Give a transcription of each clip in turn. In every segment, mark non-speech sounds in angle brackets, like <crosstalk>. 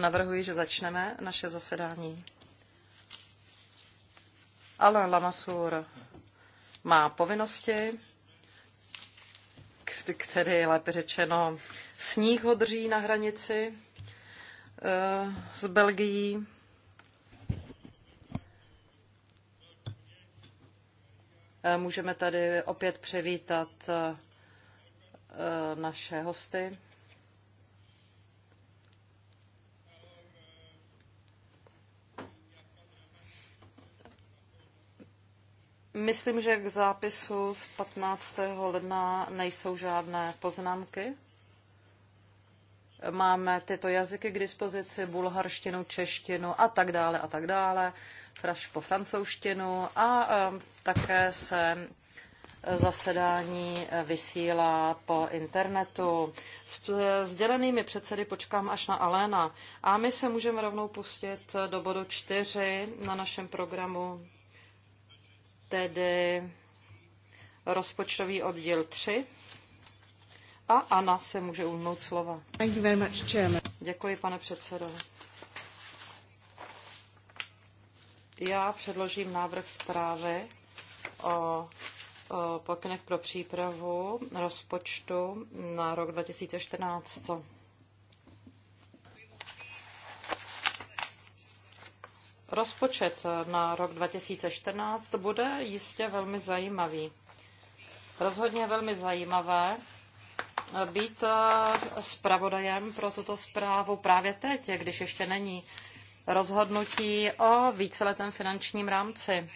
Navrhuji, že začneme naše zasedání. Alain Lamassoure má povinnosti, který, lépe řečeno, sníh ho drží na hranici s eh, Belgií. Eh, můžeme tady opět přivítat eh, Eh, naše hosty. Myslím, že k zápisu z 15. ledna nejsou žádné poznámky. Máme tyto jazyky k dispozici, bulharštinu, češtinu a tak dále a tak dále, po francouzštinu a eh, také se zasedání eh, vysílá po internetu. S eh, sdělenými předsedy počkám až na Aléna. A my se můžeme rovnou pustit eh, do bodu čtyři na našem programu, tedy rozpočtový oddíl 3. A Anna se může ujmout slova. Thank you very much, chairman. Děkuji, pane předsedo. Já předložím návrh zprávy o pokynech pro přípravu rozpočtu na rok 2014. Rozpočet na rok 2014 bude jistě velmi zajímavý. Rozhodně velmi zajímavé být eh, zpravodajem pro tuto zprávu právě teď, když ještě není rozhodnutí o víceletém finančním rámci.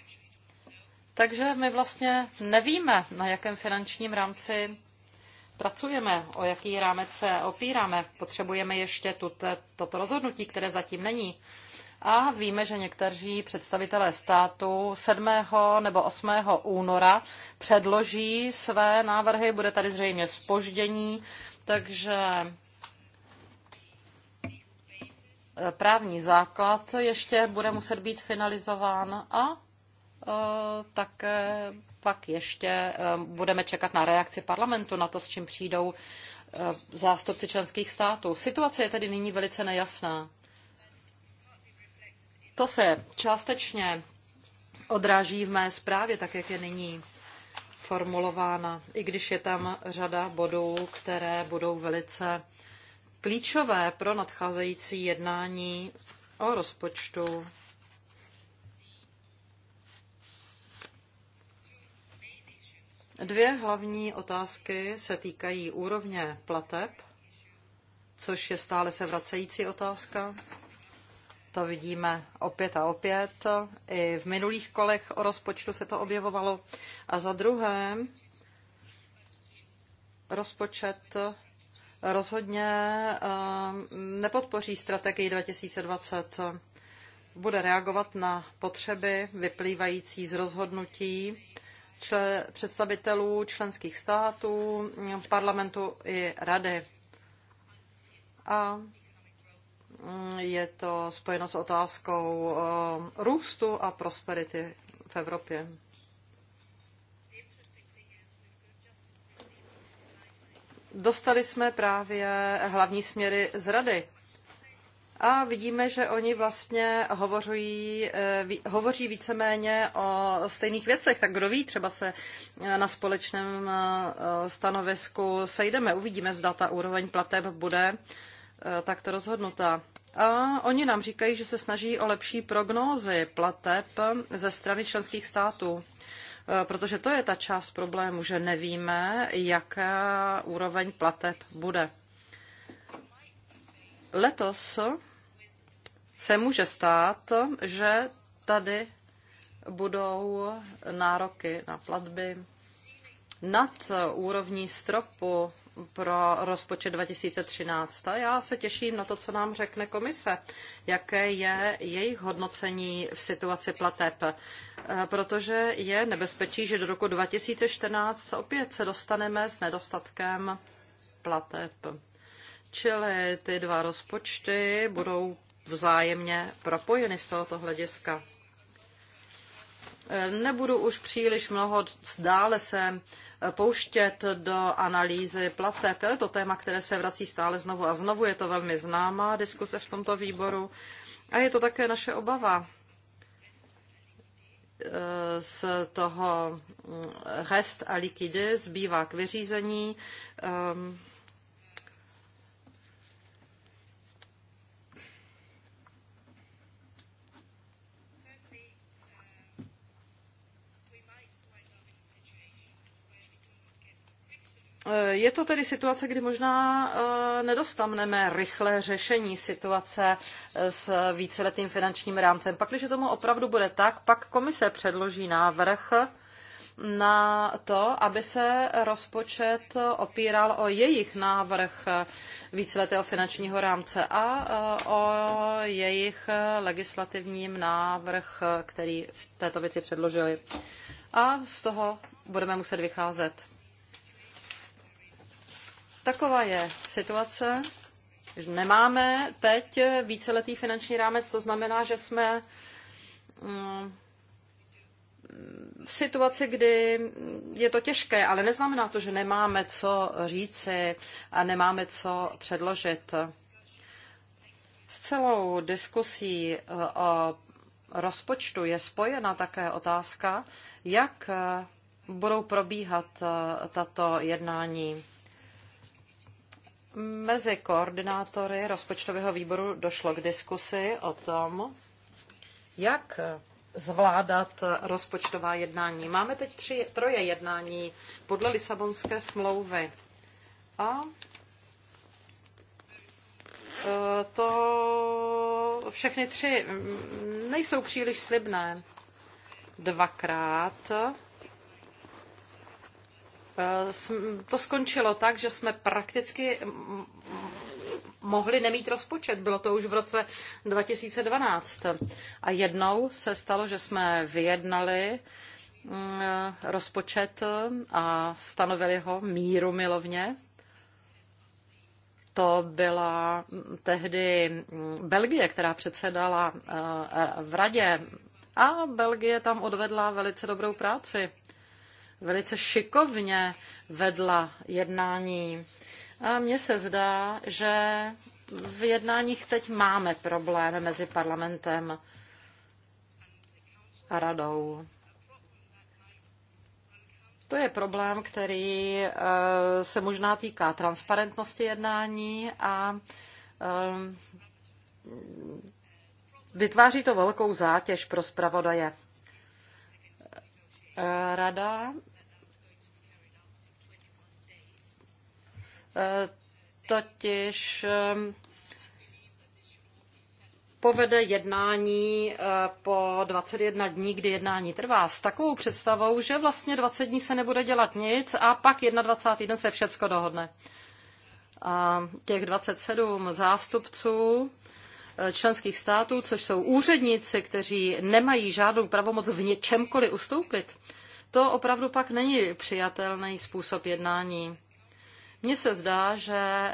Takže my vlastně nevíme, na jakém finančním rámci pracujeme, o jaký rámec se opíráme. Potřebujeme ještě tuto, toto rozhodnutí, které zatím není. A víme, že někteří představitelé státu 7. nebo 8. února předloží své návrhy, bude tady zřejmě spoždění, takže eh, právní základ ještě bude muset být finalizován a Eh, tak eh, pak ještě eh, budeme čekat na reakci parlamentu na to, s čím přijdou zástupci členských států. Situace je tedy nyní velice nejasná. To se částečně odráží v mé zprávě, tak jak je nyní formulována, i když je tam řada bodů, které budou velice klíčové pro nadcházející jednání o rozpočtu Dvě hlavní otázky se týkají úrovně plateb, což je stále se vracející otázka. To vidíme opět a opět. I v minulých kolech o rozpočtu se to objevovalo. A za druhé, rozpočet rozhodně eh, nepodpoří strategii 2020. Bude reagovat na potřeby vyplývající z rozhodnutí čl- představitelů členských států, parlamentu i rady. A mm, je to spojeno s otázkou eh, růstu a prosperity v Evropě. Dostali jsme právě hlavní směry z Rady a vidíme, že oni vlastně hovoří, eh, hovoří víceméně o stejných věcech. Tak kdo ví, třeba se eh, na společném eh, stanovisku sejdeme, uvidíme, zda ta úroveň plateb bude takto rozhodnutá. A oni nám říkají, že se snaží o lepší prognózy plateb ze strany členských států. Protože to je ta část problému, že nevíme, jaká úroveň plateb bude. Letos se může stát, že tady budou nároky na platby nad úrovní stropu pro rozpočet 2013. A já se těším na to, co nám řekne komise, jaké je jejich hodnocení v situaci plateb, e, protože je nebezpečí, že do roku 2014 opět se dostaneme s nedostatkem plateb. Čili ty dva rozpočty budou vzájemně propojeny z tohoto hlediska. E, nebudu už příliš mnoho dále se pouštět do analýzy plateb. Je to téma, které se vrací stále znovu a znovu. Je to velmi známá diskuse v tomto výboru. A je to také naše obava e, z toho mm, rest a liquidy zbývá k vyřízení. Ehm, Eh, je to tedy situace, kdy možná eh, nedostaneme rychlé řešení situace eh, s víceletým finančním rámcem. Pak, když tomu opravdu bude tak, pak komise předloží návrh na to, aby se rozpočet opíral o jejich návrh víceletého finančního rámce a o jejich legislativním návrh, který v této věci předložili. A z toho budeme muset vycházet. Taková je situace. Nemáme teď víceletý finanční rámec, to znamená, že jsme mm, v situaci, kdy je to těžké, ale neznamená to, že nemáme co říci a nemáme co předložit. S celou diskusí eh, o rozpočtu je spojena také otázka, jak budou probíhat eh, tato jednání. Mezi koordinátory rozpočtového výboru došlo k diskusi o tom, jak zvládat rozpočtová jednání. Máme teď tři, troje jednání podle Lisabonské smlouvy. A e, to všechny tři nejsou příliš slibné. Dvakrát Eh, to skončilo tak, že jsme prakticky mohli nemít rozpočet. Bylo to už v roce 2012. A jednou se stalo, že jsme vyjednali mm, rozpočet a stanovili ho míru milovně. To byla tehdy mm, Belgie, která předsedala eh, v radě a Belgie tam odvedla velice dobrou práci velice šikovně vedla jednání. A mně se zdá, že v jednáních teď máme problém mezi parlamentem a radou. To je problém, který eh, se možná týká transparentnosti jednání a eh, vytváří to velkou zátěž pro zpravodaje. Eh, rada eh, totiž eh, povede jednání po 21 dní, kdy jednání trvá, s takovou představou, že vlastně 20 dní se nebude dělat nic a pak 21. den se všecko dohodne. A těch 27 zástupců členských států, což jsou úředníci, kteří nemají žádnou pravomoc v něčemkoliv ustoupit, to opravdu pak není přijatelný způsob jednání. Mně se zdá, že eh,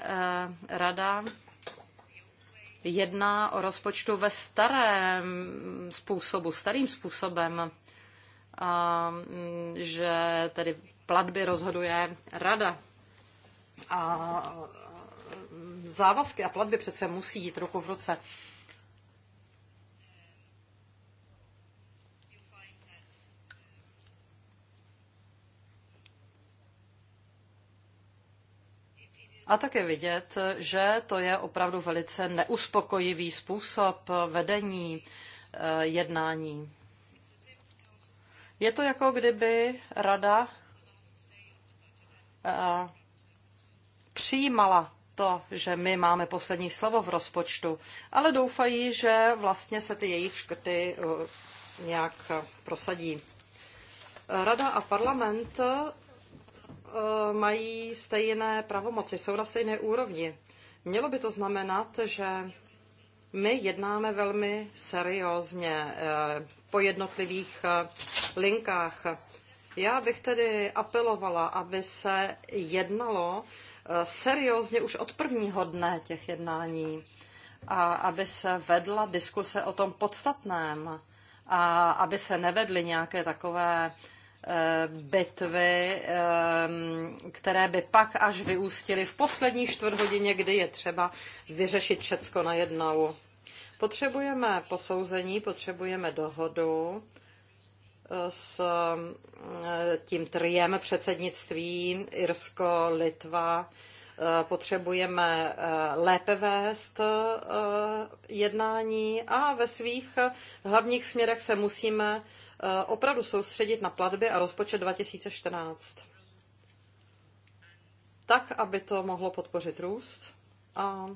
rada jedná o rozpočtu ve starém způsobu, starým způsobem, a mm, že tedy platby rozhoduje rada. A závazky a platby přece musí jít ruku v ruce. A také vidět, že to je opravdu velice neuspokojivý způsob vedení eh, jednání. Je to jako kdyby rada eh, přijímala to, že my máme poslední slovo v rozpočtu, ale doufají, že vlastně se ty jejich škrty eh, nějak eh, prosadí. Rada a parlament eh, mají stejné pravomoci, jsou na stejné úrovni. Mělo by to znamenat, že my jednáme velmi seriózně po jednotlivých linkách. Já bych tedy apelovala, aby se jednalo seriózně už od prvního dne těch jednání a aby se vedla diskuse o tom podstatném a aby se nevedly nějaké takové eh, bitvy, eh, které by pak až vyústily v poslední hodině, kdy je třeba vyřešit všecko najednou. Potřebujeme posouzení, potřebujeme dohodu s eh, tím triem předsednictví Irsko, Litva. Eh, potřebujeme eh, lépe vést jednání a ve svých hlavních směrech se musíme opravdu soustředit na platby a rozpočet 2014. Tak, aby to mohlo podpořit růst a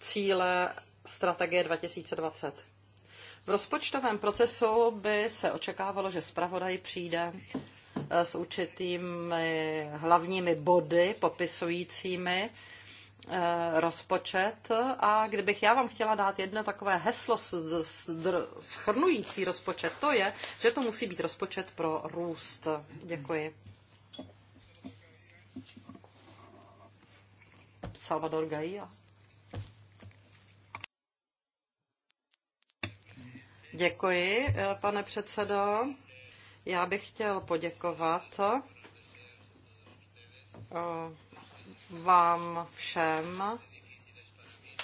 cíle strategie 2020. V rozpočtovém procesu by se očekávalo, že zpravodaj přijde eh, s určitými hlavními body popisujícími eh, rozpočet. A kdybych já vám chtěla dát jedno takové heslo schrnující rozpočet, to je, že to musí být rozpočet pro růst. Děkuji. Salvador Gaia. Děkuji, eh, pane předsedo. Já bych chtěl poděkovat eh, vám všem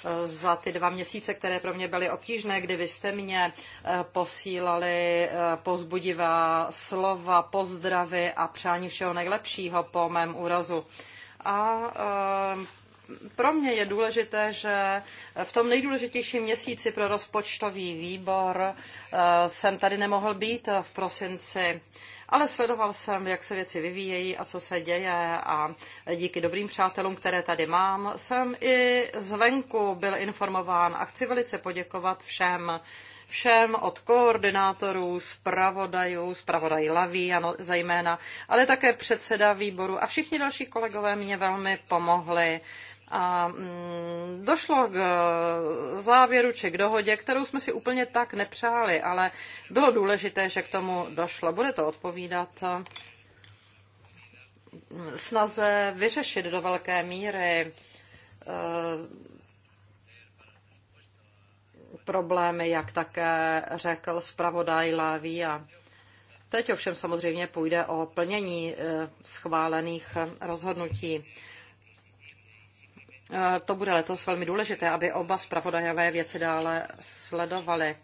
eh, za ty dva měsíce, které pro mě byly obtížné, kdy vy jste mě posílali pozbudivá slova, pozdravy a přání všeho nejlepšího po mém úrazu. A pro mě je důležité, že v tom nejdůležitějším měsíci pro rozpočtový výbor eh, jsem tady nemohl být eh, v prosinci, ale sledoval jsem, jak se věci vyvíjejí a co se děje a díky dobrým přátelům, které tady mám, jsem i zvenku byl informován a chci velice poděkovat všem, všem od koordinátorů, zpravodajů, zpravodaj Laví, ano, zejména, ale také předseda výboru a všichni další kolegové mě velmi pomohli a mm, došlo k eh, závěru či k dohodě, kterou jsme si úplně tak nepřáli, ale bylo důležité, že k tomu došlo. Bude to odpovídat eh, snaze vyřešit do velké míry eh, problémy, jak také řekl zpravodaj A Teď ovšem samozřejmě půjde o plnění schválených rozhodnutí. Eh, to bude letos velmi důležité, aby oba zpravodajové věci dále sledovali.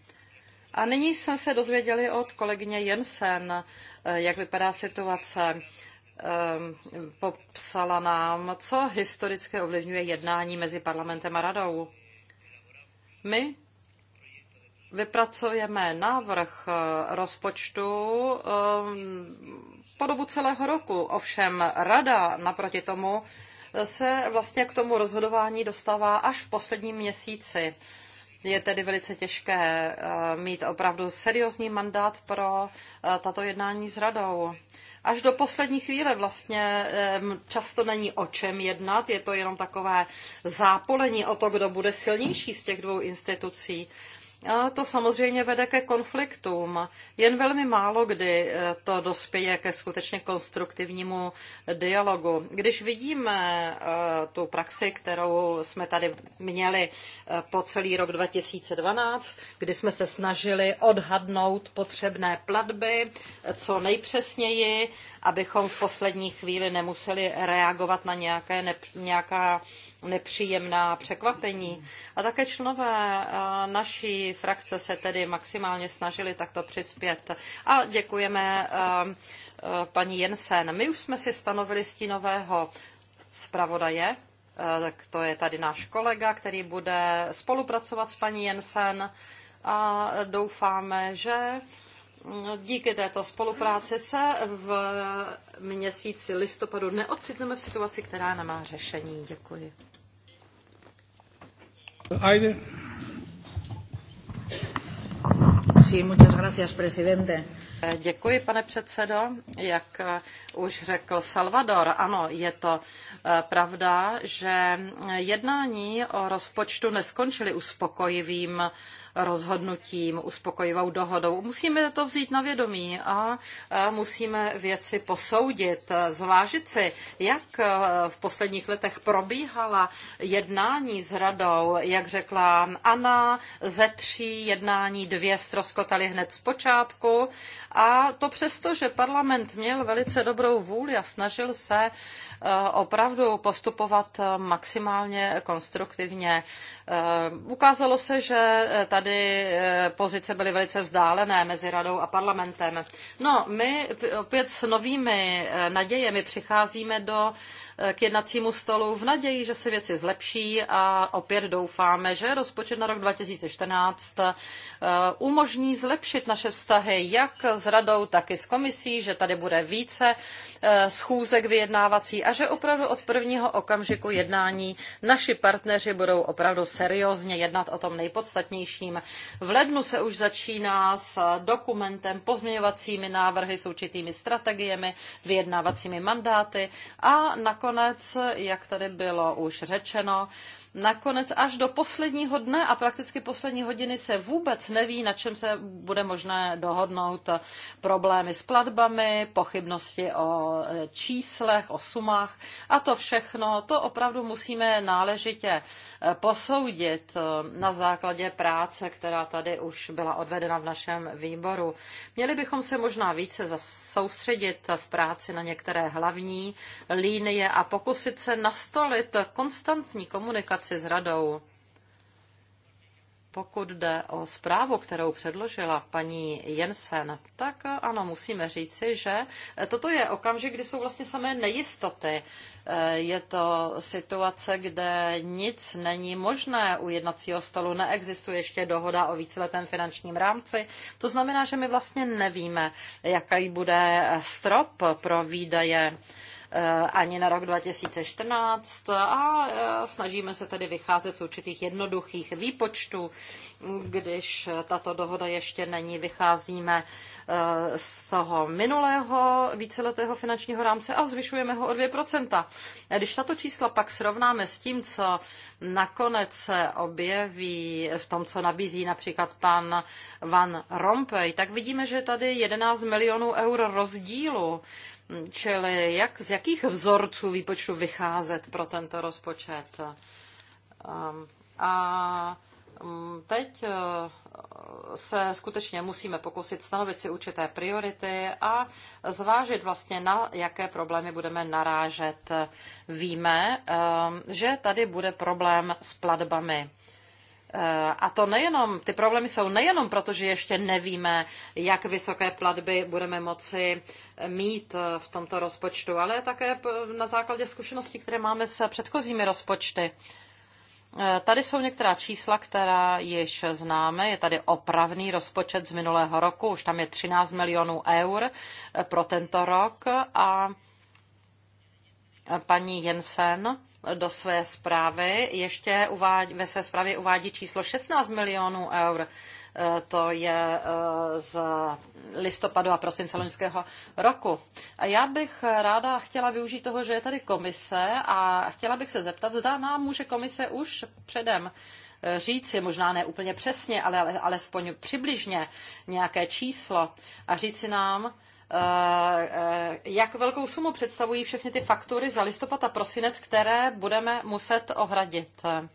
A nyní jsme se dozvěděli od kolegyně Jensen, eh, jak vypadá situace. Eh, popsala nám, co historicky ovlivňuje jednání mezi parlamentem a radou. My vypracujeme návrh rozpočtu po dobu celého roku. Ovšem rada naproti tomu se vlastně k tomu rozhodování dostává až v posledním měsíci. Je tedy velice těžké eh, mít opravdu seriózní mandát pro eh, tato jednání s radou. Až do poslední chvíle vlastně eh, často není o čem jednat, je to jenom takové zápolení o to, kdo bude silnější z těch dvou institucí. A to samozřejmě vede ke konfliktům. Jen velmi málo kdy eh, to dospěje ke skutečně konstruktivnímu dialogu. Když vidíme eh, tu praxi, kterou jsme tady měli eh, po celý rok 2012, kdy jsme se snažili odhadnout potřebné platby co nejpřesněji, abychom v poslední chvíli nemuseli reagovat na nějaké, nějaká nepříjemná překvapení. A také členové naší frakce se tedy maximálně snažili takto přispět. A děkujeme paní Jensen. My už jsme si stanovili stínového zpravodaje, tak to je tady náš kolega, který bude spolupracovat s paní Jensen a doufáme, že díky této spolupráci se v měsíci listopadu neocitneme v situaci, která nemá řešení. Děkuji. Aide. Sí, muchas gracias, presidente. Děkuji, pane předsedo. Jak eh, už řekl Salvador, ano, je to eh, pravda, že eh, jednání o rozpočtu neskončily uspokojivým rozhodnutím, uspokojivou dohodou. Musíme to vzít na vědomí a musíme věci posoudit, zvážit si, jak e, v posledních letech probíhala jednání s radou, jak řekla Anna, ze tří jednání dvě stroskotaly hned z počátku a to přesto, že parlament měl velice dobrou vůli a snažil se eh, opravdu postupovat eh, maximálně konstruktivně. Eh, ukázalo se, že tady pozice byly velice vzdálené mezi radou a parlamentem. No, my opět s novými nadějemi přicházíme do Eh, k jednacímu stolu v naději, že se věci zlepší a opět doufáme, že rozpočet na rok 2014 eh, umožní zlepšit naše vztahy jak s radou, tak i s komisí, že tady bude více eh, schůzek vyjednávací a že opravdu od prvního okamžiku jednání naši partneři budou opravdu seriózně jednat o tom nejpodstatnějším. V lednu se už začíná s dokumentem, pozměňovacími návrhy s určitými strategiemi, vyjednávacími mandáty a nakonec nakonec, jak tady bylo už řečeno, nakonec až do posledního dne a prakticky poslední hodiny se vůbec neví, na čem se bude možné dohodnout problémy s platbami, pochybnosti o e, číslech, o sumách a to všechno, to opravdu musíme náležitě e, posoudit e, na základě práce, která tady už byla odvedena v našem výboru. Měli bychom se možná více soustředit v práci na některé hlavní línie a pokusit se nastolit konstantní komunikaci spolupráci s radou. Pokud jde o zprávu, kterou předložila paní Jensen, tak ano, musíme říci, že toto je okamžik, kdy jsou vlastně samé nejistoty. Je to situace, kde nic není možné u jednacího stolu, neexistuje ještě dohoda o víceletém finančním rámci. To znamená, že my vlastně nevíme, jaký bude strop pro výdaje Eh, ani na rok 2014 a eh, snažíme se tedy vycházet z určitých jednoduchých výpočtů. Když eh, tato dohoda ještě není, vycházíme z toho minulého víceletého finančního rámce a zvyšujeme ho o 2%. Když tato čísla pak srovnáme s tím, co nakonec se objeví, s tom, co nabízí například pan Van Rompuy, tak vidíme, že tady 11 milionů eur rozdílu Čili jak, z jakých vzorců výpočtu vycházet pro tento rozpočet? Um, a um, teď uh, se skutečně musíme pokusit stanovit si určité priority a zvážit vlastně, na jaké problémy budeme narážet. Víme, um, že tady bude problém s platbami. Eh, a to nejenom, ty problémy jsou nejenom proto, že ještě nevíme, jak vysoké platby budeme moci mít eh, v tomto rozpočtu, ale také na základě zkušeností, které máme s předchozími rozpočty. Eh, tady jsou některá čísla, která již známe. Je tady opravný rozpočet z minulého roku, už tam je 13 milionů eur pro tento rok a paní Jensen do své zprávy. Ještě uvádí, ve své zprávě uvádí číslo 16 milionů eur. E, to je e, z listopadu a prosince loňského roku. A já bych ráda chtěla využít toho, že je tady komise a chtěla bych se zeptat, zda nám může komise už předem e, říct, si, možná ne úplně přesně, ale alespoň přibližně nějaké číslo a říct si nám, Eh, eh, jak velkou sumu představují všechny ty faktury za listopad a prosinec, které budeme muset ohradit. Eh,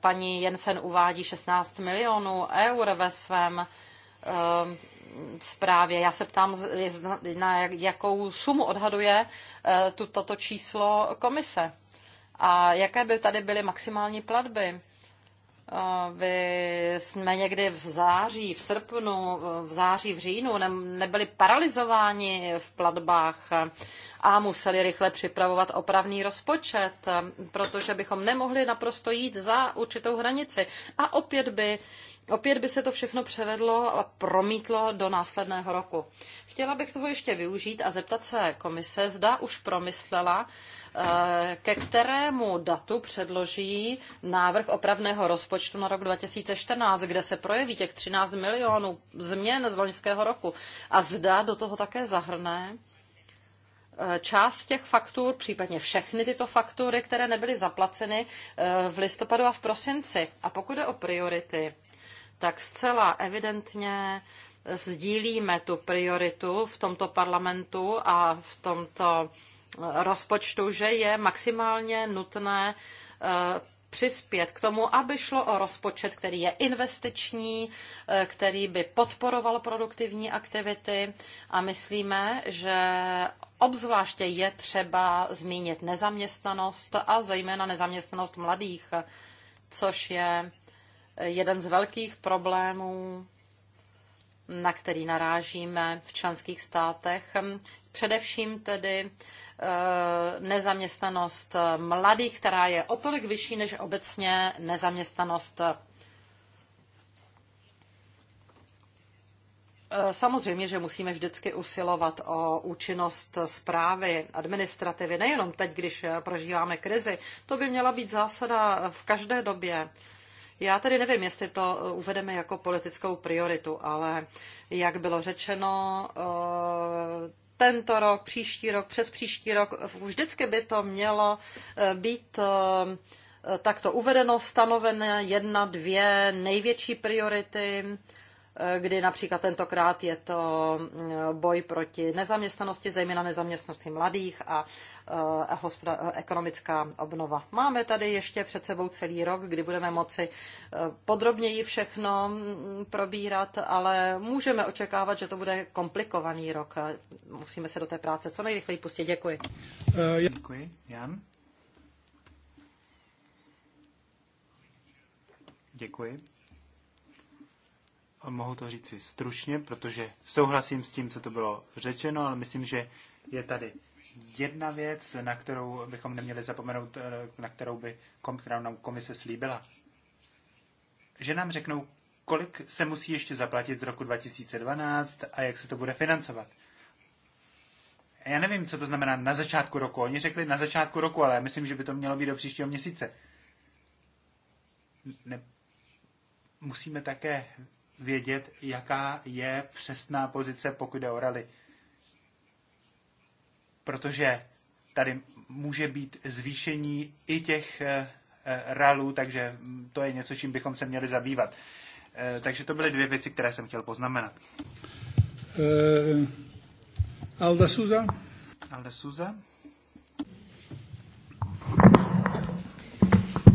paní Jensen uvádí 16 milionů eur ve svém zprávě. Já se ptám, na jakou sumu odhaduje toto číslo komise a jaké by tady byly maximální platby. Vy jsme někdy v září, v srpnu, v září, v říjnu ne, nebyli paralizováni v platbách a museli rychle připravovat opravný rozpočet, protože bychom nemohli naprosto jít za určitou hranici. A opět by, opět by se to všechno převedlo a promítlo do následného roku. Chtěla bych toho ještě využít a zeptat se komise, zda už promyslela Eh, ke kterému datu předloží návrh opravného rozpočtu na rok 2014, kde se projeví těch 13 milionů změn z loňského roku. A zda do toho také zahrne eh, část těch faktur, případně všechny tyto faktury, které nebyly zaplaceny eh, v listopadu a v prosinci. A pokud je o priority, tak zcela evidentně sdílíme tu prioritu v tomto parlamentu a v tomto rozpočtu, že je maximálně nutné eh, přispět k tomu, aby šlo o rozpočet, který je investiční, eh, který by podporoval produktivní aktivity a myslíme, že obzvláště je třeba zmínit nezaměstnanost a zejména nezaměstnanost mladých, což je jeden z velkých problémů, na který narážíme v členských státech, Především tedy eh, nezaměstnanost eh, mladých, která je o tolik vyšší než obecně nezaměstnanost eh, Samozřejmě, že musíme vždycky usilovat o účinnost zprávy, administrativy, nejenom teď, když prožíváme krizi. To by měla být zásada v každé době. Já tedy nevím, jestli to uvedeme jako politickou prioritu, ale jak bylo řečeno, tento rok, příští rok, přes příští rok. Vždycky by to mělo eh, být eh, eh, takto uvedeno, stanovené jedna, dvě největší priority Eh, kdy například tentokrát je to eh, boj proti nezaměstnanosti, zejména nezaměstnanosti mladých a, eh, a ekonomická obnova. Máme tady ještě před sebou celý rok, kdy budeme moci podrobněji všechno mm, probírat, ale můžeme očekávat, že to bude komplikovaný rok. Musíme se do té práce co nejrychleji pustit. Děkuji. Děkuji. Jan? Děkuji mohu to říci stručně, protože souhlasím s tím, co to bylo řečeno, ale myslím, že je tady jedna věc, na kterou bychom neměli zapomenout, eh, na kterou by která nám komise slíbila. Že nám řeknou, kolik se musí ještě zaplatit z roku 2012 a jak se to bude financovat. Já nevím, co to znamená na začátku roku. Oni řekli na začátku roku, ale já myslím, že by to mělo být do příštího měsíce. Ne, musíme také vědět, jaká je přesná pozice, pokud jde o rally. Protože tady může být zvýšení i těch eh, eh, ralů, takže to je něco, čím bychom se měli zabývat. Eh, takže to byly dvě věci, které jsem chtěl poznamenat. Uh, Alda Souza. Alda Souza.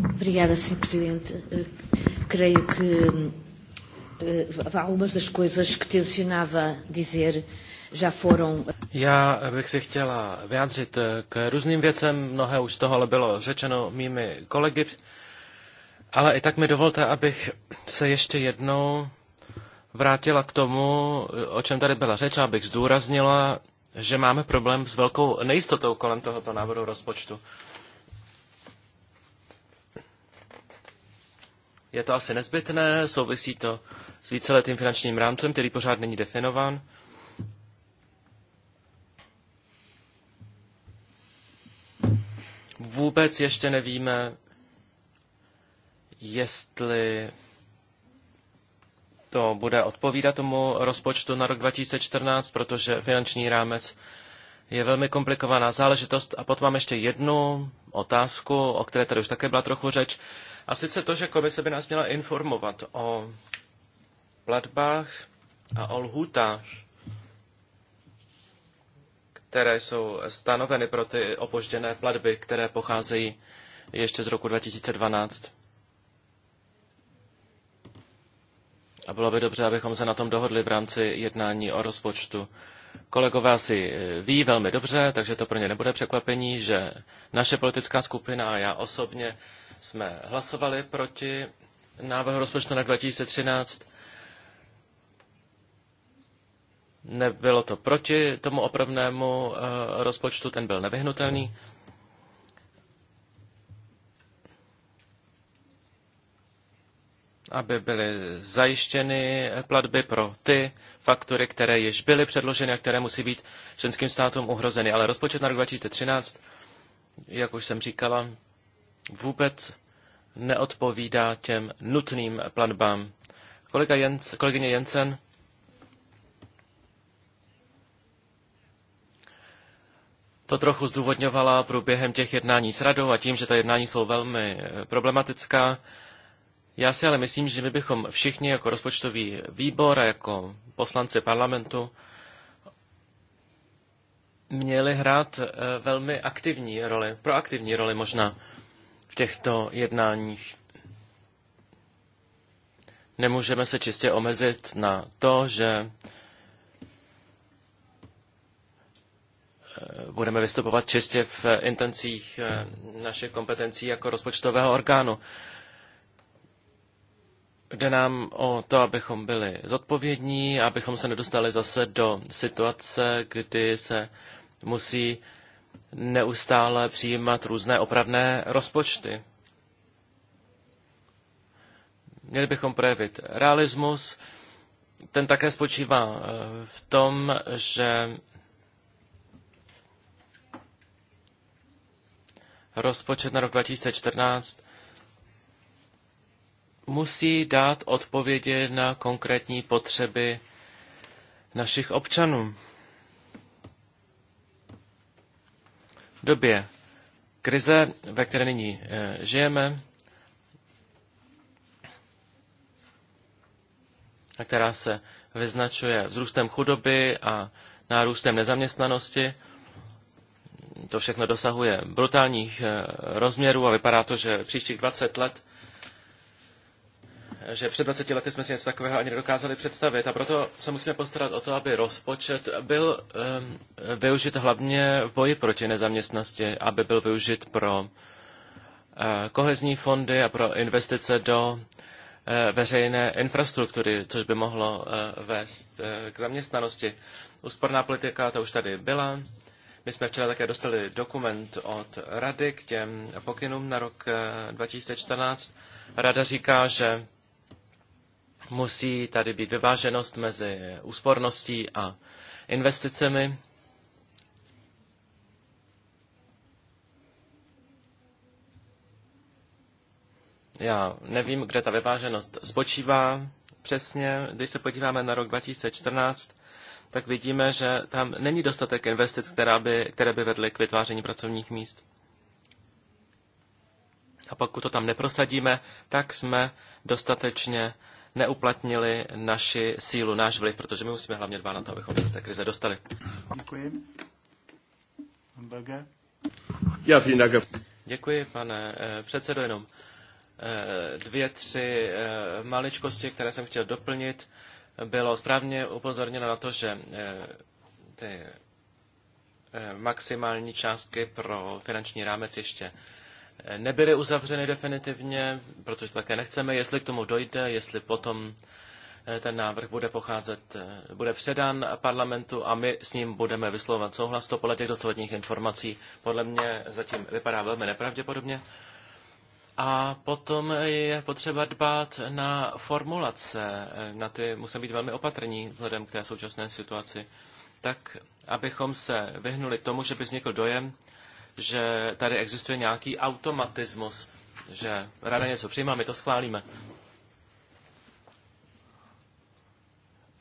Obrigada, Sr. Presidente. Creio que Eh, algumas das coisas que tencionava dizer já foram. Já bych si chtěla vyjádřit eh, k různým věcem, mnohé už toho ale bylo řečeno mými kolegy, ale i tak mi dovolte, abych se ještě jednou vrátila k tomu, eh, o čem tady byla řeč, abych zdůraznila, že máme problém s velkou nejistotou kolem tohoto návrhu rozpočtu. je to asi nezbytné, souvisí to s víceletým finančním rámcem, který pořád není definován. Vůbec ještě nevíme, jestli to bude odpovídat tomu rozpočtu na rok 2014, protože finanční rámec je velmi komplikovaná záležitost. A potom mám ještě jednu otázku, o které tady už také byla trochu řeč. A sice to, že komise by nás měla informovat o platbách a o lhůtách, které jsou stanoveny pro ty opožděné platby, které pocházejí ještě z roku 2012. A bylo by dobře, abychom se na tom dohodli v rámci jednání o rozpočtu. Kolegové asi eh, ví velmi dobře, takže to pro ně nebude překvapení, že naše politická skupina a já osobně jsme hlasovali proti návrhu rozpočtu na 2013. Nebylo to proti tomu opravnému eh, rozpočtu, ten byl nevyhnutelný. aby byly zajištěny platby pro ty faktury, které již byly předloženy a které musí být členským státům uhrozeny. Ale rozpočet na rok 2013, jak už jsem říkala, vůbec neodpovídá těm nutným platbám. Kolega Jens, kolegyně Jensen to trochu zdůvodňovala průběhem těch jednání s radou a tím, že ta jednání jsou velmi eh, problematická. Já si ale myslím, že my bychom všichni jako rozpočtový výbor a jako poslanci parlamentu měli hrát eh, velmi aktivní roli, proaktivní roli možná v těchto jednáních. Nemůžeme se čistě omezit na to, že eh, budeme vystupovat čistě v intencích eh, našich kompetencí jako rozpočtového orgánu. Jde nám o to, abychom byli zodpovědní, abychom se nedostali zase do situace, kdy se musí neustále přijímat různé opravné rozpočty. Měli bychom projevit realismus. Ten také spočívá eh, v tom, že rozpočet na rok 2014 musí dát odpovědi na konkrétní potřeby našich občanů. době krize, ve které nyní eh, žijeme, a která se vyznačuje vzrůstem chudoby a nárůstem nezaměstnanosti. To všechno dosahuje brutálních eh, rozměrů a vypadá to, že příštích 20 let že před 20 lety jsme si něco takového ani nedokázali představit a proto se musíme postarat o to, aby rozpočet byl um, využit hlavně v boji proti nezaměstnosti, aby byl využit pro uh, kohezní fondy a pro investice do uh, veřejné infrastruktury, což by mohlo uh, vést uh, k zaměstnanosti. Úsporná politika, ta už tady byla. My jsme včera také dostali dokument od Rady k těm pokynům na rok 2014. Rada říká, že Musí tady být vyváženost mezi úsporností a investicemi. Já nevím, kde ta vyváženost spočívá přesně. Když se podíváme na rok 2014, tak vidíme, že tam není dostatek investic, která by, které by vedly k vytváření pracovních míst. A pokud to tam neprosadíme, tak jsme dostatečně neuplatnili naši sílu, náš vliv, protože my musíme hlavně dbát na to, abychom se z té krize dostali. Děkuji. Já Děkuji, pane eh, předsedo, jenom eh, dvě, tři eh, maličkosti, které jsem chtěl doplnit. Bylo správně upozorněno na to, že ty maximální částky pro finanční rámec ještě nebyly uzavřeny definitivně, protože také nechceme, jestli k tomu dojde, jestli potom eh, ten návrh bude pocházet, eh, bude předán parlamentu a my s ním budeme vyslovovat souhlas. To podle těch dosledních informací podle mě zatím vypadá velmi nepravděpodobně. A potom je potřeba dbát na formulace. Eh, na ty musíme být velmi opatrní vzhledem k té současné situaci. Tak, abychom se vyhnuli tomu, že by vznikl dojem, že tady existuje nějaký automatismus, že rada něco přijímá, my to schválíme.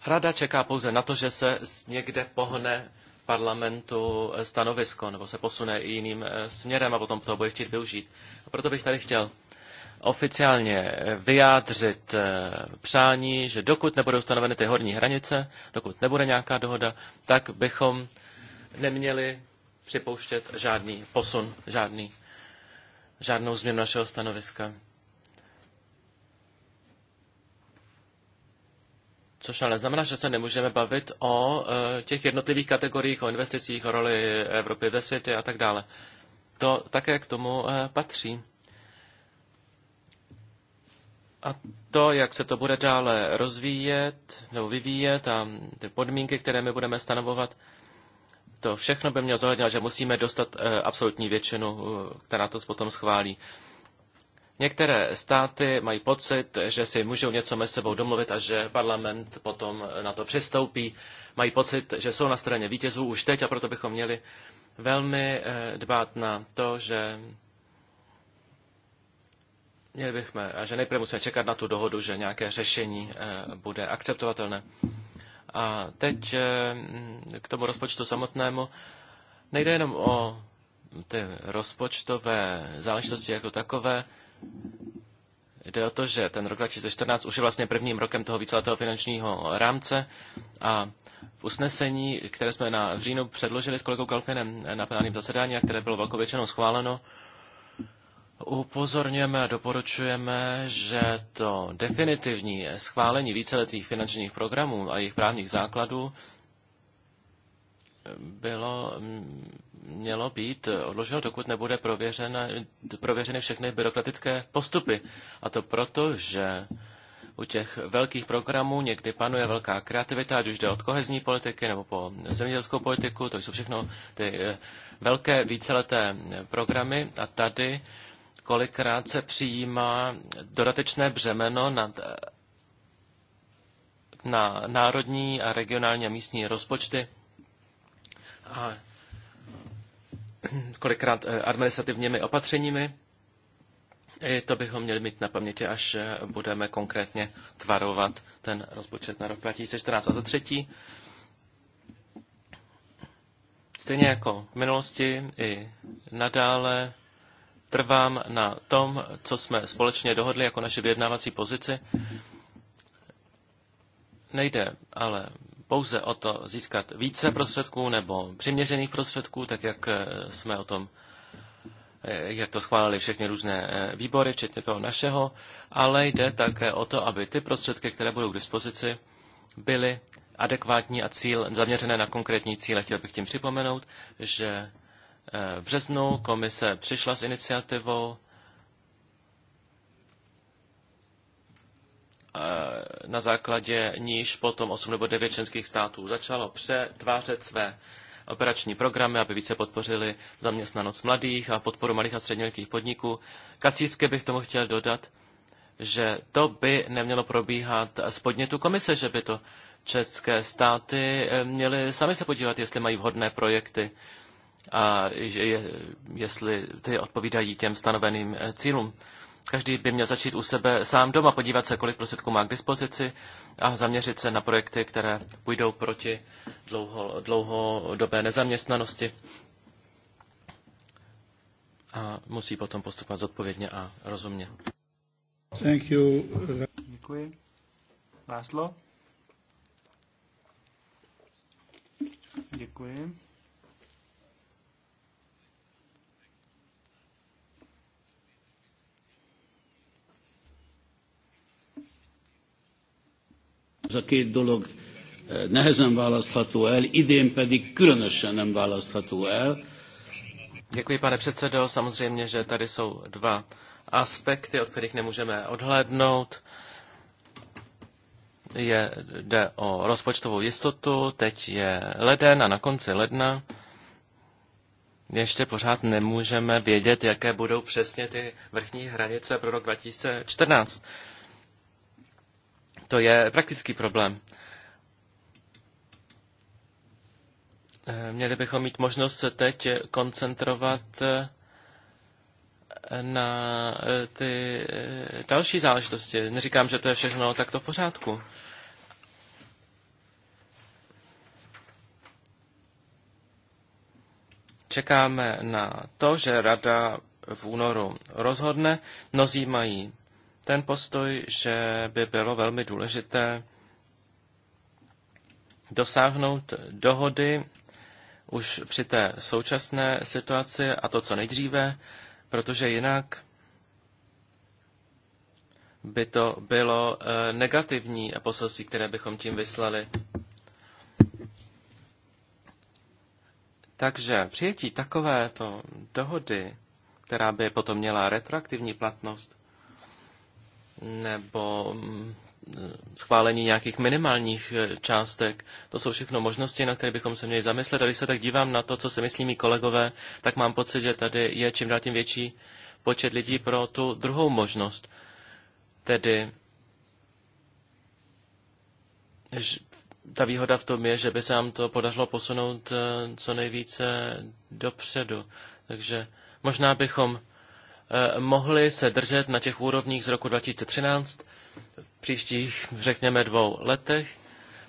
Rada čeká pouze na to, že se někde pohne parlamentu stanovisko, nebo se posune i jiným eh, směrem a potom to bude chtít využít. A proto bych tady chtěl oficiálně vyjádřit eh, přání, že dokud nebudou stanoveny ty horní hranice, dokud nebude nějaká dohoda, tak bychom neměli připouštět žádný posun, žádný, žádnou změnu našeho stanoviska. Což ale znamená, že se nemůžeme bavit o e, těch jednotlivých kategoriích, o investicích, o roli Evropy ve světě a tak dále. To také k tomu e, patří. A to, jak se to bude dále rozvíjet nebo vyvíjet a ty podmínky, které my budeme stanovovat, to všechno by mělo zohledňovat, že musíme dostat eh, absolutní většinu, eh, která to potom schválí. Některé státy mají pocit, že si můžou něco mezi sebou domluvit a že parlament potom eh, na to přistoupí. Mají pocit, že jsou na straně vítězů už teď a proto bychom měli velmi dbát na to, že měli bychom, a že nejprve musíme čekat na tu dohodu, že nějaké řešení bude akceptovatelné. A teď mm, k tomu rozpočtu samotnému. Nejde jenom o ty rozpočtové záležitosti jako takové. Jde o to, že ten rok 2014 už je vlastně prvním rokem toho víceletého finančního rámce a v usnesení, které jsme na v říjnu předložili s kolegou Kalfinem na plenárním zasedání a které bylo velkou většinou schváleno, Upozorňujeme a doporučujeme, že to definitivní schválení víceletých finančních programů a jejich právních základů bylo, mělo být odloženo, dokud nebude prověřeny všechny byrokratické postupy. A to proto, že u těch velkých programů někdy panuje velká kreativita, ať už jde od kohezní politiky nebo po zemědělskou politiku, to jsou všechno ty eh, velké víceleté programy a tady kolikrát se přijímá dodatečné břemeno nad, na národní a regionální a místní rozpočty a kolikrát eh, administrativními opatřeními. I to bychom měli mít na paměti, až eh, budeme konkrétně tvarovat ten rozpočet na rok 2014. A za třetí, stejně jako v minulosti, i nadále trvám na tom, co jsme společně dohodli jako naše vyjednávací pozici. Nejde ale pouze o to získat více prostředků nebo přiměřených prostředků, tak jak eh, jsme o tom eh, jak to schválili všechny různé eh, výbory, včetně toho našeho, ale jde také o to, aby ty prostředky, které budou k dispozici, byly adekvátní a cíl zaměřené na konkrétní cíle. Chtěl bych tím připomenout, že Eh, březnu komise přišla s iniciativou eh, na základě níž potom 8 nebo 9 členských států začalo přetvářet své operační programy, aby více podpořili zaměstnanost mladých a podporu malých a středních podniků. Kacícky bych tomu chtěl dodat, že to by nemělo probíhat z podnětu komise, že by to české státy eh, měly sami se podívat, jestli mají vhodné projekty a je, jestli ty odpovídají těm stanoveným eh, cílům. Každý by měl začít u sebe sám doma, podívat se, kolik prostředků má k dispozici a zaměřit se na projekty, které půjdou proti dlouho, dlouhodobé nezaměstnanosti. A musí potom postupovat zodpovědně a rozumně. Thank you. Děkuji. Láslo? Děkuji. Ez a két dolog eh, nehezen választható el, idén pedig különösen nem választható el. Děkuji, pane předsedo. Samozřejmě, že tady jsou dva aspekty, od kterých nemůžeme odhlédnout. Je, jde o rozpočtovou jistotu, teď je leden a na konci ledna ještě pořád nemůžeme vědět, jaké budou přesně ty vrchní hranice pro rok 2014. To je praktický problém. Eh, měli bychom mít možnost se teď koncentrovat eh, na eh, ty další záležitosti. Neříkám, že to je všechno takto v pořádku. Čekáme na to, že rada v únoru rozhodne. Mnozí mají ten postoj, že by bylo velmi důležité dosáhnout dohody už při té současné situaci a to co nejdříve, protože jinak by to bylo eh, negativní poselství, které bychom tím vyslali. Takže přijetí takovéto dohody, která by potom měla retroaktivní platnost, nebo mm, schválení nějakých minimálních eh, částek. To jsou všechno možnosti, na které bychom se měli zamyslet. A když se tak dívám na to, co si myslí mý kolegové, tak mám pocit, že tady je čím dál tím větší počet lidí pro tu druhou možnost. Tedy ta výhoda v tom je, že by se nám to podařilo posunout eh, co nejvíce dopředu. Takže možná bychom Eh, mohli se držet na těch úrovních z roku 2013 v příštích, řekněme, dvou letech,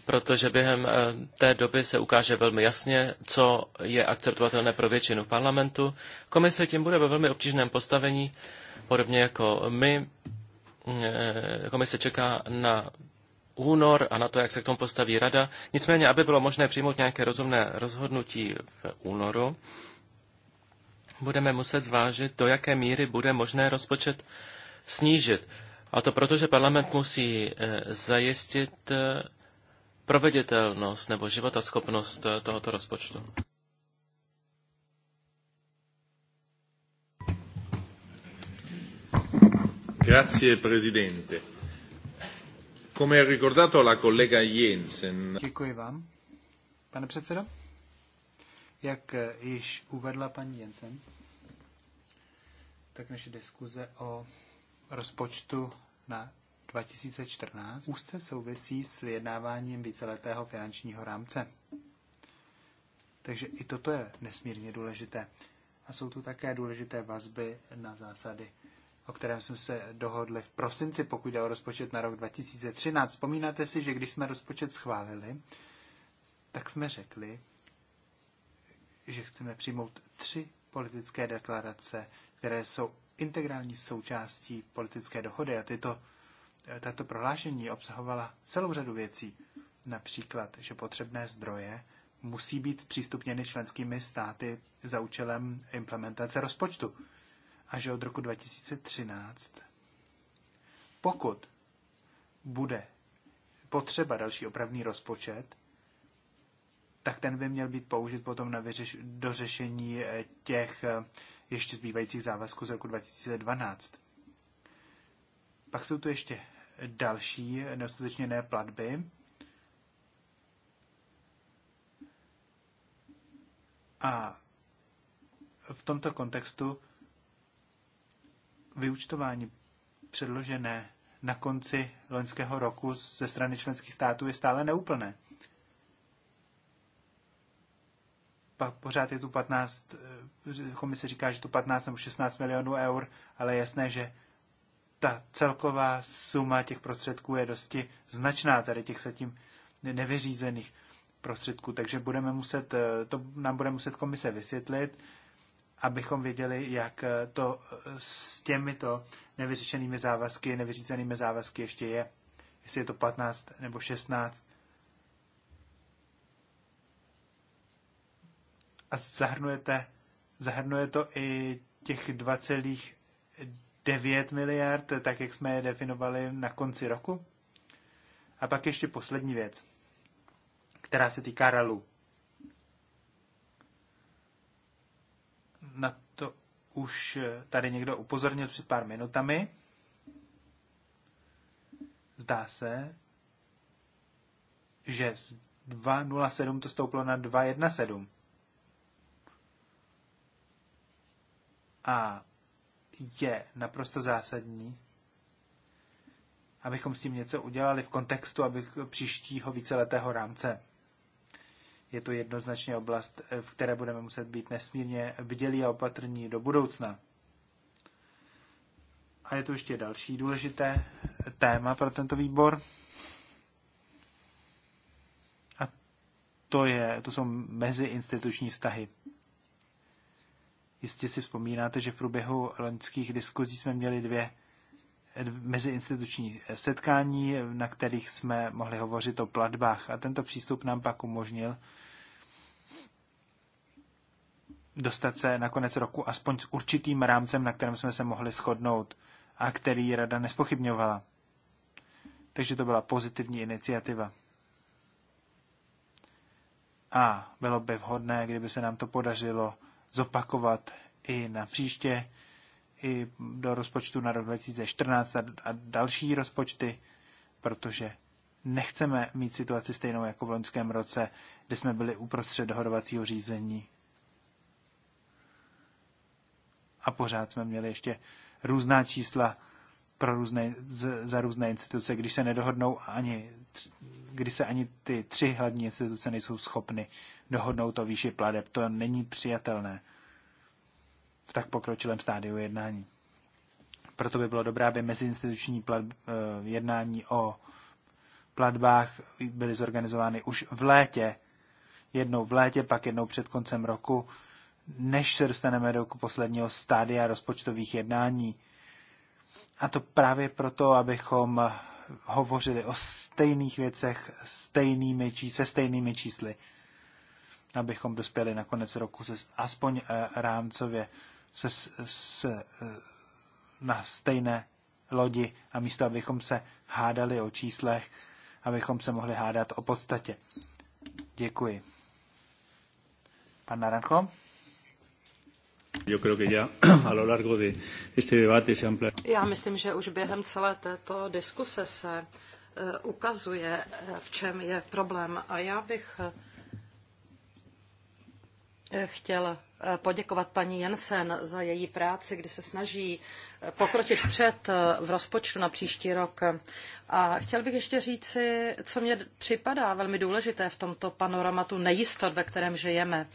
protože během eh, té doby se ukáže velmi jasně, co je akceptovatelné pro většinu parlamentu. Komise tím bude ve velmi obtížném postavení, podobně jako my. Mm, eh, komise čeká na únor a na to, jak se k tomu postaví rada. Nicméně, aby bylo možné přijmout nějaké rozumné rozhodnutí v únoru, budeme muset zvážit, do jaké míry bude možné rozpočet snížit. A to proto, že parlament musí eh, zajistit eh, proveditelnost nebo životaschopnost eh, tohoto rozpočtu. Grazie, Presidente. Come ha ricordato la collega Jensen. Děkuji vám, pane předsedo. Jak eh, již uvedla paní Jensen, tak naše diskuze o rozpočtu na 2014 úzce souvisí s vyjednáváním víceletého finančního rámce. Takže i toto je nesmírně důležité. A jsou tu také důležité vazby na zásady, o kterém jsme se dohodli v prosinci, pokud jde o rozpočet na rok 2013. Vzpomínáte si, že když jsme rozpočet schválili, tak jsme řekli, že chceme přijmout tři politické deklarace, které jsou integrální součástí politické dohody a tyto, eh, tato prohlášení obsahovala celou řadu věcí. Například, že potřebné zdroje musí být přístupněny členskými státy za účelem implementace rozpočtu. A že od roku 2013, pokud bude potřeba další opravný rozpočet, tak ten by měl být použit potom na vyřeš- řešení eh, těch eh, ještě zbývajících závazků z roku 2012. Pak jsou tu ještě další neuskutečněné platby. A v tomto kontextu vyučtování předložené na konci loňského roku ze strany členských států je stále neúplné. pořád je tu 15, eh, komise říká, že tu 15 nebo 16 milionů eur, ale je jasné, že ta celková suma těch prostředků je dosti značná, tady těch zatím nevyřízených prostředků, takže budeme muset, eh, to nám bude muset komise vysvětlit, abychom věděli, jak eh, to s těmito nevyřešenými závazky, nevyřízenými závazky ještě je, jestli je to 15 nebo 16 a zahrnujete, zahrnuje to i těch 2,9 miliard, tak jak jsme je definovali na konci roku. A pak ještě poslední věc, která se týká RALu. Na to už tady někdo upozornil před pár minutami. Zdá se, že z 2.07 to stouplo na 2.17. A je naprosto zásadní, abychom s tím něco udělali v kontextu abych příštího víceletého rámce. Je to jednoznačně oblast, v které budeme muset být nesmírně bdělí a opatrní do budoucna. A je to ještě další důležité téma pro tento výbor. A to, je, to jsou meziinstituční vztahy. Jistě si vzpomínáte, že v průběhu loňských diskuzí jsme měli dvě eh, meziinstituční eh, setkání, na kterých jsme mohli hovořit o platbách. A tento přístup nám pak umožnil dostat se na konec roku aspoň s určitým rámcem, na kterém jsme se mohli shodnout a který rada nespochybňovala. Takže to byla pozitivní iniciativa. A bylo by vhodné, kdyby se nám to podařilo zopakovat i na příště, i do rozpočtu na rok 2014 a další rozpočty, protože nechceme mít situaci stejnou jako v loňském roce, kde jsme byli uprostřed dohodovacího řízení. A pořád jsme měli ještě různá čísla pro různé, za různé instituce, když se nedohodnou ani kdy se ani ty tři hlavní instituce nejsou schopny dohodnout o výši pladeb. To není přijatelné v tak pokročilém stádiu jednání. Proto by bylo dobré, aby meziinstituční plat, eh, jednání o platbách byly zorganizovány už v létě, jednou v létě, pak jednou před koncem roku, než se dostaneme do posledního stádia rozpočtových jednání. A to právě proto, abychom hovořili o stejných věcech stejnými, se stejnými čísly, abychom dospěli na konec roku se, aspoň eh, rámcově se, uh, na stejné lodi a místo, abychom se hádali o číslech, abychom se mohli hádat o podstatě. Děkuji. Pan Naranko? Já myslím, že už během celé této diskuse se eh, ukazuje, eh, v čem je problém. A já bych eh, chtěl poděkovat paní Jensen za její práci, kdy se snaží pokročit před v rozpočtu na příští rok. A chtěl bych ještě říci, co mě připadá velmi důležité v tomto panoramatu nejistot, ve kterém žijeme.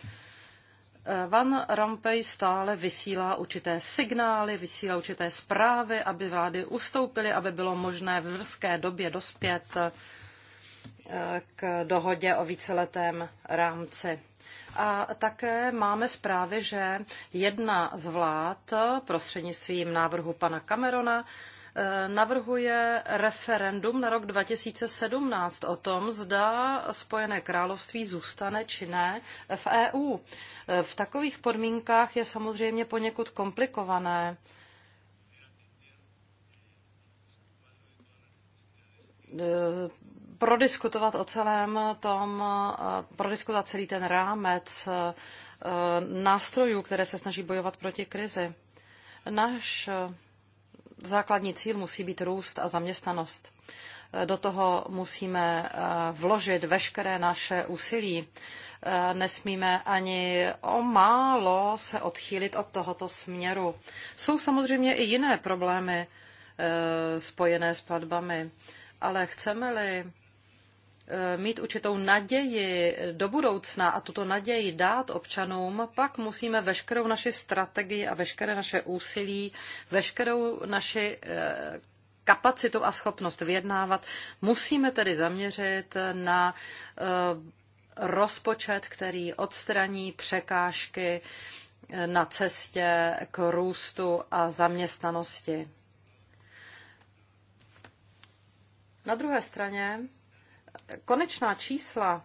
Van Rompuy stále vysílá určité signály, vysílá určité zprávy, aby vlády ustoupily, aby bylo možné v brzké době dospět eh, k dohodě o víceletém rámci. A také máme zprávy, že jedna z vlád eh, prostřednictvím návrhu pana Camerona Eh, navrhuje referendum na rok 2017 o tom, zda Spojené království zůstane či ne v EU. Eh, v takových podmínkách je samozřejmě poněkud komplikované eh, prodiskutovat o celém tom, prodiskutovat celý ten rámec nástrojů, které se snaží bojovat proti krizi. Náš základní cíl musí být růst a zaměstnanost. E, do toho musíme e, vložit veškeré naše úsilí. E, nesmíme ani o málo se odchýlit od tohoto směru. Jsou samozřejmě i jiné problémy spojené s platbami, ale chceme-li Eh, mít určitou naději do budoucna a tuto naději dát občanům, pak musíme veškerou naši strategii a veškeré naše úsilí, veškerou naši eh, kapacitu a schopnost vyjednávat, musíme tedy zaměřit na eh, rozpočet, který odstraní překážky na cestě k růstu a zaměstnanosti. Na druhé straně konečná čísla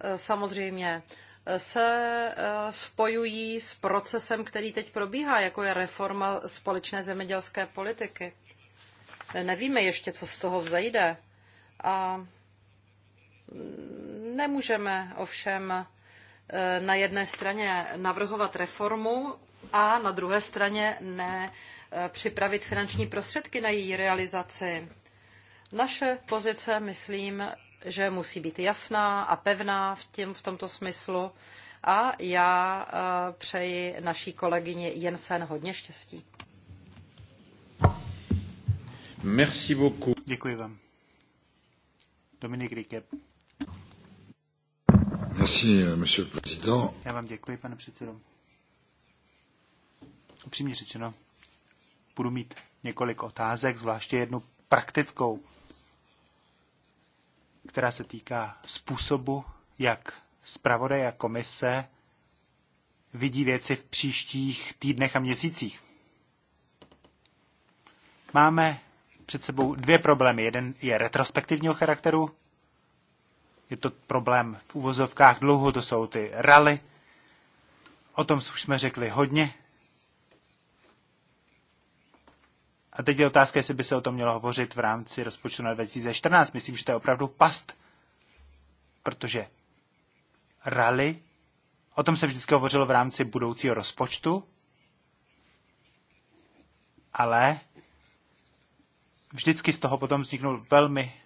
eh, samozřejmě eh, se eh, spojují s procesem, který teď probíhá, jako je reforma společné zemědělské politiky. Nevíme ještě, co z toho vzejde. A nemůžeme ovšem na jedné straně navrhovat reformu a na druhé straně ne připravit finanční prostředky na její realizaci. Naše pozice, myslím, že musí být jasná a pevná v, tím, v tomto smyslu. A já eh, přeji naší kolegyni Jensen hodně štěstí. Merci beaucoup. Děkuji vám. Dominik Rike. Merci, euh, monsieur le président. Já vám děkuji, pane předsedo. Upřímně řečeno, budu mít několik otázek, zvláště jednu praktickou která se týká způsobu, jak zpravodaj a komise vidí věci v příštích týdnech a měsících. Máme před sebou dvě problémy. Jeden je retrospektivního charakteru, je to problém v uvozovkách dlouho, to jsou ty rally. O tom už jsme řekli hodně A teď je otázka, jestli by se o tom mělo hovořit v rámci rozpočtu na 2014. Myslím, že to je opravdu past, protože rally, o tom se vždycky hovořilo v rámci budoucího rozpočtu, ale vždycky z toho potom vzniknul velmi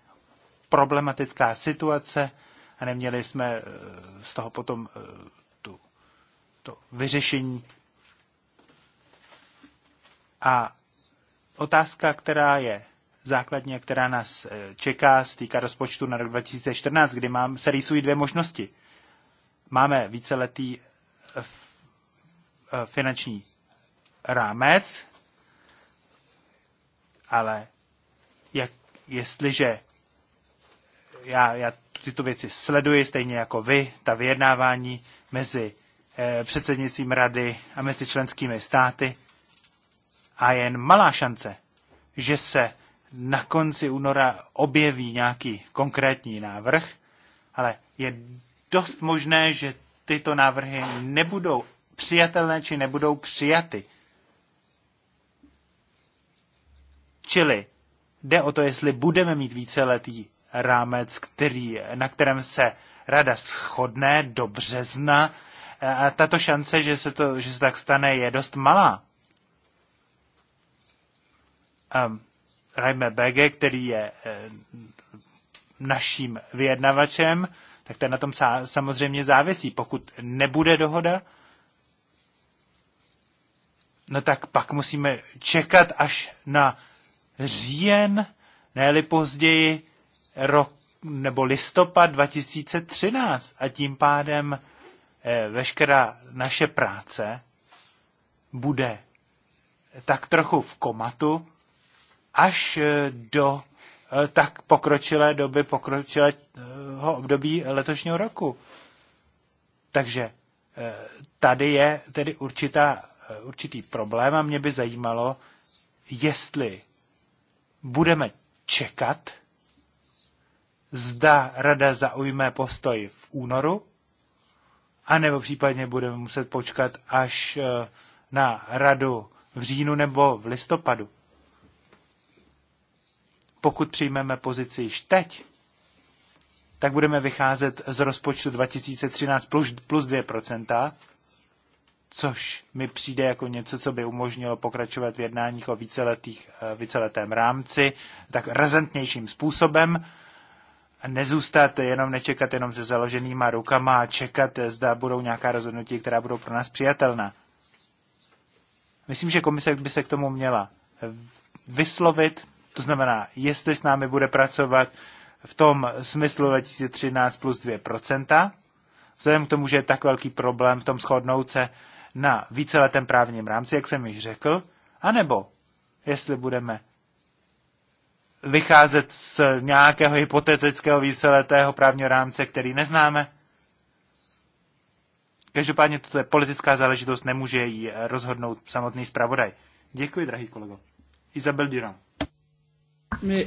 problematická situace a neměli jsme eh, z toho potom eh, tu, to vyřešení. A otázka, která je základně, která nás eh, čeká, se týká rozpočtu na rok 2014, kdy mám, se rýsují dvě možnosti. Máme víceletý eh, eh, finanční rámec, ale jak, jestliže já, já tyto věci sleduji, stejně jako vy, ta vyjednávání mezi předsednictvím rady a mezi členskými státy, a jen malá šance, že se na konci února objeví nějaký konkrétní návrh, ale je dost možné, že tyto návrhy nebudou přijatelné či nebudou přijaty. Čili jde o to, jestli budeme mít víceletý rámec, který, na kterém se rada shodne do března. A tato šance, že se, to, že se tak stane, je dost malá. Um, Raime Bege, který je eh, naším vyjednavačem, tak ten na tom samozřejmě závisí. Pokud nebude dohoda, no tak pak musíme čekat až na říjen, ne později rok nebo listopad 2013 a tím pádem eh, veškerá naše práce bude tak trochu v komatu až eh, do eh, tak pokročilé doby, pokročilého období letošního roku. Takže eh, tady je tedy určitá, určitý problém a mě by zajímalo, jestli budeme čekat, zda rada zaujme postoj v únoru, anebo případně budeme muset počkat až na radu v říjnu nebo v listopadu pokud přijmeme pozici již teď, tak budeme vycházet z rozpočtu 2013 plus, plus 2%, což mi přijde jako něco, co by umožnilo pokračovat v jednáních o víceletých, eh, víceletém rámci tak razentnějším způsobem nezůstat jenom, nečekat jenom se založenýma rukama a čekat, zda budou nějaká rozhodnutí, která budou pro nás přijatelná. Myslím, že komise by se k tomu měla vyslovit, to znamená, jestli s námi bude pracovat v tom smyslu 2013 plus 2%, vzhledem k tomu, že je tak velký problém v tom shodnout se na víceletém právním rámci, jak jsem již řekl, anebo jestli budeme vycházet z nějakého hypotetického víceletého právního rámce, který neznáme. Každopádně toto je politická záležitost, nemůže ji rozhodnout samotný zpravodaj. Děkuji, drahý kolego. Isabel Durand. My,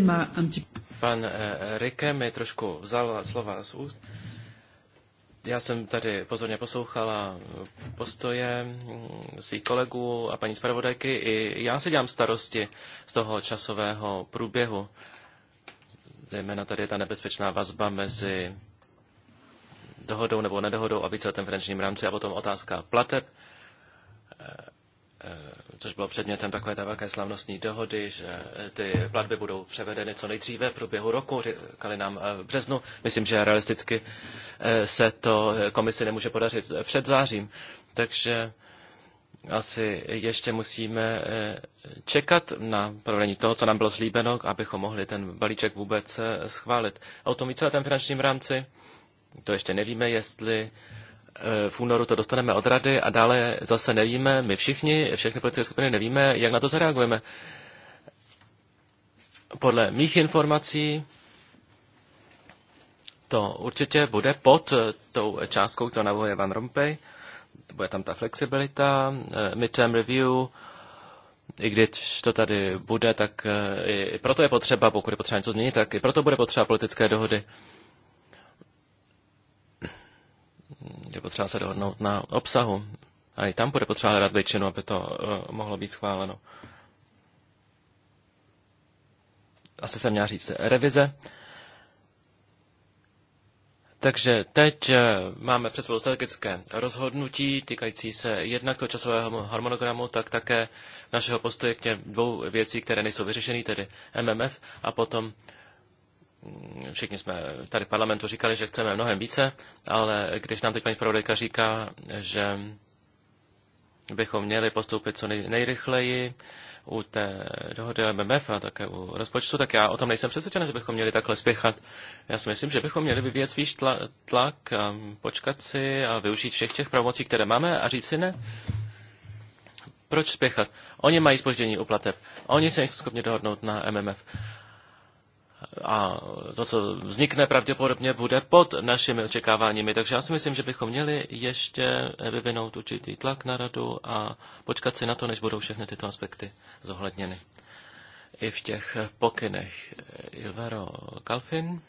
má Pan eh, eh, Rike mi trošku vzal slova z úst. Já jsem tady pozorně poslouchala eh, postoje mm, svých kolegů a paní zpravodajky. I já se dělám starosti z toho časového průběhu. Zejména tady je ta nebezpečná vazba mezi dohodou nebo nedohodou a víceletém finančním rámci a potom otázka plateb což bylo předmětem takové té velké slavnostní dohody, že ty platby budou převedeny co nejdříve v průběhu roku, říkali nám eh, v březnu. Myslím, že realisticky eh, se to eh, komisi nemůže podařit před zářím, takže asi ještě musíme čekat na provedení toho, co nám bylo slíbeno, abychom mohli ten balíček vůbec schválit. A o tom víceletém finančním rámci, to ještě nevíme, jestli Eh, v únoru to dostaneme od rady a dále zase nevíme, my všichni, všechny politické skupiny nevíme, jak na to zareagujeme. Podle mých informací to určitě bude pod tou částkou, kterou navrhuje Van Rompuy. Bude tam ta flexibilita, eh, midterm review, i když to tady bude, tak eh, i proto je potřeba, pokud je potřeba něco změnit, tak i proto bude potřeba politické dohody. je potřeba se dohodnout na obsahu. A i tam bude potřeba hledat většinu, aby to eh, mohlo být schváleno. Asi jsem měla říct revize. Takže teď eh, máme před sebou strategické rozhodnutí týkající se jednak toho časového harmonogramu, tak také našeho postoje k těm dvou věcí, které nejsou vyřešené, tedy MMF a potom všichni jsme tady v parlamentu říkali, že chceme mnohem více, ale když nám teď paní zpravodajka říká, že bychom měli postoupit co nejrychleji u té dohody MMF a také u rozpočtu, tak já o tom nejsem přesvědčen, že bychom měli takhle spěchat. Já si myslím, že bychom měli vyvíjet svýš tlak a počkat si a využít všech těch pravomocí, které máme a říct si ne. Proč spěchat? Oni mají spoždění u plateb. Oni se nejsou schopni dohodnout na MMF a to, co vznikne, pravděpodobně bude pod našimi očekáváními. Takže já si myslím, že bychom měli ještě vyvinout určitý tlak na radu a počkat si na to, než budou všechny tyto aspekty zohledněny. I v těch pokynech. Ilvaro Kalfin.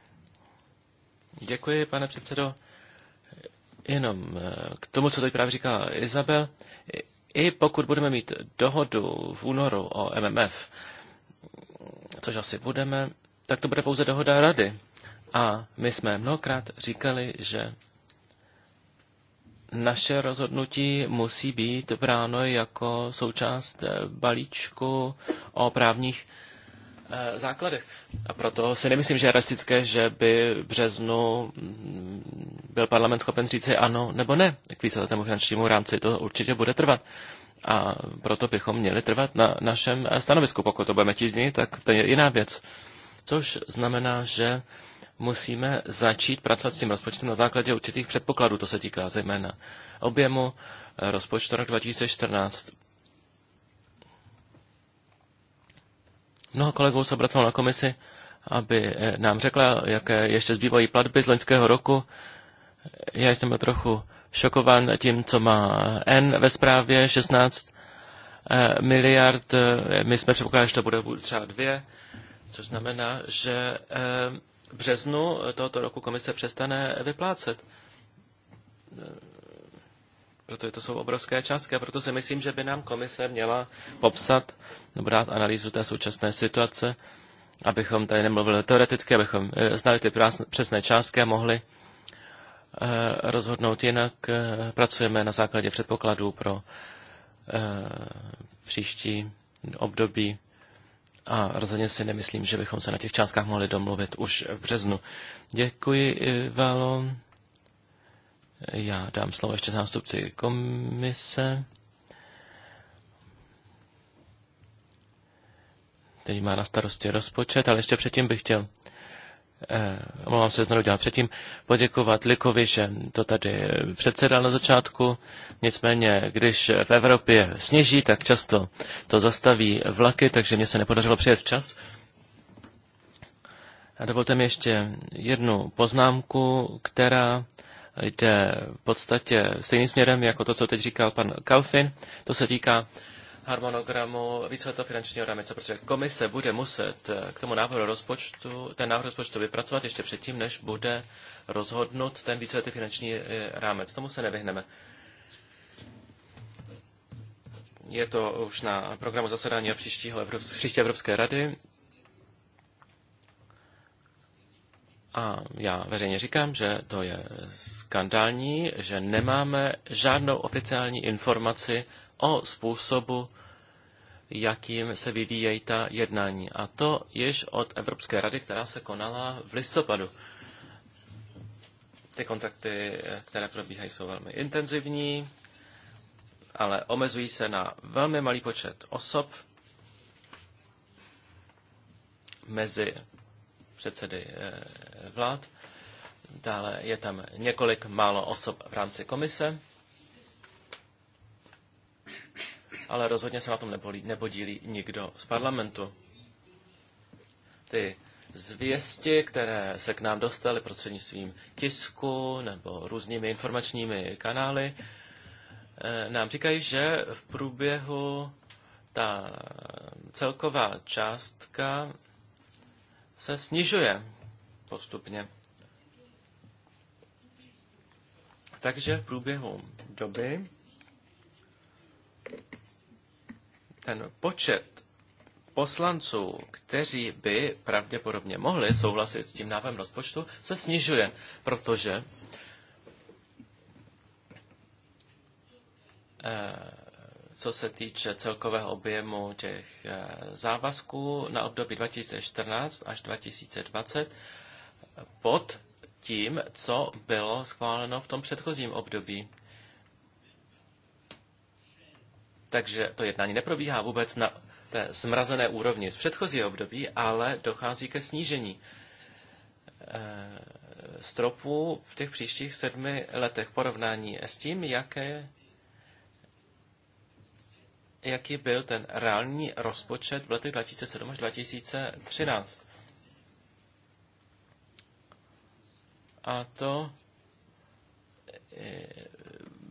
Děkuji, pane předsedo. Jenom eh, k tomu, co teď právě říká Izabel. I pokud budeme mít dohodu v únoru o MMF, což asi budeme, tak to bude pouze dohoda rady. A my jsme mnohokrát říkali, že naše rozhodnutí musí být bráno jako součást eh, balíčku o právních eh, základech. A proto si nemyslím, že je realistické, že by v březnu mm, byl parlament schopen říci ano nebo ne k víceletému finančnímu rámci. To určitě bude trvat. A proto bychom měli trvat na našem eh, stanovisku. Pokud to budeme chtít tak to je jiná věc což znamená, že musíme začít pracovat s tím rozpočtem na základě určitých předpokladů. To se týká zejména objemu eh, rozpočtu rok 2014. Mnoho kolegů se obracelo na komisi, aby eh, nám řekla, jaké ještě zbývají platby z loňského roku. Já jsem byl trochu šokován tím, co má N ve zprávě, 16 eh, miliard. My jsme předpokládali, že to bude třeba dvě což znamená, že eh, v březnu tohoto roku komise přestane vyplácet. Eh, protože to jsou obrovské částky a proto si myslím, že by nám komise měla popsat nebo dát analýzu té současné situace, abychom tady nemluvili teoreticky, abychom eh, znali ty přesné částky a mohli rozhodnout jinak. Pracujeme na základě předpokladů pro příští období a rozhodně si nemyslím, že bychom se na těch částkách mohli domluvit už v březnu. Děkuji, Valo. Já dám slovo ještě zástupci komise. Teď má na starosti rozpočet, ale ještě předtím bych chtěl eh, omlouvám se, že to neudělám předtím, poděkovat Likovi, že to tady eh, předsedal na začátku. Nicméně, když v Evropě sněží, tak často to zastaví vlaky, takže mně se nepodařilo přijet včas. A dovolte mi ještě jednu poznámku, která jde v podstatě stejným směrem jako to, co teď říkal pan Kalfin. To se týká eh, harmonogramu víceletého finančního rámce, protože komise bude muset eh, k tomu návrhu rozpočtu, ten návrh rozpočtu vypracovat ještě předtím, než bude rozhodnut ten víceletý finanční eh, rámec. Tomu se nevyhneme. Je to už na programu zasedání příštího Evropské, příští Evropské rady. A já veřejně říkám, že to je skandální, že nemáme žádnou oficiální informaci o způsobu, jakým se vyvíjejí ta jednání. A to již od Evropské rady, která se konala v listopadu. Ty kontakty, které probíhají, jsou velmi intenzivní, ale omezují se na velmi malý počet osob mezi předsedy eh, vlád. Dále je tam několik málo osob v rámci komise ale rozhodně se na tom nebolí, nepodílí nikdo z parlamentu. Ty zvěsti, které se k nám dostaly prostřednictvím tisku nebo různými informačními kanály, eh, nám říkají, že v průběhu ta celková částka se snižuje postupně. Takže v průběhu doby ten počet poslanců, kteří by pravděpodobně mohli souhlasit s tím návrhem rozpočtu, se snižuje, protože eh, co se týče celkového objemu těch eh, závazků na období 2014 až 2020, pod tím, co bylo schváleno v tom předchozím období. Takže to jednání neprobíhá vůbec na té zmrazené úrovni z předchozího období, ale dochází ke snížení eh, stropů v těch příštích sedmi letech porovnání s tím, jaké, jaký byl ten reální rozpočet v letech 2007 až 2013. A to eh,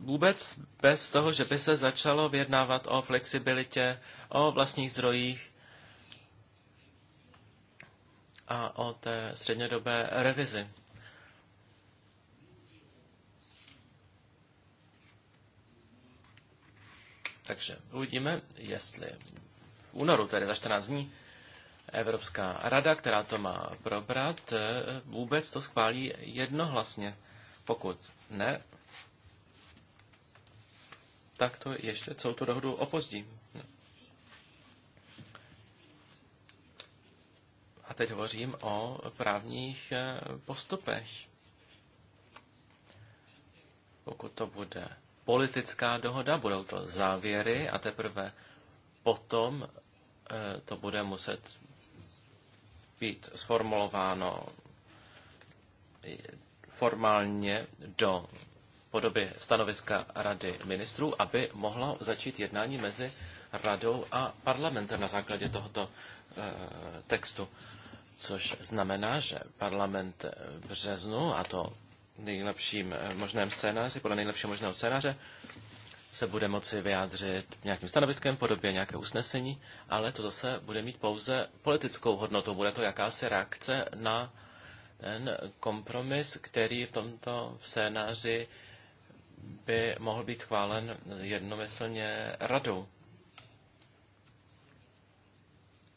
vůbec bez toho, že by se začalo vyjednávat o flexibilitě, o vlastních zdrojích a o té střednědobé revizi. Takže uvidíme, jestli v únoru, tedy za 14 dní, Evropská rada, která to má probrat, vůbec to schválí jednohlasně. Pokud ne, tak to ještě celou tu dohodu opozdí. A teď hovořím o právních eh, postupech. Pokud to bude politická dohoda, budou to závěry a teprve potom eh, to bude muset být sformulováno formálně do podoby stanoviska Rady ministrů, aby mohlo začít jednání mezi Radou a parlamentem na základě tohoto eh, textu. Což znamená, že parlament v březnu, a to nejlepším eh, možném scénáři, podle nejlepšího možného scénáře, se bude moci vyjádřit nějakým stanoviskem, podobě nějaké usnesení, ale to zase bude mít pouze politickou hodnotu. Bude to jakási reakce na ten kompromis, který v tomto scénáři by mohl být chválen jednomyslně radou.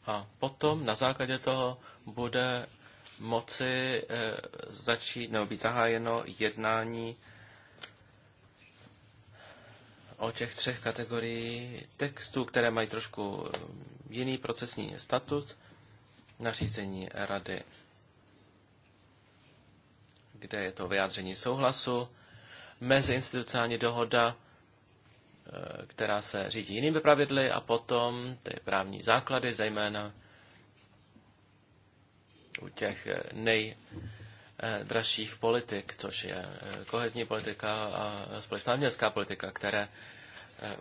A potom na základě toho bude moci eh, začít nebo být zahájeno jednání o těch třech kategorií textů, které mají trošku eh, jiný procesní statut nařízení rady, kde je to vyjádření souhlasu, meziinstitucionální dohoda, e, která se řídí jinými pravidly a potom ty právní základy, zejména u těch e, nejdražších e, politik, což je kohezní politika a společná městská politika, které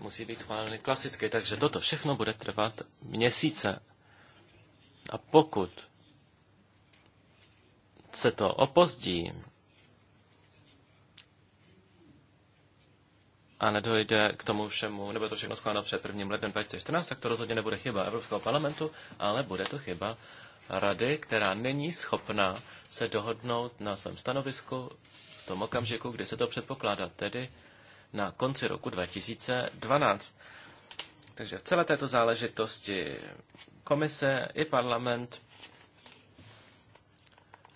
musí být schváleny klasicky. Takže toto všechno bude trvat měsíce. A pokud se to opozdí a nedojde k tomu všemu, nebo to všechno skládáno před 1. lednem 2014, tak to rozhodně nebude chyba Evropského parlamentu, ale bude to chyba rady, která není schopná se dohodnout na svém stanovisku v tom okamžiku, kdy se to předpokládá, tedy na konci roku 2012. Takže v celé této záležitosti komise i parlament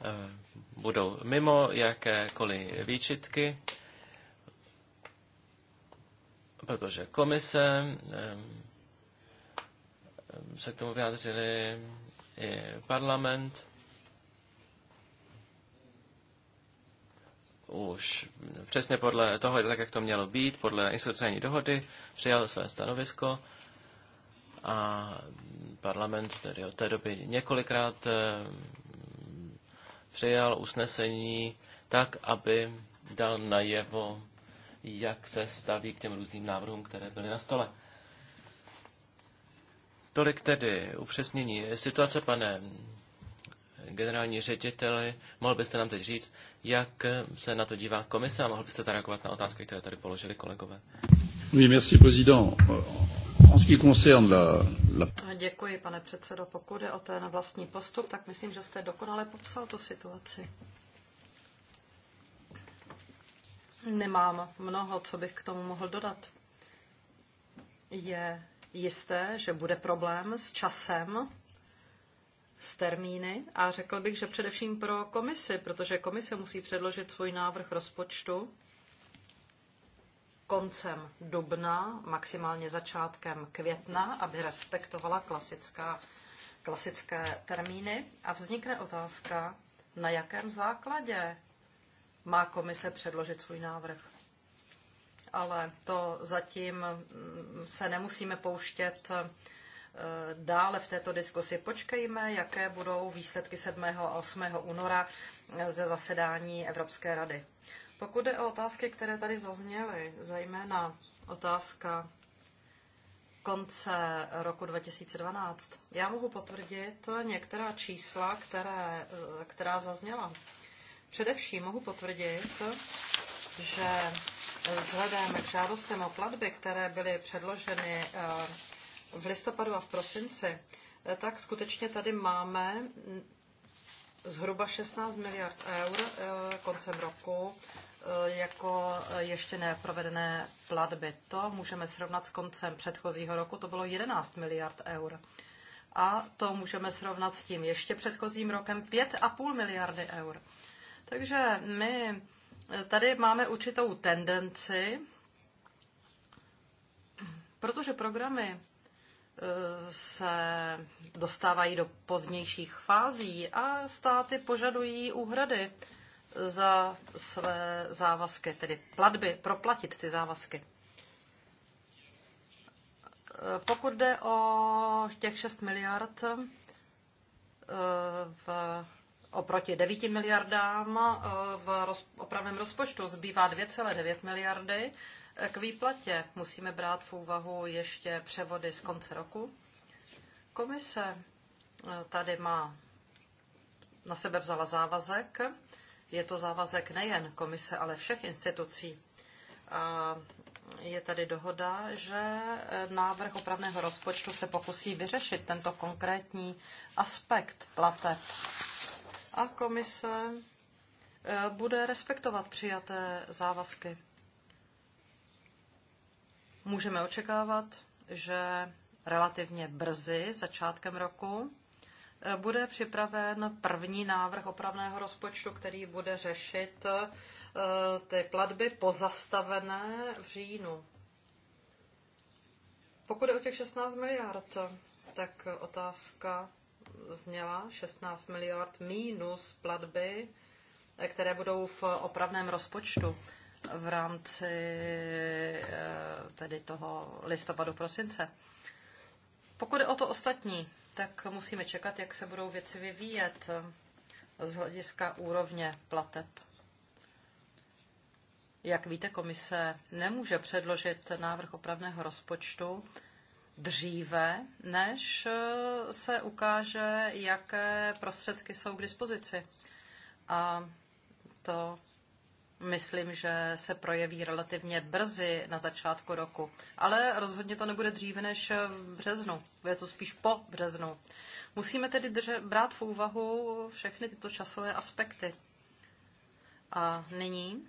eh, budou mimo jakékoliv výčitky protože komise se k tomu vyjádřili i parlament. Už přesně podle toho, tak jak to mělo být, podle institucionální dohody, přijal své stanovisko a parlament tedy od té doby několikrát přijal usnesení tak, aby dal najevo jak se staví k těm různým návrhům, které byly na stole. Tolik tedy upřesnění situace, pane generální řediteli. Mohl byste nám teď říct, jak se na to dívá komise a mohl byste zareagovat na otázky, které tady položili kolegové. Oui, merci, président. Děkuji, pane předsedo. Pokud je o ten vlastní postup, tak myslím, že jste dokonale popsal tu situaci. Nemám mnoho, co bych k tomu mohl dodat. Je jisté, že bude problém s časem, s termíny a řekl bych, že především pro komisi, protože komise musí předložit svůj návrh rozpočtu koncem dubna, maximálně začátkem května, aby respektovala klasická, klasické termíny. A vznikne otázka, na jakém základě má komise předložit svůj návrh. Ale to zatím mm, se nemusíme pouštět eh, dále v této diskusi. Počkejme, jaké budou výsledky 7. a 8. února eh, ze zasedání Evropské rady. Pokud jde o otázky, které tady zazněly, zejména otázka konce roku 2012, já mohu potvrdit některá čísla, které, eh, která zazněla Především mohu potvrdit, že vzhledem k žádostem o platby, které byly předloženy eh, v listopadu a v prosinci, eh, tak skutečně tady máme zhruba 16 miliard eur eh, koncem roku jako ještě neprovedené platby. To můžeme srovnat s koncem předchozího roku, to bylo 11 miliard eur. A to můžeme srovnat s tím ještě předchozím rokem 5,5 miliardy eur. Takže my eh, tady máme určitou tendenci, protože programy eh, se dostávají do pozdějších fází a státy požadují úhrady za své závazky, tedy platby, proplatit ty závazky. Eh, pokud jde o těch 6 miliard v Oproti 9 miliardám e, v roz, opravném rozpočtu zbývá 2,9 miliardy e, k výplatě. Musíme brát v úvahu ještě převody z konce roku. Komise e, tady má na sebe vzala závazek. Je to závazek nejen komise, ale všech institucí. A je tady dohoda, že návrh opravného rozpočtu se pokusí vyřešit tento konkrétní aspekt plateb a komise eh, bude respektovat přijaté závazky. Můžeme očekávat, že relativně brzy, začátkem roku, eh, bude připraven první návrh opravného rozpočtu, který bude řešit eh, ty platby pozastavené v říjnu. Pokud je o těch 16 miliard, tak otázka zněla 16 miliard minus platby, eh, které budou v opravném rozpočtu v rámci eh, tedy toho listopadu prosince. Pokud je o to ostatní, tak musíme čekat, jak se budou věci vyvíjet eh, z hlediska úrovně plateb. Jak víte, komise nemůže předložit návrh opravného rozpočtu dříve, než eh, se ukáže, jaké prostředky jsou k dispozici. A to myslím, že se projeví relativně brzy na začátku roku. Ale rozhodně to nebude dříve než v březnu. Bude to spíš po březnu. Musíme tedy drže, brát v úvahu všechny tyto časové aspekty. A nyní,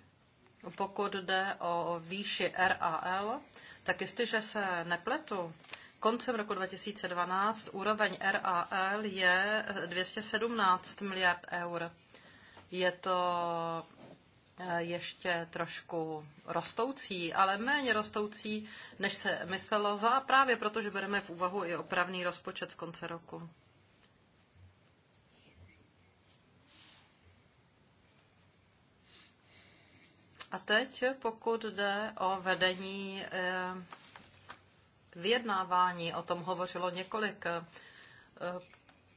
pokud jde o výši RAL, tak jestliže se nepletu, Koncem roku 2012 úroveň RAL je 217 miliard eur. Je to eh, ještě trošku rostoucí, ale méně rostoucí, než se myslelo, za, právě protože bereme v úvahu i opravný rozpočet z konce roku. A teď, pokud jde o vedení eh, vyjednávání. O tom hovořilo několik eh,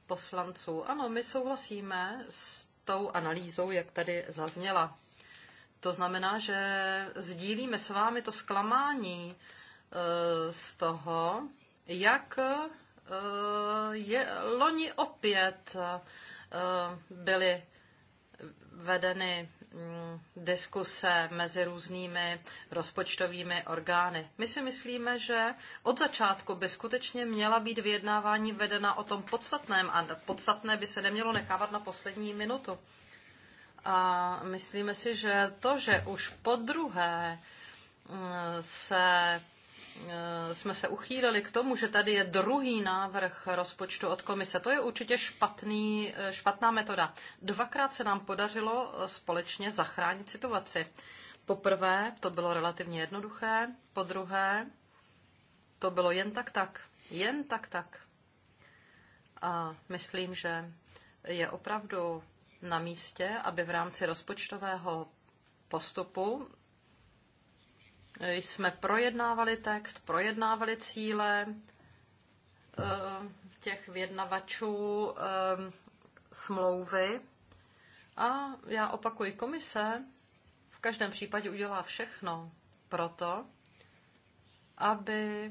poslanců. Ano, my souhlasíme s tou analýzou, jak tady zazněla. To znamená, že sdílíme s vámi to zklamání eh, z toho, jak eh, je, loni opět byly vedeny Mm, diskuse mezi různými rozpočtovými orgány. My si myslíme, že od začátku by skutečně měla být vyjednávání vedena o tom podstatném a podstatné by se nemělo nechávat na poslední minutu. A myslíme si, že to, že už po druhé mm, se Eh, jsme se uchýlili k tomu, že tady je druhý návrh rozpočtu od komise. To je určitě špatný, eh, špatná metoda. Dvakrát se nám podařilo eh, společně zachránit situaci. Poprvé to bylo relativně jednoduché, po druhé to bylo jen tak tak, jen tak tak. A myslím, že je opravdu na místě, aby v rámci rozpočtového postupu jsme projednávali text, projednávali cíle eh, těch vyjednavačů eh, smlouvy a já opakuji, komise v každém případě udělá všechno pro to, aby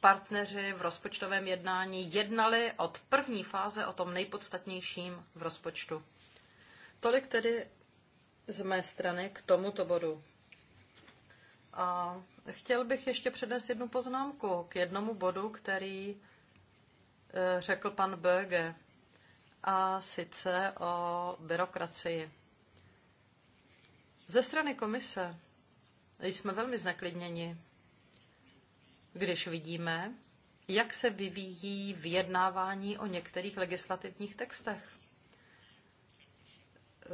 partneři v rozpočtovém jednání jednali od první fáze o tom nejpodstatnějším v rozpočtu. Tolik tedy z mé strany k tomuto bodu. A chtěl bych ještě přednést jednu poznámku k jednomu bodu, který eh, řekl pan Böge, a sice o byrokracii. Ze strany komise jsme velmi zneklidněni, když vidíme, jak se vyvíjí vyjednávání o některých legislativních textech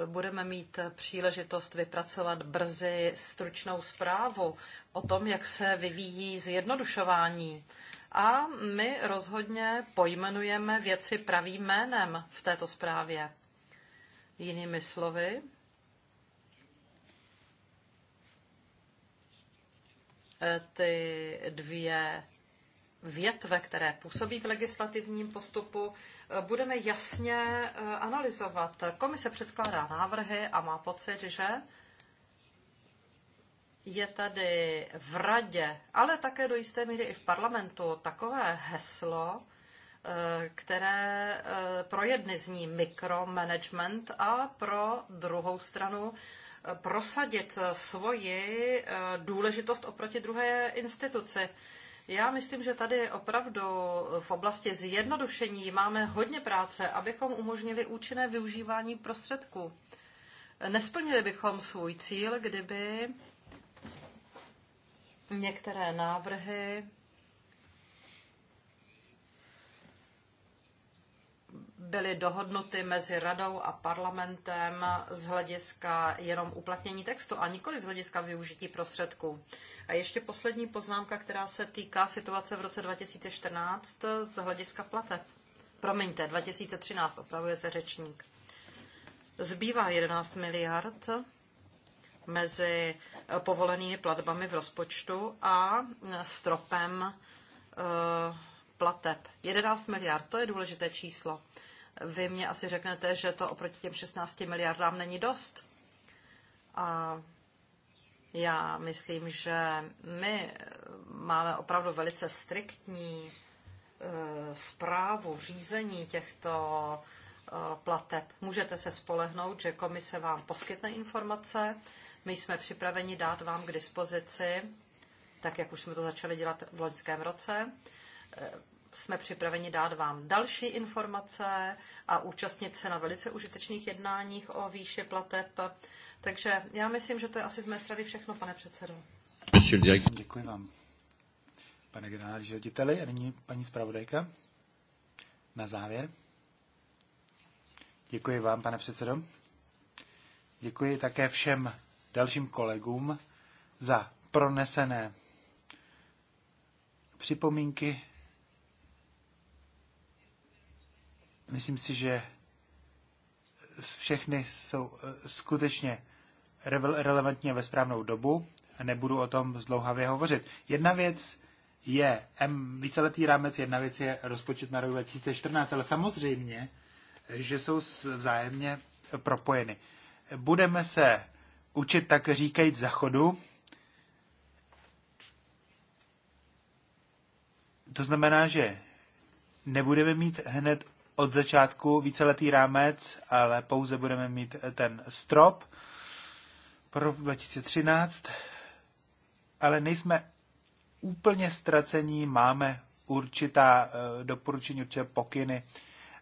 budeme mít příležitost vypracovat brzy stručnou zprávu o tom, jak se vyvíjí zjednodušování. A my rozhodně pojmenujeme věci pravým jménem v této zprávě. Jinými slovy, ty dvě větve, které působí v legislativním postupu, eh, budeme jasně eh, analyzovat. Komise předkládá návrhy a má pocit, že je tady v radě, ale také do jisté míry i v parlamentu takové heslo, eh, které pro jedny zní mikromanagement a pro druhou stranu prosadit svoji důležitost oproti druhé instituci. Já myslím, že tady opravdu v oblasti zjednodušení máme hodně práce, abychom umožnili účinné využívání prostředků. Nesplnili bychom svůj cíl, kdyby některé návrhy byly dohodnuty mezi radou a parlamentem z hlediska jenom uplatnění textu a nikoli z hlediska využití prostředků. A ještě poslední poznámka, která se týká situace v roce 2014 z hlediska plateb. Promiňte, 2013, opravuje se řečník. Zbývá 11 miliard mezi povolenými platbami v rozpočtu a stropem eh, plateb. 11 miliard, to je důležité číslo. Vy mě asi řeknete, že to oproti těm 16 miliardám není dost. A já myslím, že my eh, máme opravdu velice striktní zprávu, eh, řízení těchto eh, plateb. Můžete se spolehnout, že komise vám poskytne informace. My jsme připraveni dát vám k dispozici, tak jak už jsme to začali dělat v loňském roce, jsme připraveni dát vám další informace a účastnit se na velice užitečných jednáních o výši plateb. Takže já myslím, že to je asi z mé strany všechno, pane předsedo. Děkuji vám. Pane generální řediteli, a nyní paní zpravodajka. Na závěr. Děkuji vám, pane předsedo. Děkuji také všem dalším kolegům za pronesené připomínky Myslím si, že všechny jsou eh, skutečně relevantní ve správnou dobu a nebudu o tom zdlouhavě hovořit. Jedna věc je M, víceletý rámec, jedna věc je rozpočet na rok 2014, ale samozřejmě, že jsou vzájemně propojeny. Budeme se učit tak říkajíc za chodu. To znamená, že nebudeme mít hned od začátku víceletý rámec, ale pouze budeme mít ten strop pro 2013. Ale nejsme úplně ztracení, máme určitá eh, doporučení, určité pokyny,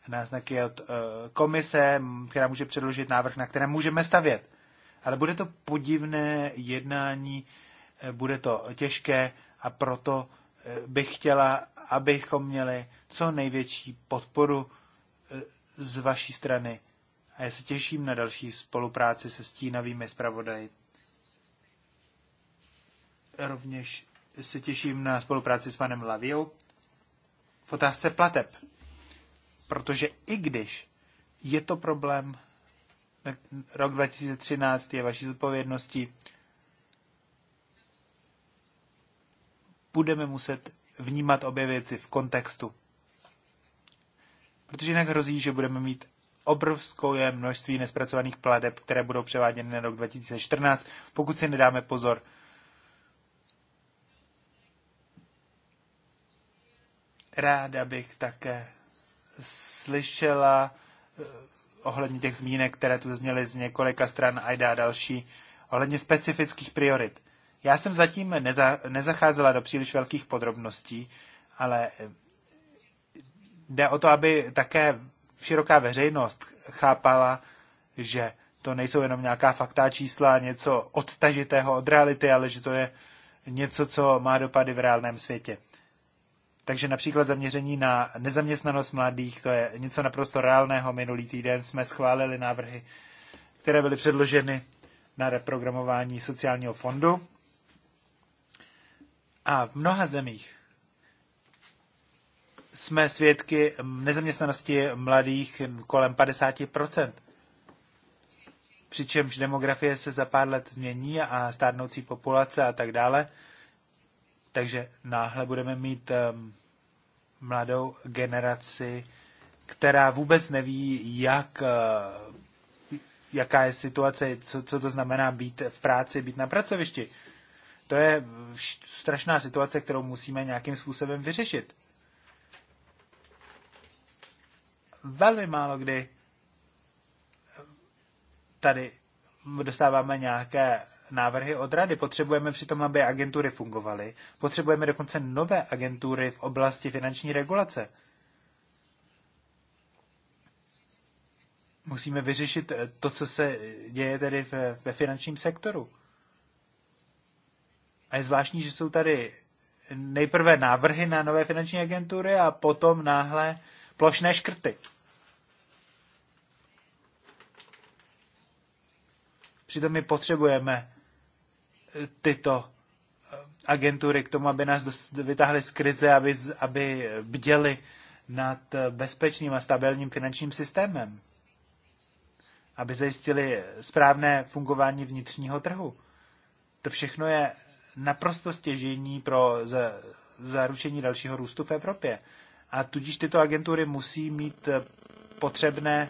náznaky od eh, komise, která může předložit návrh, na kterém můžeme stavět. Ale bude to podivné jednání, eh, bude to těžké a proto bych chtěla, abychom měli co největší podporu z vaší strany a já se těším na další spolupráci se stínavými zpravodaji. Rovněž se těším na spolupráci s panem Laviou v otázce plateb. Protože i když je to problém, rok 2013 je vaší zodpovědností, budeme muset vnímat obě věci v kontextu protože jinak hrozí, že budeme mít obrovskou je množství nespracovaných pladeb, které budou převáděny na rok 2014, pokud si nedáme pozor. Ráda bych také slyšela eh, ohledně těch zmínek, které tu zazněly z několika stran a dá další, ohledně specifických priorit. Já jsem zatím neza, nezacházela do příliš velkých podrobností, ale eh, jde o to, aby také široká veřejnost chápala, že to nejsou jenom nějaká faktá čísla, něco odtažitého od reality, ale že to je něco, co má dopady v reálném světě. Takže například zaměření na nezaměstnanost mladých, to je něco naprosto reálného. Minulý týden jsme schválili návrhy, které byly předloženy na reprogramování sociálního fondu. A v mnoha zemích jsme svědky nezaměstnanosti mladých kolem 50%. Přičemž demografie se za pár let změní a stárnoucí populace a tak dále. Takže náhle budeme mít mladou generaci, která vůbec neví, jak, eh, jaká je situace, co, co to znamená být v práci, být na pracovišti. To je strašná situace, kterou musíme nějakým způsobem vyřešit. velmi málo kdy tady dostáváme nějaké návrhy od rady. Potřebujeme přitom, aby agentury fungovaly. Potřebujeme dokonce nové agentury v oblasti finanční regulace. Musíme vyřešit to, co se děje tedy ve finančním sektoru. A je zvláštní, že jsou tady nejprve návrhy na nové finanční agentury a potom náhle plošné škrty. Přitom my potřebujeme eh, tyto eh, agentury k tomu, aby nás vytáhly z krize, aby, aby eh, bděli nad bezpečným a stabilním finančním systémem, aby zajistili správné fungování vnitřního trhu. To všechno je naprosto stěžení pro zaručení dalšího růstu v Evropě. A tudíž tyto agentury musí mít potřebné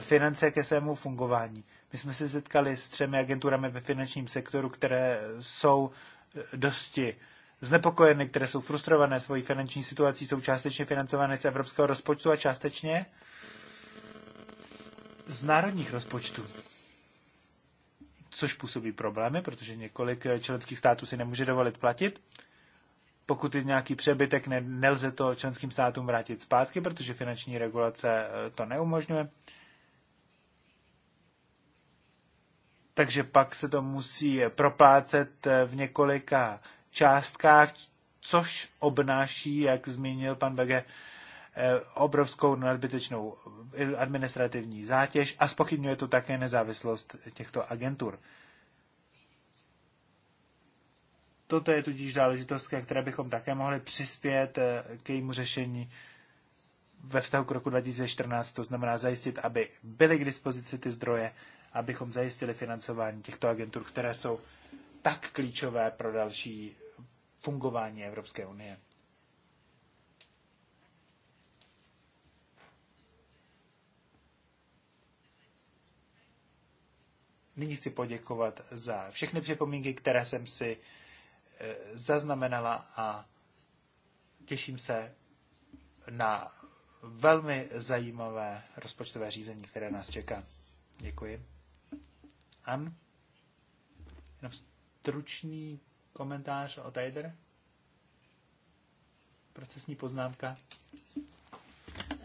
finance ke svému fungování. My jsme se setkali s třemi agenturami ve finančním sektoru, které jsou eh, dosti znepokojeny, které jsou frustrované svojí finanční situací, jsou částečně financované z evropského rozpočtu a částečně z národních rozpočtů. Což působí problémy, protože několik eh, členských států si nemůže dovolit platit. Pokud je nějaký přebytek, nelze to členským státům vrátit zpátky, protože finanční regulace eh, to neumožňuje. takže pak se to musí proplácet eh, v několika částkách, což obnáší, jak zmínil pan Bege, eh, obrovskou nadbytečnou eh, administrativní zátěž a spochybňuje to také nezávislost těchto agentur. Toto je tudíž záležitost, ke které bychom také mohli přispět k jejímu řešení ve vztahu k roku 2014, to znamená zajistit, aby byly k dispozici ty zdroje abychom zajistili financování těchto agentur, které jsou tak klíčové pro další fungování Evropské unie. Nyní chci poděkovat za všechny připomínky, které jsem si e, zaznamenala a těším se na velmi zajímavé rozpočtové řízení, které nás čeká. Děkuji. An. Jenom stručný komentář o Tider. Procesní poznámka.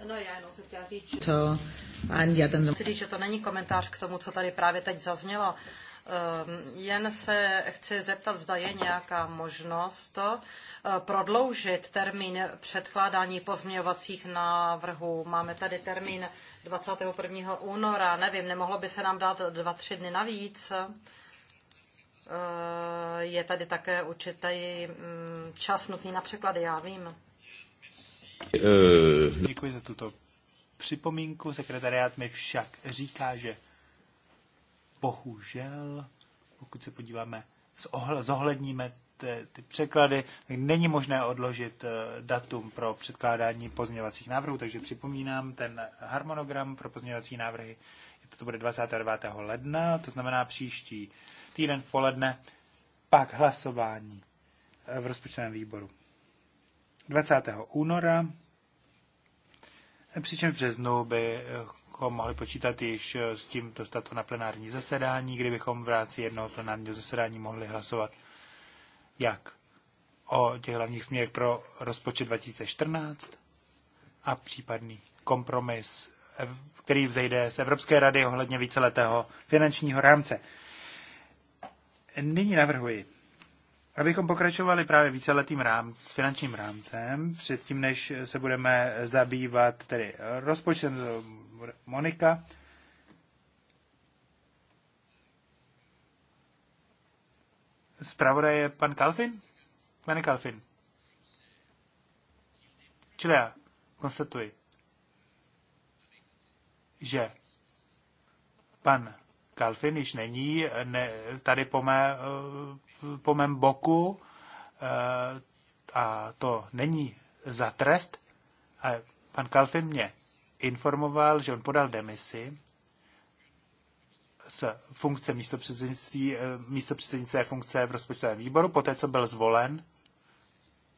No já jenom se chtěla říct, to, já ten... říct, že to není komentář k tomu, co tady právě teď zaznělo, Ehm, jen se chci zeptat, zda je nějaká možnost eh, prodloužit termín předkládání pozměňovacích návrhů. Máme tady termín 21. února, nevím, nemohlo by se nám dát dva, tři dny navíc. Eh, je tady také určitý mm, čas nutný na překlady, já vím. Eh, Děkuji za tuto připomínku. Sekretariát mi však říká, že bohužel, pokud se podíváme, zohledníme ty, ty překlady, tak není možné odložit eh, datum pro předkládání pozměňovacích návrhů, takže připomínám ten harmonogram pro pozměňovací návrhy. To bude 29. ledna, to znamená příští týden v poledne, pak hlasování eh, v rozpočtovém výboru. 20. února, eh, přičemž v březnu by bychom mohli počítat již eh, s tím dostat to na plenární zasedání, kdybychom v rámci jednoho plenárního zasedání mohli hlasovat jak o těch hlavních směrech pro rozpočet 2014 a případný kompromis, který vzejde z Evropské rady ohledně víceletého finančního rámce. Nyní navrhuji, Abychom pokračovali právě víceletým rámc, finančním rámcem, předtím, než se budeme zabývat tedy rozpočtem Monika, Zpravodaj je pan Kalfin? Pane Kalfin. Čili já konstatuji, že pan Kalfin již není ne, tady po mé eh, po mém boku eh, a to není za trest, ale pan Kalfin mě informoval, že on podal demisi z funkce místo eh, místopředsednice funkce v rozpočtovém výboru, poté co byl zvolen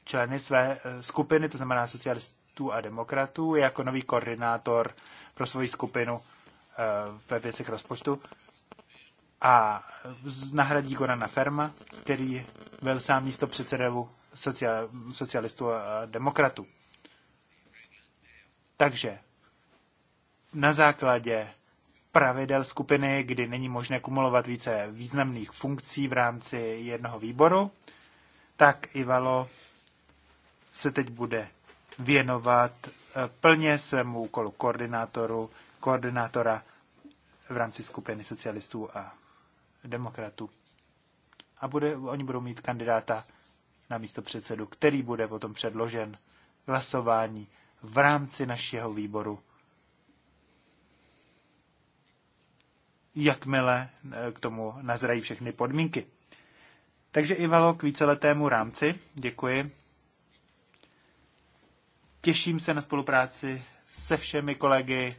členy své eh, skupiny, to znamená socialistů a demokratů, jako nový koordinátor pro svoji skupinu ve věcech rozpočtu a nahradí Gorana Ferma, který byl sám místo předsedevu social, socialistů a demokratů. Takže na základě pravidel skupiny, kdy není možné kumulovat více významných funkcí v rámci jednoho výboru, tak Ivalo se teď bude věnovat eh, plně svému úkolu koordinátoru, koordinátora v rámci skupiny socialistů a demokratů. A bude, oni budou mít kandidáta na místo předsedu, který bude potom předložen hlasování v rámci našeho výboru. Jakmile eh, k tomu nazrají všechny podmínky. Takže Ivalo k víceletému rámci. Děkuji. Těším se na spolupráci se všemi kolegy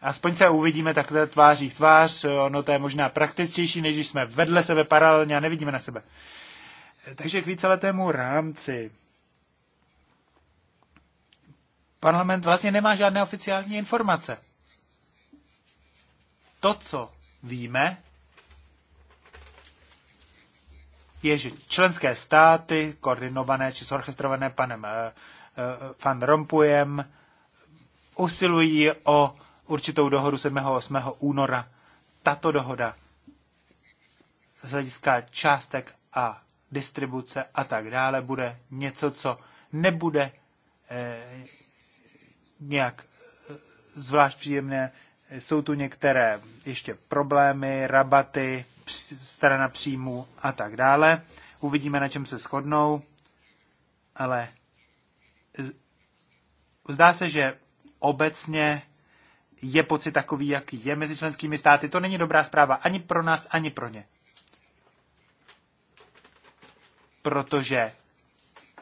Aspoň se uvidíme takhle tváří v tvář, ono to je možná praktičtější, než když jsme vedle sebe paralelně a nevidíme na sebe. Takže k víceletému rámci. Parlament vlastně nemá žádné oficiální informace. To, co víme, je, že členské státy, koordinované či zorchestrované panem uh, uh, Van Rompuyem, usilují o určitou dohodu 7. a 8. února. Tato dohoda z hlediska částek a distribuce a tak dále bude něco, co nebude eh, nějak eh, zvlášť příjemné. Jsou tu některé ještě problémy, rabaty, strana příjmů a tak dále. Uvidíme, na čem se shodnou, ale eh, zdá se, že obecně je pocit takový, jak je mezi členskými státy. To není dobrá zpráva ani pro nás, ani pro ně. Protože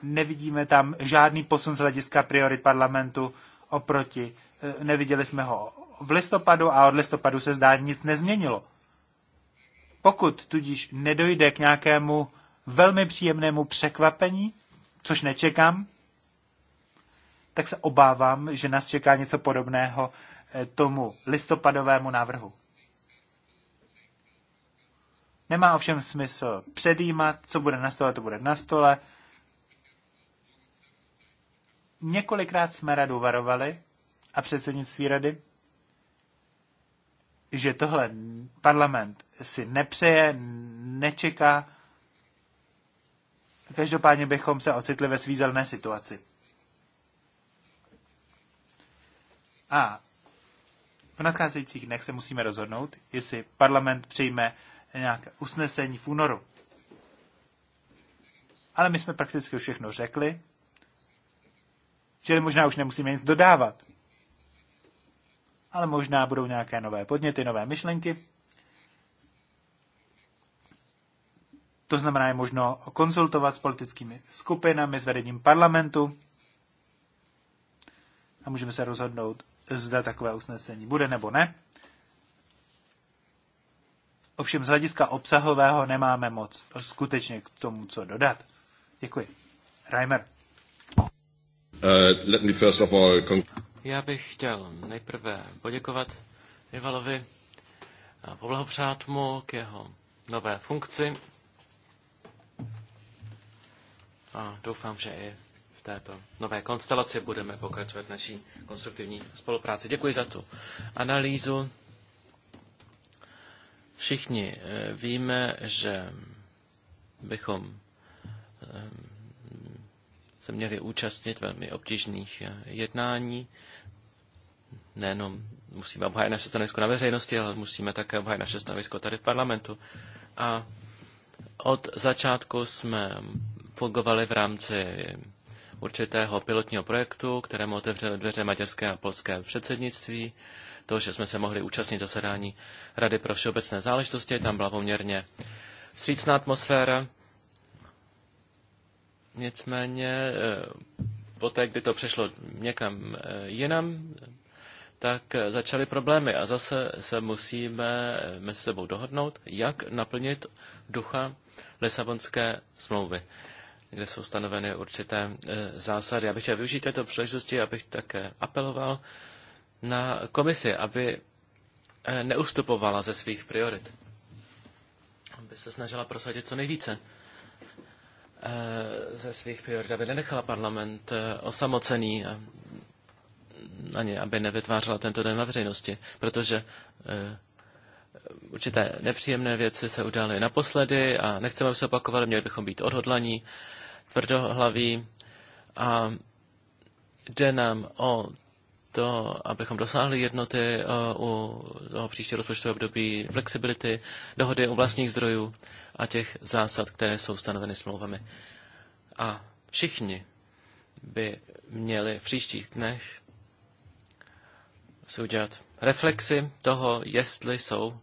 nevidíme tam žádný posun z hlediska priorit parlamentu oproti. Eh, neviděli jsme ho v listopadu a od listopadu se zdá nic nezměnilo. Pokud tudíž nedojde k nějakému velmi příjemnému překvapení, což nečekám, tak se obávám, že nás čeká něco podobného Eh, tomu listopadovému návrhu. Nemá ovšem smysl předjímat, co bude na stole, to bude na stole. Několikrát jsme radu varovali a předsednictví rady, že tohle parlament si nepřeje, nečeká. Každopádně bychom se ocitli ve svízelné situaci. A v nadcházejících dnech se musíme rozhodnout, jestli parlament přijme nějaké usnesení v únoru. Ale my jsme prakticky všechno řekli, čili možná už nemusíme nic dodávat. Ale možná budou nějaké nové podněty, nové myšlenky. To znamená, je možno konzultovat s politickými skupinami, s vedením parlamentu a můžeme se rozhodnout, zda takové usnesení bude nebo ne. Ovšem z hlediska obsahového nemáme moc skutečně k tomu, co dodat. Děkuji. Reimer. Uh, let me first of all... Já bych chtěl nejprve poděkovat Ivalovi a poblahopřát mu k jeho nové funkci. A doufám, že i této nové konstelaci budeme pokračovat v naší konstruktivní spolupráci. Děkuji za tu analýzu. Všichni eh, víme, že bychom eh, se měli účastnit velmi obtížných eh, jednání. Nejenom musíme obhájit naše stanovisko na veřejnosti, ale musíme také obhájit naše stanovisko tady v parlamentu. A od začátku jsme fungovali v rámci určitého pilotního projektu, kterému otevřely dveře maďarské a polské předsednictví. To, že jsme se mohli účastnit zasedání Rady pro všeobecné záležitosti, tam byla poměrně střícná atmosféra. Nicméně eh, poté, kdy to přešlo někam eh, jinam, tak eh, začaly problémy a zase se musíme mezi sebou dohodnout, jak naplnit ducha Lisabonské smlouvy kde jsou stanoveny určité e, zásady. Já bych chtěl využít této příležitosti, abych také apeloval na komisi, aby e, neustupovala ze svých priorit, aby se snažila prosadit co nejvíce e, ze svých priorit, aby nenechala parlament osamocený, ani aby nevytvářela tento den na veřejnosti, protože určité nepříjemné věci se udály naposledy a nechceme, aby se opakovaly, měli bychom být odhodlaní tvrdohlaví a jde nám o to, abychom dosáhli jednoty eh, u toho příštího rozpočtového období, flexibility, dohody u vlastních zdrojů a těch zásad, které jsou stanoveny smlouvami. A všichni by měli v příštích dnech si udělat reflexy toho, jestli jsou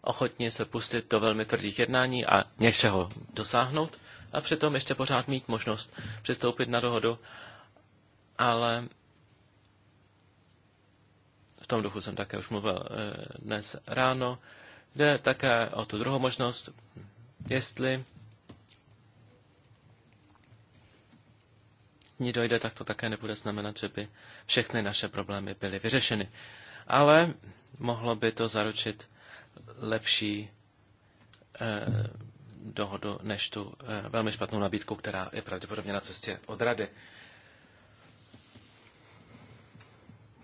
ochotni se pustit do velmi tvrdých jednání a něčeho dosáhnout, a přitom ještě pořád mít možnost přistoupit na dohodu, ale v tom duchu jsem také už mluvil eh, dnes ráno, jde také o tu druhou možnost, jestli ní dojde, tak to také nebude znamenat, že by všechny naše problémy byly vyřešeny. Ale mohlo by to zaručit lepší eh, dohodu než tu eh, velmi špatnou nabídku, která je pravděpodobně na cestě od rady.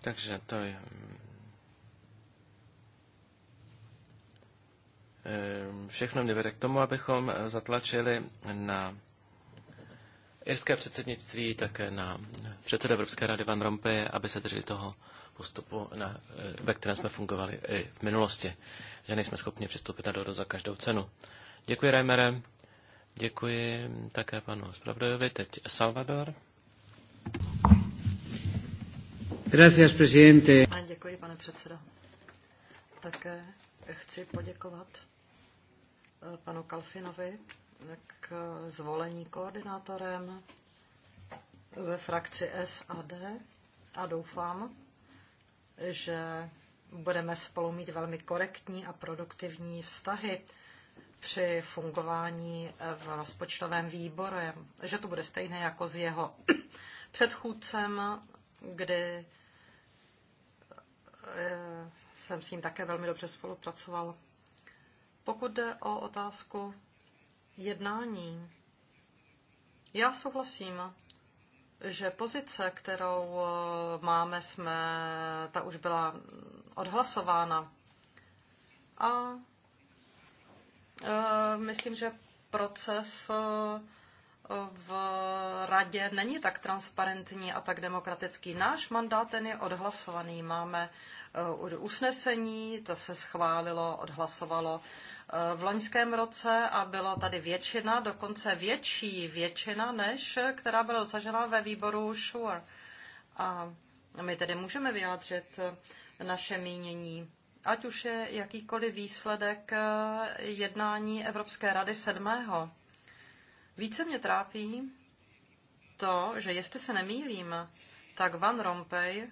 Takže to je... Mm, eh, všechno mě vede k tomu, abychom eh, zatlačili na irské předsednictví, také na předsedu Evropské rady Van Rompuy, aby se drželi toho postupu, na, ve kterém jsme fungovali i v minulosti, že nejsme schopni přistoupit na dohodu za každou cenu. Děkuji, Reimere. Děkuji také panu Spravdojovi. Teď Salvador. Gracias, presidente. Děkuji, pane předsedo. Také chci poděkovat eh, panu Kalfinovi k zvolení koordinátorem ve frakci SAD a doufám, že budeme spolu mít velmi korektní a produktivní vztahy při fungování eh, v rozpočtovém výboru, že to bude stejné jako s jeho <clears throat> předchůdcem, kdy eh, jsem s ním také velmi dobře spolupracoval. Pokud jde o otázku jednání, já souhlasím, že pozice, kterou eh, máme, jsme, ta už byla odhlasována. A Eh, myslím, že proces eh, v radě není tak transparentní a tak demokratický. Náš mandát ten je odhlasovaný. Máme eh, usnesení, to se schválilo, odhlasovalo v loňském roce a byla tady většina, dokonce větší většina, než která byla dosažena ve výboru SURE. A my tedy můžeme vyjádřit naše mínění ať už je jakýkoliv výsledek eh, jednání Evropské rady 7. Více mě trápí to, že jestli se nemýlím, tak Van Rompuy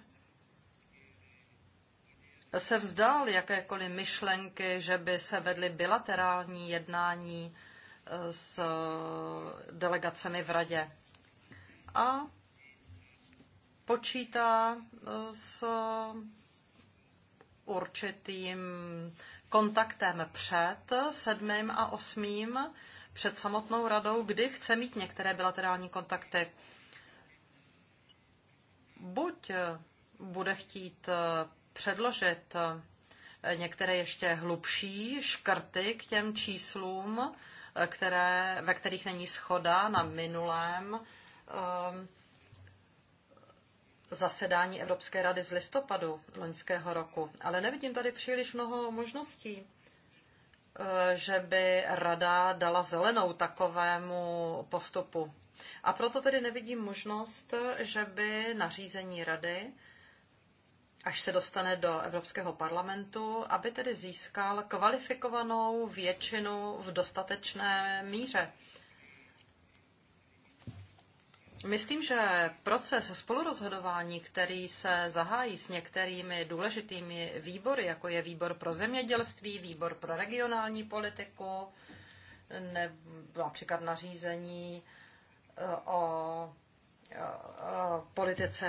se vzdal jakékoliv myšlenky, že by se vedly bilaterální jednání eh, s eh, delegacemi v radě. A počítá s určitým kontaktem před sedmým a osmým, před samotnou radou, kdy chce mít některé bilaterální kontakty. Buď bude chtít předložit některé ještě hlubší škrty k těm číslům, které, ve kterých není schoda na minulém ehm, zasedání Evropské rady z listopadu loňského roku, ale nevidím tady příliš mnoho možností, eh, že by rada dala zelenou takovému postupu. A proto tedy nevidím možnost, že by nařízení rady, až se dostane do Evropského parlamentu, aby tedy získal kvalifikovanou většinu v dostatečné míře. Myslím, že proces spolurozhodování, který se zahájí s některými důležitými výbory, jako je výbor pro zemědělství, výbor pro regionální politiku, nebo například nařízení eh, o eh, politice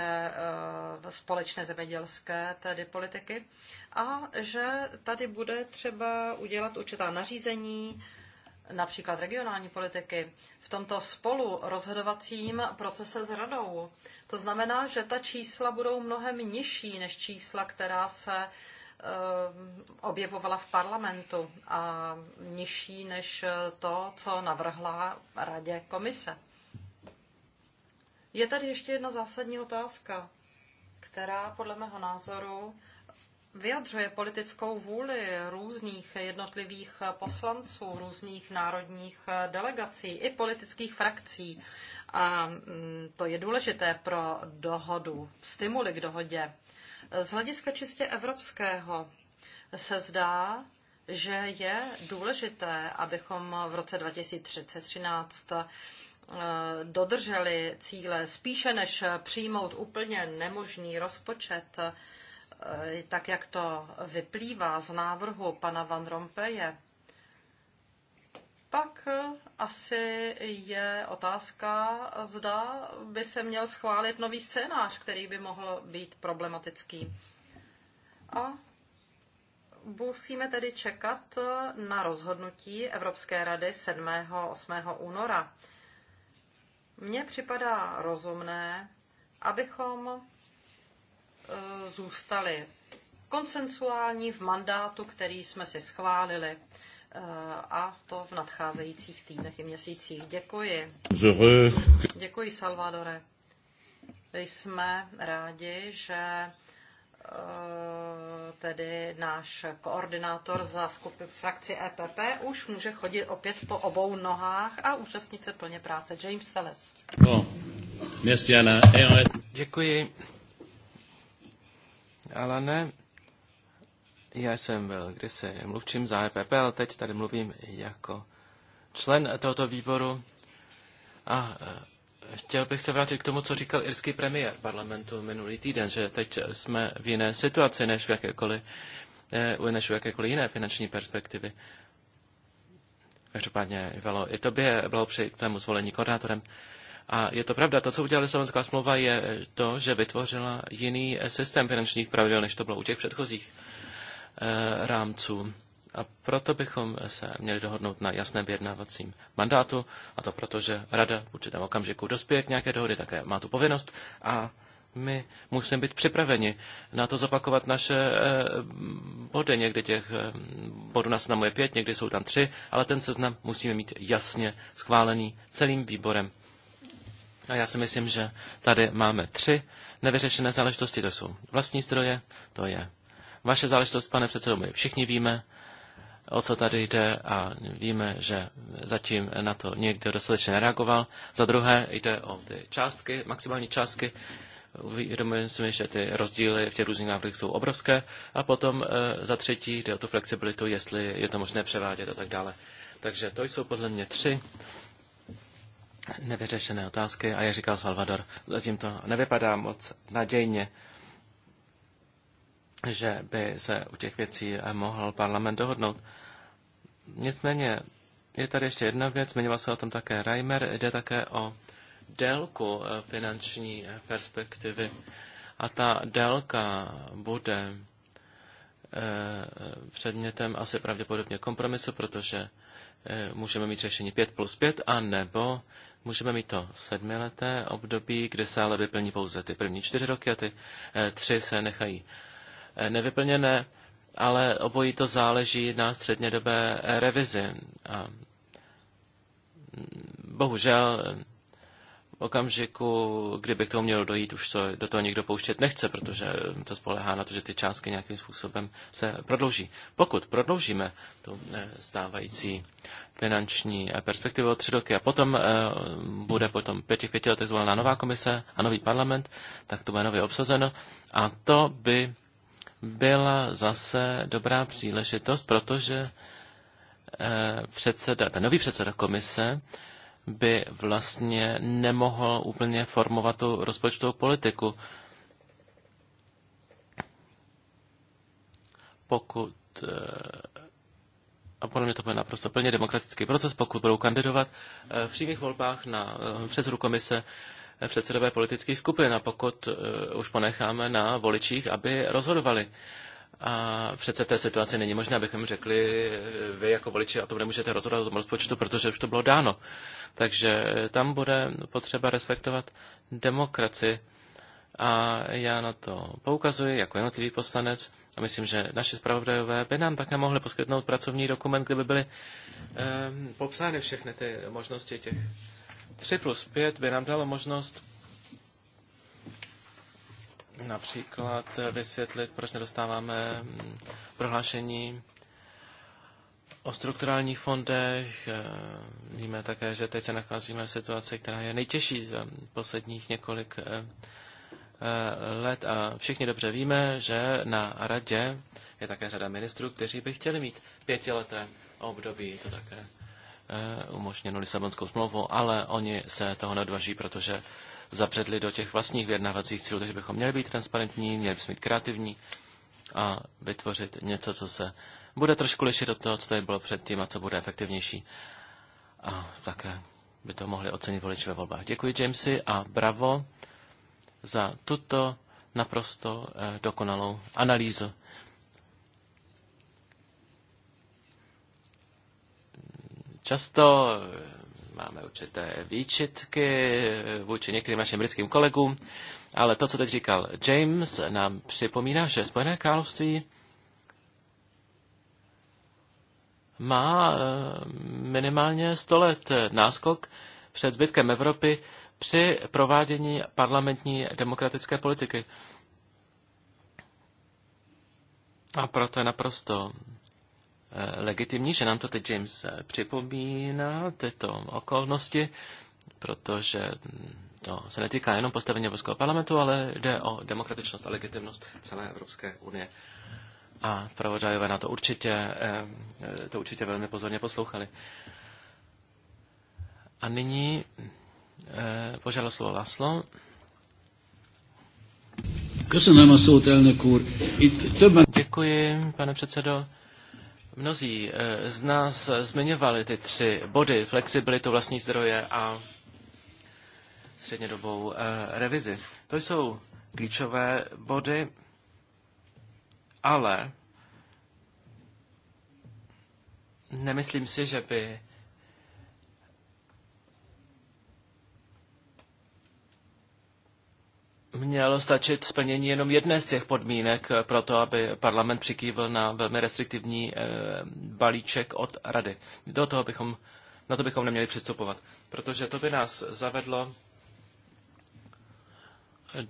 eh, společné zemědělské, tedy politiky, a že tady bude třeba udělat určitá nařízení, například regionální politiky, v tomto spolu rozhodovacím procese s radou. To znamená, že ta čísla budou mnohem nižší než čísla, která se eh, objevovala v parlamentu a nižší než eh, to, co navrhla radě komise. Je tady ještě jedna zásadní otázka, která podle mého názoru vyjadřuje politickou vůli různých jednotlivých poslanců, různých národních delegací i politických frakcí. A mm, to je důležité pro dohodu, stimuly k dohodě. Z hlediska čistě evropského se zdá, že je důležité, abychom v roce 2013 eh, dodrželi cíle spíše než přijmout úplně nemožný rozpočet Eh, tak jak to vyplývá z návrhu pana Van Rompeje, pak eh, asi je otázka, zda by se měl schválit nový scénář, který by mohl být problematický. A musíme tedy čekat eh, na rozhodnutí Evropské rady 7. 8. února. Mně připadá rozumné, abychom Eh, zůstaly konsensuální v mandátu, který jsme si schválili eh, a to v nadcházejících týdnech i měsících. Děkuji. Děkuji, Salvadore. Jsme rádi, že eh, tedy náš koordinátor za skupinu frakci EPP už může chodit opět po obou nohách a účastnit se plně práce. James Seles. Děkuji ale ne. Já jsem byl kdysi mluvčím za EPP, ale teď tady mluvím jako člen tohoto výboru. A e, chtěl bych se vrátit k tomu, co říkal irský premiér parlamentu minulý týden, že teď jsme v jiné situaci než v jakékoliv, e, než v jakékoliv jiné finanční perspektivy. Každopádně, velo. i tobě bylo při tvému zvolení koordinátorem. A je to pravda, to, co udělala Lisabonská smlouva, je eh, to, že vytvořila jiný eh, systém finančních pravidel, než to bylo u těch předchozích eh, rámců. A proto bychom se měli dohodnout na jasném vyjednávacím mandátu, a to proto, že Rada v určitém okamžiku dospěje k nějaké dohody, také má tu povinnost a my musíme být připraveni na to zopakovat naše body. Někdy těch bodů na seznamu je pět, někdy jsou tam tři, ale ten seznam musíme mít jasně schválený celým výborem a já si myslím, že tady máme tři nevyřešené záležitosti. To jsou vlastní zdroje, to je vaše záležitost, pane předsedo, my všichni víme, o co tady jde a víme, že zatím na to někdo dostatečně nereagoval. Za druhé jde o ty částky, maximální částky. Uvědomujeme si, že ty rozdíly v těch různých návrhech jsou obrovské. A potom e, za třetí jde o tu flexibilitu, jestli je to možné převádět a tak dále. Takže to jsou podle mě tři nevyřešené otázky a jak říkal Salvador, zatím to nevypadá moc nadějně, že by se u těch věcí mohl parlament dohodnout. Nicméně je tady ještě jedna věc, zmiňoval se o tom také Reimer, jde také o délku eh, finanční perspektivy a ta délka bude eh, předmětem asi pravděpodobně kompromisu, protože eh, můžeme mít řešení 5 plus 5 a nebo Můžeme mít to sedmileté období, kde se ale vyplní pouze ty první čtyři roky a ty eh, tři se nechají eh, nevyplněné, ale obojí to záleží na střednědobé eh, revizi. A mm, bohužel v okamžiku, kdyby k tomu mělo dojít, už to, do toho nikdo pouštět nechce, protože to spolehá na to, že ty částky nějakým způsobem se prodlouží. Pokud prodloužíme tu stávající finanční eh, perspektivu o tři roky a potom eh, bude potom pěti, pěti letech zvolena nová komise a nový parlament, tak to bude nově obsazeno. A to by byla zase dobrá příležitost, protože eh, předseda, ten nový předseda komise by vlastně nemohl úplně formovat tu rozpočtovou politiku. Pokud a podle mě to bude naprosto plně demokratický proces, pokud budou kandidovat eh, v přímých volbách na eh, předsedu komise eh, předsedové politických skupin a pokud už ponecháme na voličích, aby rozhodovali. A přece v té situaci není možné, abychom řekli, vy jako voliči o tom nemůžete rozhodovat o tom rozpočtu, protože už to bylo dáno. Takže tam bude potřeba respektovat demokracii. A já na to poukazuji jako jednotlivý poslanec. A myslím, že naše zpravodajové by nám také mohli poskytnout pracovní dokument, kde by byly um, popsány všechny ty možnosti těch 3 plus 5 by nám dalo možnost například vysvětlit, proč nedostáváme mm, prohlášení o strukturálních fondech. Ehm, víme také, že teď se nacházíme v situaci, která je nejtěžší za posledních několik ehm, Eh, let a všichni dobře víme, že na radě je také řada ministrů, kteří by chtěli mít pětileté období, to také eh, umožněno Lisabonskou smlouvou, ale oni se toho nedvaží, protože zapředli do těch vlastních vyjednávacích cílů, takže bychom měli být transparentní, měli bychom být kreativní a vytvořit něco, co se bude trošku lišit od toho, co tady bylo předtím a co bude efektivnější. A také by to mohli ocenit voliči ve volbách. Děkuji Jamesy a bravo za tuto naprosto eh, dokonalou analýzu. Často eh, máme určité výčitky eh, vůči některým našim britským kolegům, ale to, co teď říkal James, nám připomíná, že Spojené království má minimálně 100 let náskok před zbytkem Evropy při provádění parlamentní demokratické politiky. A proto je naprosto eh, legitimní, že nám to teď James eh, připomíná, tyto okolnosti, protože mm, to se netýká jenom postavení Evropského parlamentu, ale jde o demokratičnost a legitimnost celé Evropské unie. A pravodajové na to určitě, eh, to určitě velmi pozorně poslouchali. A nyní Eh, požádal slovo Laslo. Děkuji, pane předsedo. Mnozí eh, z nás zmiňovali ty tři body, flexibilitu vlastní zdroje a střednědobou eh, revizi. To jsou klíčové body, ale nemyslím si, že by mělo stačit splnění jenom jedné z těch podmínek eh, pro to, aby parlament přikývil na velmi restriktivní eh, balíček od rady. Do toho bychom, na to bychom neměli přistupovat, protože to by nás zavedlo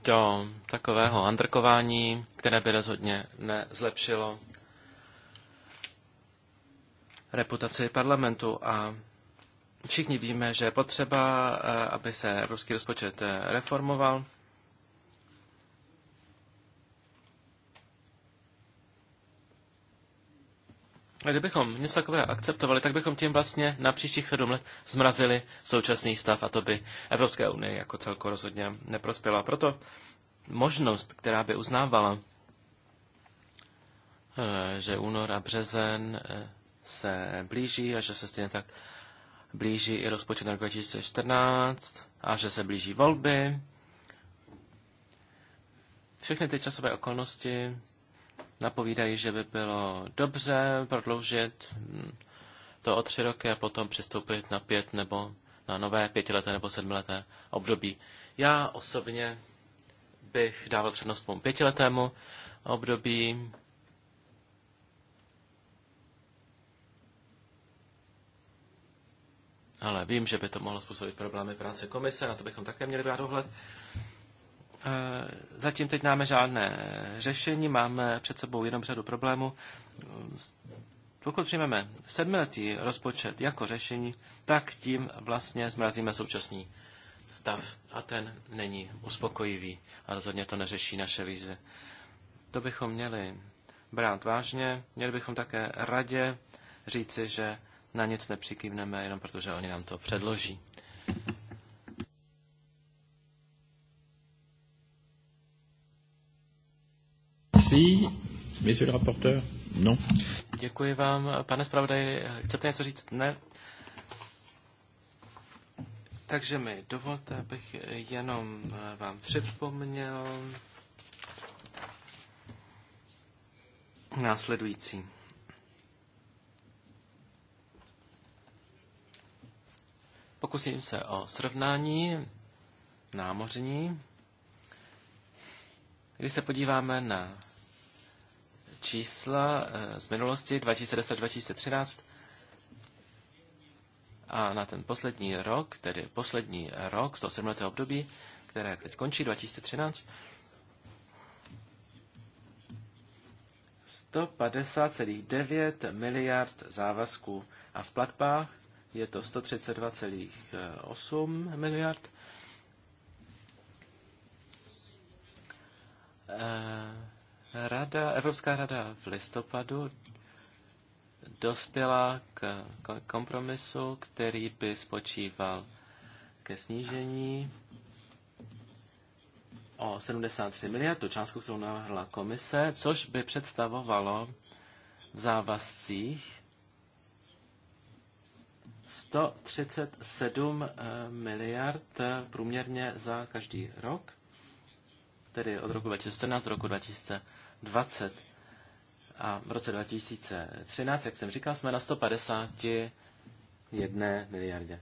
do takového handrkování, které by rozhodně nezlepšilo reputaci parlamentu a Všichni víme, že je potřeba, eh, aby se evropský rozpočet reformoval. A kdybychom něco takového akceptovali, tak bychom tím vlastně na příštích sedm let zmrazili současný stav a to by Evropské unie jako celko rozhodně neprospěla. Proto možnost, která by uznávala, eh, že únor a březen eh, se blíží a že se stejně tak blíží i rozpočet na 2014 a že se blíží volby. Všechny ty časové okolnosti napovídají, že by bylo dobře prodloužit hm, to o tři roky a potom přistoupit na pět nebo na nové pětileté nebo sedmileté období. Já osobně bych dával přednost tomu pětiletému období. Ale vím, že by to mohlo způsobit problémy práce komise, na to bychom také měli brát ohled. Eh, zatím teď máme žádné řešení, máme před sebou jenom řadu problémů. Pokud přijmeme sedmiletý rozpočet jako řešení, tak tím vlastně zmrazíme současný stav a ten není uspokojivý a rozhodně to neřeší naše výzvy. To bychom měli brát vážně, měli bychom také radě říci, že na nic nepřikývneme, jenom protože oni nám to předloží. Merci. Monsieur le rapporteur? Non. Děkuji vám. Pane zpravodaji, chcete něco říct? Ne. Takže mi dovolte, abych jenom vám připomněl následující. Pokusím se o srovnání námořní. Když se podíváme na čísla eh, z minulosti 2010-2013 a na ten poslední rok, tedy poslední rok z toho sedmletého období, které teď končí 2013, 150,9 miliard závazků a v platbách je to 132,8 miliard. E Rada, Evropská rada v listopadu dospěla k kompromisu, který by spočíval ke snížení o 73 miliard, tu částku, kterou navrhla komise, což by představovalo v závazcích 137 eh, miliard eh, průměrně za každý rok, tedy od roku 2014 do roku 2020. 20. A v roce 2013, jak jsem říkal, jsme na 151 miliardě.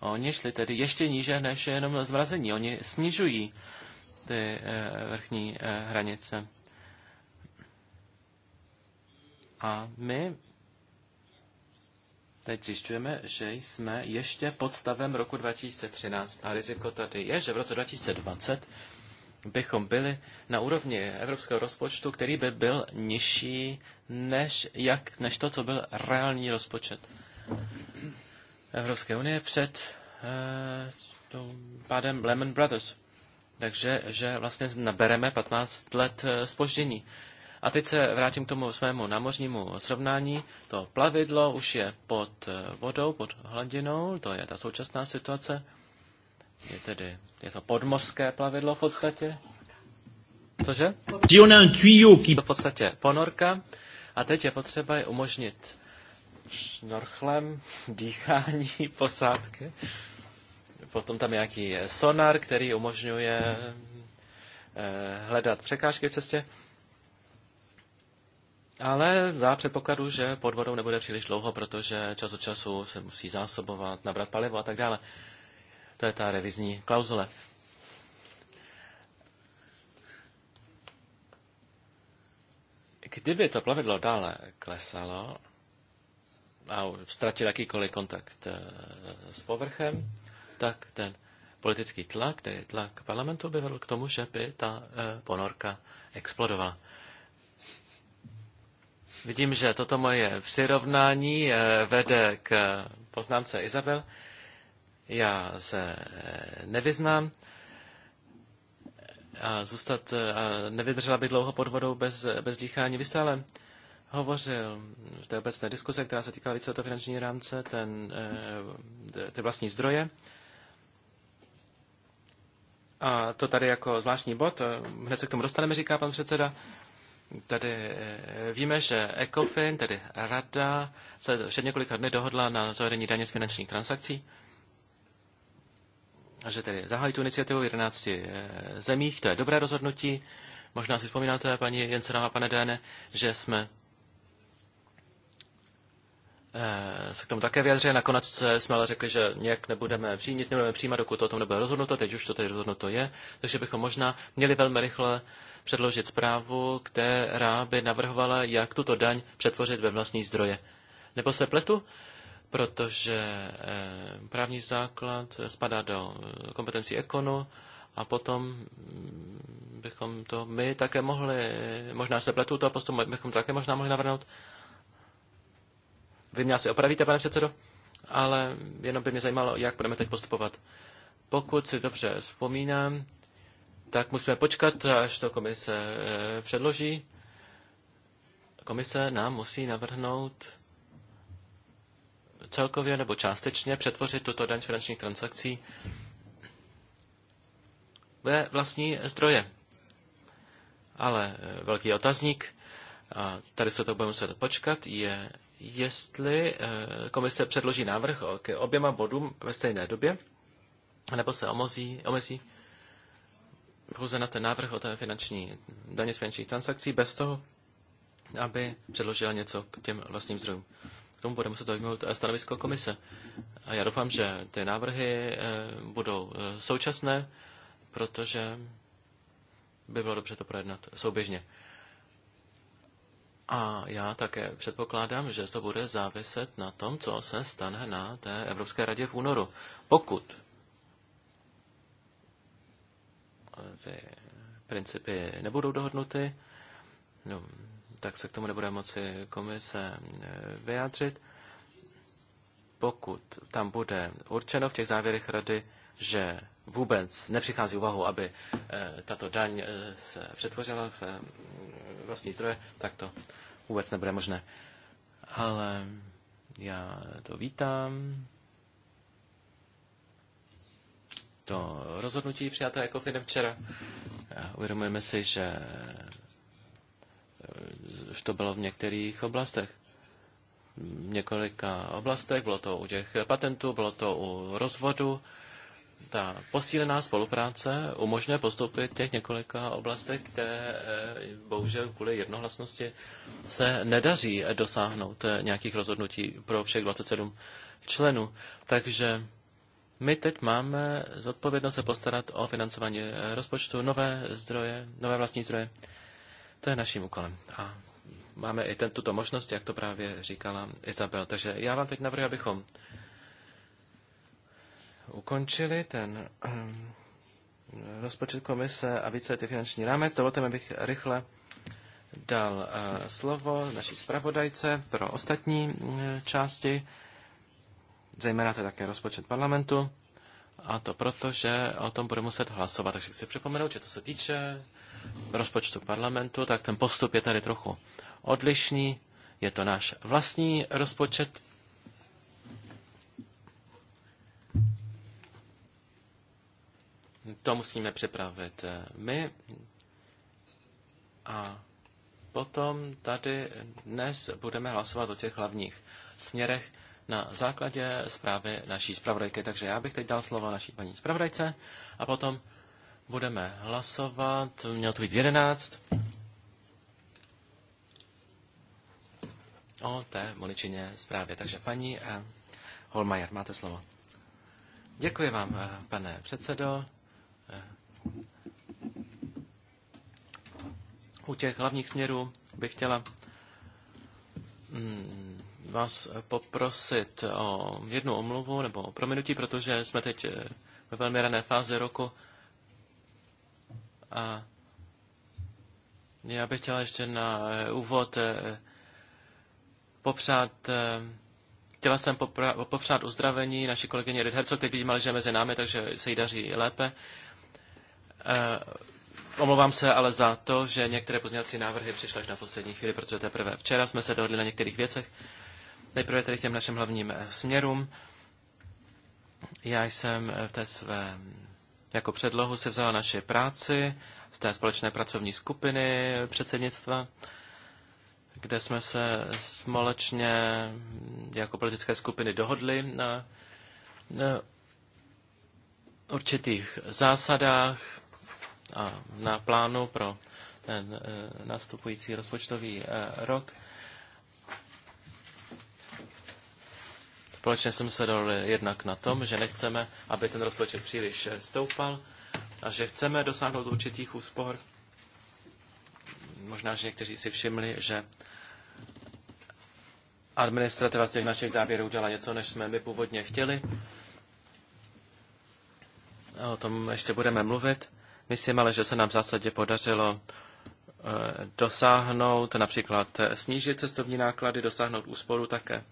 Oni šli tedy ještě níže než jenom zmrazení. Oni snižují ty eh, vrchní eh, hranice. A my Teď zjišťujeme, že jsme ještě pod stavem roku 2013 a riziko tady je, že v roce 2020 bychom byli na úrovni evropského rozpočtu, který by byl nižší než, jak, než to, co byl reální rozpočet Evropské unie před eh, pádem Lehman Brothers. Takže že vlastně nabereme 15 let spoždění. Eh, a teď se vrátím k tomu svému námořnímu srovnání. To plavidlo už je pod eh, vodou, pod hladinou, to je ta současná situace. Je tedy, je to podmořské plavidlo v podstatě. Cože? to V podstatě ponorka. A teď je potřeba je umožnit šnorchlem dýchání <laughs> posádky. Potom tam je nějaký sonar, který umožňuje eh, hledat překážky v cestě. Ale za předpokladu, že pod vodou nebude příliš dlouho, protože čas od času se musí zásobovat, nabrat palivo a tak dále. To je ta revizní klauzule. Kdyby to plavidlo dále klesalo a ztratil jakýkoliv kontakt eh, s povrchem, tak ten politický tlak, tedy tlak parlamentu, by vedl k tomu, že by ta eh, ponorka explodovala. Vidím, že toto moje přirovnání eh, vede k poznámce Izabel. Já se eh, nevyznám. A zůstat, eh, a nevydržela by dlouho pod vodou bez, bez dýchání. Vy jste ale hovořil v té obecné diskuse, která se týkala více toho finanční rámce, ten, ty vlastní zdroje. A to tady jako zvláštní bod, hned se k tomu dostaneme, říká pan předseda. Tady eh, víme, že ECOFIN, tedy Rada, se před několika dny dohodla na zavedení daně z finančních transakcí a že tedy zahájí tu iniciativu v 11 eh, zemích. To je dobré rozhodnutí. Možná si vzpomínáte, paní a pane Déne, že jsme eh, se k tomu také vyjadřili. Nakonec jsme ale řekli, že nějak nebudeme přijít, nic nebudeme přijímat, dokud to o tom nebude rozhodnuto. Teď už to tedy rozhodnuto je, takže bychom možná měli velmi rychle předložit zprávu, která by navrhovala, jak tuto daň přetvořit ve vlastní zdroje. Nebo se pletu? Protože eh, právní základ spadá do eh, kompetencí ekonu a potom mm, bychom to my také mohli, možná se pletu, to postup bychom také možná mohli navrhnout. Vy mě asi opravíte, pane předsedo, ale jenom by mě zajímalo, jak budeme teď postupovat. Pokud si dobře vzpomínám, tak musíme počkat, až to komise eh, předloží. Komise nám musí navrhnout celkově nebo částečně přetvořit tuto daň z finančních transakcí ve vlastní zdroje. Ale eh, velký otazník, a tady se to bude muset počkat, je, jestli eh, komise předloží návrh k oběma bodům ve stejné době, nebo se omozí, omezí pouze na ten návrh o té finanční daně z finančních transakcí bez toho, aby předložila něco k těm vlastním zdrojům. K tomu bude muset vyjmout eh, stanovisko komise. A já doufám, že ty návrhy eh, budou eh, současné, protože by bylo dobře to projednat souběžně. A já také předpokládám, že to bude záviset na tom, co se stane na té Evropské radě v únoru. Pokud ty principy nebudou dohodnuty, no, tak se k tomu nebude moci komise eh, vyjádřit. Pokud tam bude určeno v těch závěrech rady, že vůbec nepřichází úvahu, aby eh, tato daň eh, se přetvořila v vlastní zdroje, tak to vůbec nebude možné. Ale já to vítám. to rozhodnutí přijaté jako finem včera. Uvědomujeme si, eh, že to bylo v některých oblastech. V několika oblastech, bylo to u těch patentů, bylo to u rozvodu. Ta posílená spolupráce umožňuje postupy v těch několika oblastech, kde eh, bohužel kvůli jednohlasnosti se nedaří dosáhnout eh, nějakých rozhodnutí pro všech 27 členů. Takže my teď máme zodpovědnost se postarat o financování rozpočtu, nové zdroje, nové vlastní zdroje. To je naším úkolem. A máme i ten, tuto možnost, jak to právě říkala Izabel. Takže já vám teď navrhuji, abychom ukončili ten um, rozpočet komise a více ty finanční rámec. Dovolte mi, abych rychle dal uh, slovo naší zpravodajce pro ostatní uh, části zejména to je také rozpočet parlamentu, a to proto, že o tom bude muset hlasovat. Takže chci připomenout, že to se týče rozpočtu parlamentu, tak ten postup je tady trochu odlišný. Je to náš vlastní rozpočet. To musíme připravit eh, my. A potom tady dnes budeme hlasovat o těch hlavních směrech na základě zprávy naší zpravodajky. Takže já bych teď dal slovo naší paní zpravodajce a potom budeme hlasovat. Mělo to být 11. O té Moničině zprávě. Takže paní eh, Holmajer, máte slovo. Děkuji vám, eh, pane předsedo. Eh, u těch hlavních směrů bych chtěla mm, vás poprosit o jednu omluvu nebo o prominutí, protože jsme teď eh, ve velmi rané fázi roku. A já bych chtěla ještě na eh, úvod eh, popřát, chtěla jsem popra, popřát uzdravení naší kolegyně Ritherco, teď vidím, že je mezi námi, takže se jí daří lépe. Omlouvám se ale za to, že některé pozměňovací návrhy přišly až na poslední chvíli, protože teprve včera jsme se dohodli na některých věcech Nejprve tedy k těm našim hlavním eh, směrům. Já jsem eh, v té své, jako předlohu si vzala naše práci z té společné pracovní skupiny předsednictva, kde jsme se společně mm, jako politické skupiny dohodli na, na určitých zásadách a na plánu pro ten eh, nastupující rozpočtový rok. Společně jsme se dohodli jednak na tom, že nechceme, aby ten rozpočet příliš eh, stoupal a že chceme dosáhnout určitých úspor. Možná, že někteří si všimli, že administrativa z těch našich záběrů udělala něco, než jsme my původně chtěli. O tom ještě budeme mluvit. Myslím ale, že se nám v zásadě podařilo eh, dosáhnout, například eh, snížit cestovní náklady, dosáhnout úsporu také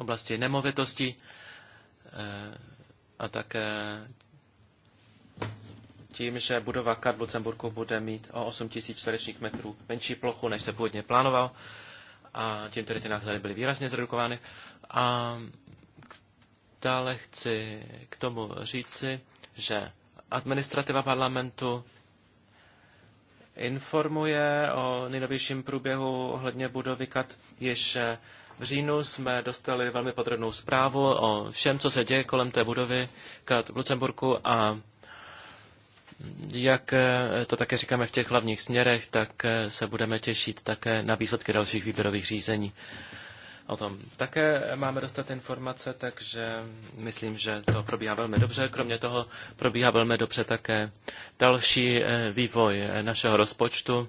oblasti nemovitosti eh, a také tím, že budova KAT Lucemburku bude mít o 8 000 čtverečních metrů menší plochu, než se původně plánoval. A tím tedy ty náklady byly výrazně zredukovány. A dále chci k tomu říci, že administrativa parlamentu informuje o nejnovějším průběhu ohledně budovy KAT jež v říjnu jsme dostali velmi podrobnou zprávu o všem, co se děje kolem té budovy v Lucemburku a jak eh, to také říkáme v těch hlavních směrech, tak eh, se budeme těšit také na výsledky dalších výběrových řízení. O tom také máme dostat informace, takže myslím, že to probíhá velmi dobře. Kromě toho probíhá velmi dobře také další eh, vývoj našeho rozpočtu.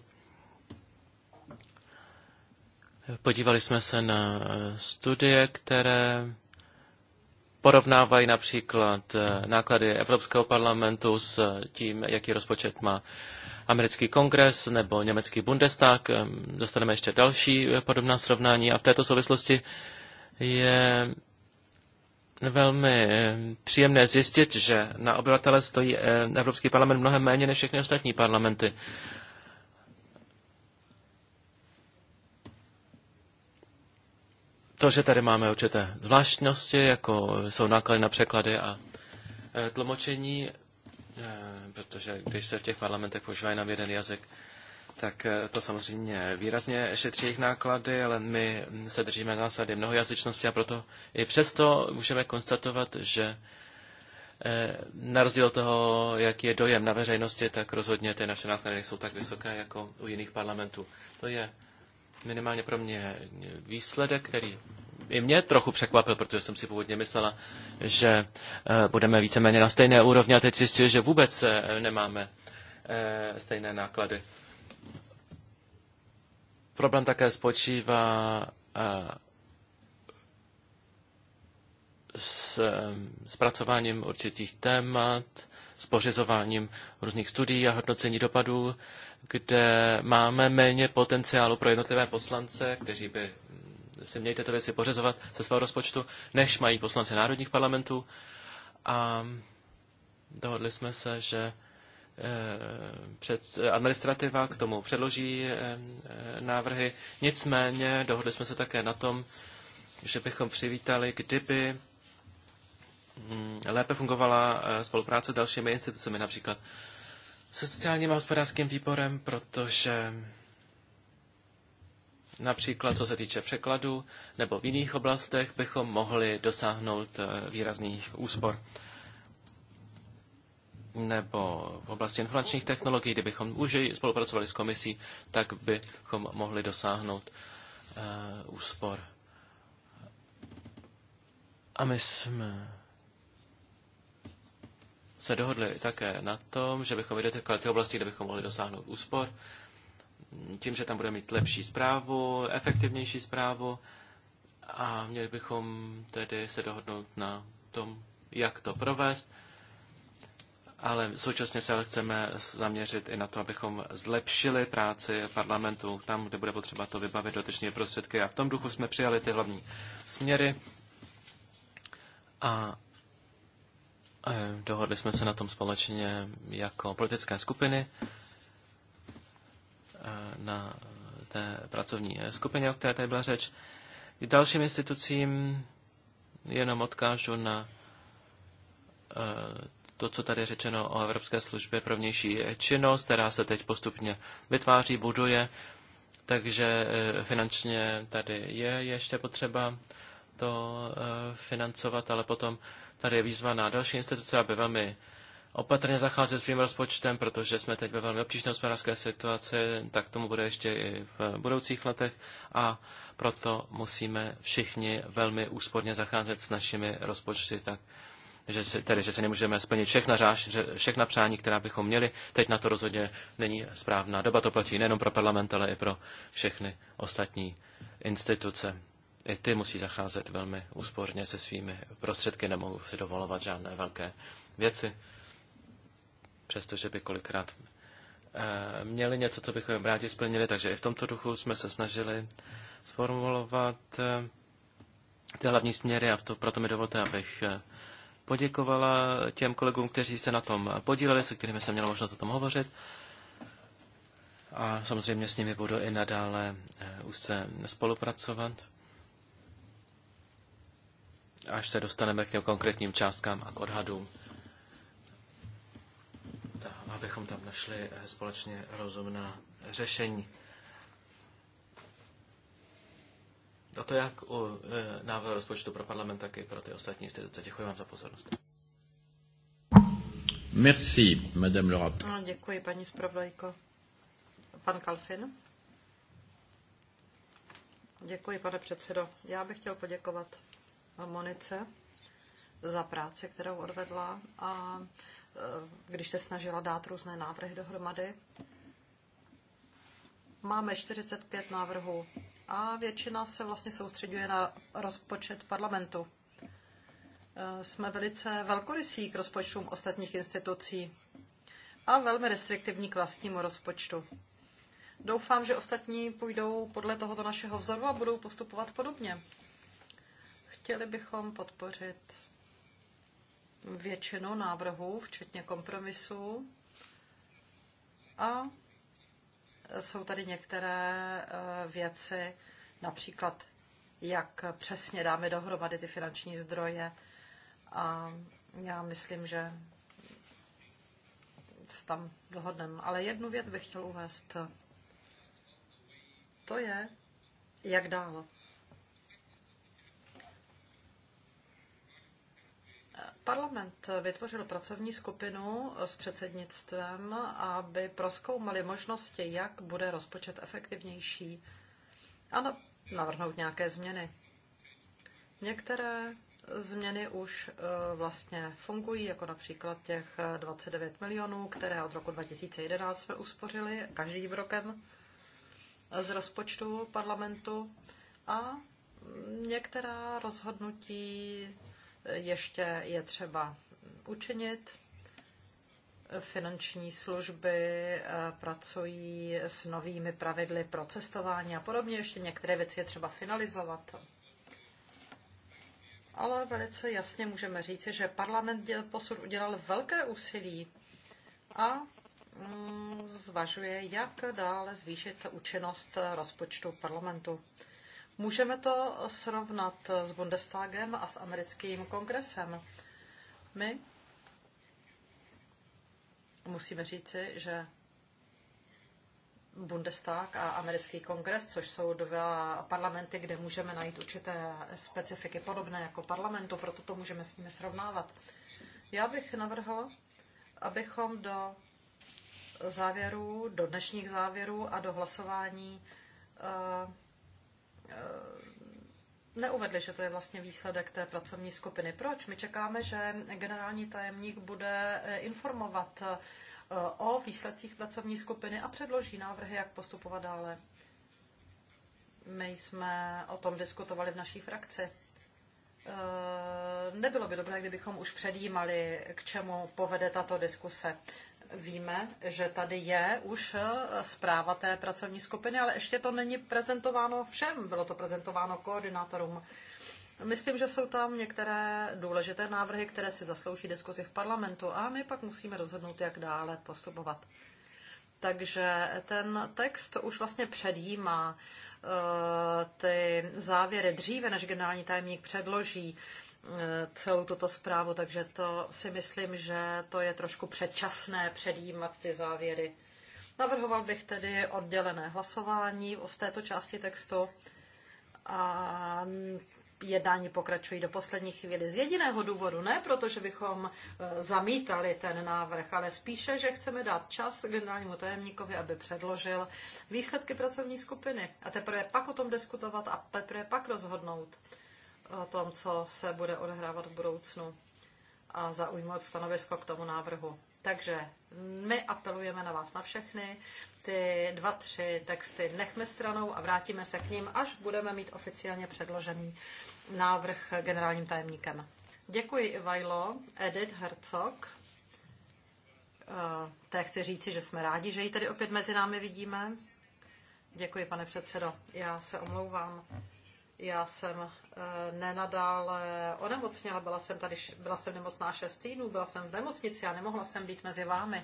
Podívali jsme se na studie, které porovnávají například eh, náklady Evropského parlamentu s tím, jaký rozpočet má americký kongres nebo německý Bundestag. Dostaneme ještě další eh, podobná srovnání a v této souvislosti je velmi eh, příjemné zjistit, že na obyvatele stojí Evropský parlament mnohem méně než všechny ostatní parlamenty. to, že tady máme určité zvláštnosti, jako jsou náklady na překlady a eh, tlumočení, eh, protože když se v těch parlamentech používají na jeden jazyk, tak eh, to samozřejmě výrazně šetří jejich náklady, ale my se držíme zásady mnohojazyčnosti a proto i přesto můžeme konstatovat, že na rozdíl od toho, jak je dojem na veřejnosti, tak rozhodně ty naše náklady nejsou tak vysoké jako u jiných parlamentů. To je minimálně pro mě výsledek, který i mě trochu překvapil, protože jsem si původně myslela, že eh, budeme víceméně na stejné úrovni a teď zjistil, že vůbec eh, nemáme eh, stejné náklady. Problém také spočívá s zpracováním určitých témat, s pořizováním různých studií a hodnocení dopadů kde máme méně potenciálu pro jednotlivé poslance, kteří by si měli tyto věci pořizovat ze svého rozpočtu, než mají poslanci národních parlamentů. A dohodli jsme se, že eh, před administrativa k tomu předloží eh, eh, návrhy. Nicméně dohodli jsme se také na tom, že bychom přivítali, kdyby mm, lépe fungovala spolupráce s dalšími institucemi, například se sociálním a hospodářským výborem, protože například co se týče překladu nebo v jiných oblastech bychom mohli dosáhnout eh, výrazných úspor. Nebo v oblasti informačních technologií, kdybychom už spolupracovali s komisí, tak bychom mohli dosáhnout uh, úspor. A my jsme se dohodli také na tom, že bychom identifikovali ty oblasti, kde bychom mohli dosáhnout úspor, tím, že tam budeme mít lepší zprávu, efektivnější zprávu a měli bychom tedy se dohodnout na tom, jak to provést, ale současně se ale chceme zaměřit i na to, abychom zlepšili práci parlamentu tam, kde bude potřeba to vybavit dotyčnými prostředky. A v tom duchu jsme přijali ty hlavní směry. A Eh, dohodli jsme se na tom společně jako politické skupiny eh, na té pracovní skupině, o které tady byla řeč. dalším institucím jenom odkážu na eh, to, co tady je řečeno o Evropské službě pro vnější činnost, která se teď postupně vytváří, buduje. Takže finančně tady je ještě potřeba to financovat, ale potom Tady je výzva na další instituce, aby velmi opatrně zacházet svým rozpočtem, protože jsme teď ve velmi obtížné hospodářské situaci, tak tomu bude ještě i v budoucích letech a proto musíme všichni velmi úsporně zacházet s našimi rozpočty, tak že si, tedy, že si nemůžeme splnit všechna, řáž, všechna přání, která bychom měli. Teď na to rozhodně není správná doba. To platí nejenom pro parlament, ale i pro všechny ostatní instituce i ty musí zacházet velmi úsporně se svými prostředky, nemohou si dovolovat žádné velké věci, přestože by kolikrát eh, měli něco, co bychom rádi splnili, takže i v tomto duchu jsme se snažili sformulovat eh, ty hlavní směry a to, proto mi dovolte, abych eh, poděkovala těm kolegům, kteří se na tom podíleli, se kterými jsem měla možnost o tom hovořit. A samozřejmě s nimi budu i nadále úzce spolupracovat až se dostaneme k těm konkrétním částkám a k odhadům, tam, abychom tam našli eh, společně rozumná řešení. A to jak u eh, návrhu rozpočtu pro parlament, tak i pro ty ostatní instituce. Děkuji vám za pozornost. Merci, madame le no, Děkuji, paní zpravodajko. Pan Kalfin. Děkuji, pane předsedo. Já bych chtěl poděkovat Monice za práci, kterou odvedla a e, když se snažila dát různé návrhy dohromady. Máme 45 návrhů a většina se vlastně soustředuje na rozpočet parlamentu. E, jsme velice velkorysí k rozpočtům ostatních institucí a velmi restriktivní k vlastnímu rozpočtu. Doufám, že ostatní půjdou podle tohoto našeho vzoru a budou postupovat podobně. Chtěli bychom podpořit většinu návrhů, včetně kompromisů. A jsou tady některé eh, věci, například jak přesně dáme dohromady ty finanční zdroje. A já myslím, že se tam dohodneme. Ale jednu věc bych chtěl uvést. To je, jak dál. Parlament vytvořil pracovní skupinu s předsednictvem, aby proskoumali možnosti, jak bude rozpočet efektivnější a navrhnout nějaké změny. Některé změny už eh, vlastně fungují, jako například těch 29 eh, milionů, které od roku 2011 jsme uspořili každým rokem eh, z rozpočtu parlamentu a mm, některá rozhodnutí ještě je třeba učinit. Finanční služby eh, pracují s novými pravidly pro cestování a podobně. Ještě některé věci je třeba finalizovat. Ale velice jasně můžeme říci, že parlament posud udělal velké úsilí a mm, zvažuje, jak dále zvýšit účinnost rozpočtu parlamentu. Můžeme to srovnat s Bundestagem a s americkým kongresem. My musíme říci, že Bundestag a americký kongres, což jsou dva parlamenty, kde můžeme najít určité specifiky podobné jako parlamentu, proto to můžeme s nimi srovnávat. Já bych navrhl, abychom do závěrů, do dnešních závěrů a do hlasování eh, neuvedli, že to je vlastně výsledek té pracovní skupiny. Proč? My čekáme, že generální tajemník bude eh, informovat eh, o výsledcích pracovní skupiny a předloží návrhy, jak postupovat dále. My jsme o tom diskutovali v naší frakci. Eh, nebylo by dobré, kdybychom už předjímali, k čemu povede tato diskuse. Víme, že tady je už eh, zpráva té pracovní skupiny, ale ještě to není prezentováno všem. Bylo to prezentováno koordinátorům. Myslím, že jsou tam některé důležité návrhy, které si zaslouží diskuzi v parlamentu a my pak musíme rozhodnout, jak dále postupovat. Takže ten text už vlastně předjímá eh, ty závěry dříve, než generální tajemník předloží celou tuto zprávu, takže to si myslím, že to je trošku předčasné předjímat ty závěry. Navrhoval bych tedy oddělené hlasování v této části textu a jednání pokračují do poslední chvíli z jediného důvodu, ne protože bychom e, zamítali ten návrh, ale spíše, že chceme dát čas generálnímu tajemníkovi, aby předložil výsledky pracovní skupiny a teprve pak o tom diskutovat a teprve pak rozhodnout o tom, co se bude odehrávat v budoucnu a zaujmout stanovisko k tomu návrhu. Takže my apelujeme na vás na všechny. Ty dva, tři texty nechme stranou a vrátíme se k ním, až budeme mít oficiálně předložený návrh generálním tajemníkem. Děkuji, Ivajlo. Edith Herzog. Eh, té chci říci, že jsme rádi, že ji tady opět mezi námi vidíme. Děkuji, pane předsedo. Já se omlouvám já jsem eh, nenadále onemocněla, byla jsem tady, byla jsem nemocná šest týdnů, byla jsem v nemocnici a nemohla jsem být mezi vámi.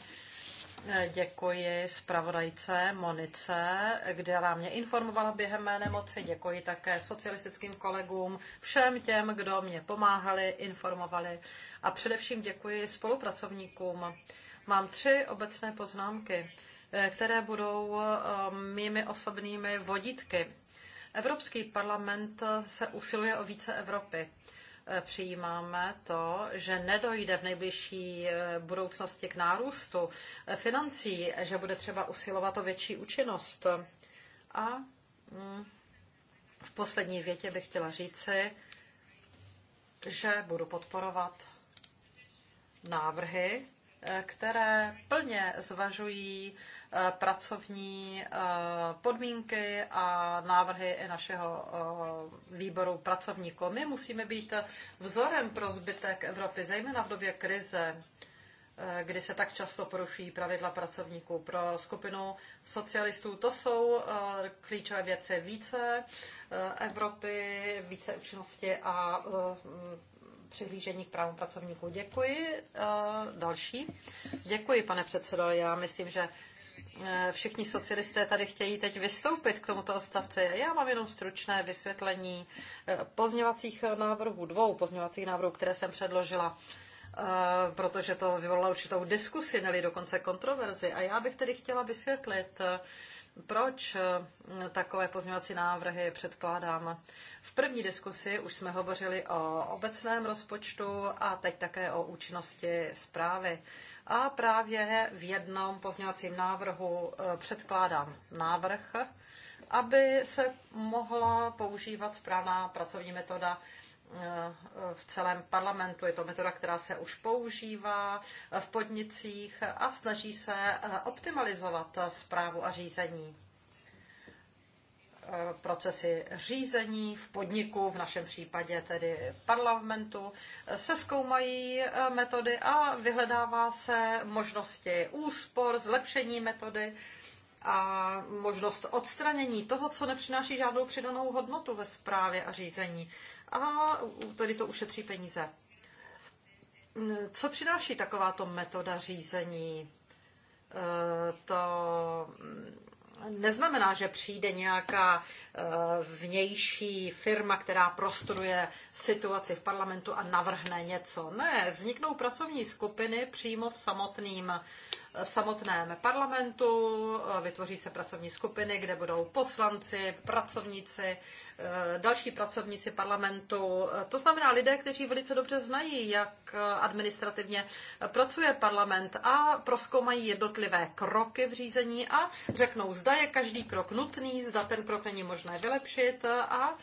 Eh, děkuji zpravodajce Monice, která mě informovala během mé nemoci. Děkuji také socialistickým kolegům, všem těm, kdo mě pomáhali, informovali. A především děkuji spolupracovníkům. Mám tři obecné poznámky, eh, které budou mými osobními vodítky Evropský parlament se usiluje o více Evropy. Eh, přijímáme to, že nedojde v nejbližší eh, budoucnosti k nárůstu eh, financí, že bude třeba usilovat o větší účinnost. A mm, v poslední větě bych chtěla říci, že budu podporovat návrhy, které plně zvažují Eh, pracovní eh, podmínky a návrhy našeho eh, výboru pracovníků. My musíme být vzorem pro zbytek Evropy, zejména v době krize kdy se tak často porušují pravidla pracovníků. Pro skupinu socialistů to jsou klíčové věci více Evropy, více účinnosti a přihlížení k právům pracovníků. Děkuji. Další. Děkuji, pane předsedo. Já myslím, že Eh, všichni socialisté tady chtějí teď vystoupit k tomuto odstavci. Já mám jenom stručné vysvětlení eh, pozněvacích návrhů, dvou pozněvacích návrhů, které jsem předložila eh, protože to vyvolalo určitou diskusi, neli dokonce kontroverzi. A já bych tedy chtěla vysvětlit proč eh, takové pozměňovací návrhy předkládám? V první diskusi už jsme hovořili o obecném rozpočtu a teď také o účinnosti zprávy. A právě v jednom pozměňovacím návrhu eh, předkládám návrh, aby se mohla používat správná pracovní metoda Eh, v celém parlamentu. Je to metoda, která se už používá eh, v podnicích a snaží se eh, optimalizovat zprávu a řízení. Procesy řízení v podniku, v našem případě tedy parlamentu, se zkoumají metody a vyhledává se možnosti úspor, zlepšení metody a možnost odstranění toho, co nepřináší žádnou přidanou hodnotu ve správě a řízení a tedy to ušetří peníze. Co přináší takováto metoda řízení? E, to neznamená, že přijde nějaká e, vnější firma, která prostoruje situaci v parlamentu a navrhne něco. Ne, vzniknou pracovní skupiny přímo v samotném v samotném parlamentu, eh, vytvoří se pracovní skupiny, kde budou poslanci, pracovníci, eh, další pracovníci parlamentu. Eh, to znamená lidé, kteří velice dobře znají, jak administrativně pracuje parlament a proskoumají jednotlivé kroky v řízení a řeknou, zda je každý krok nutný, zda ten krok není možné vylepšit a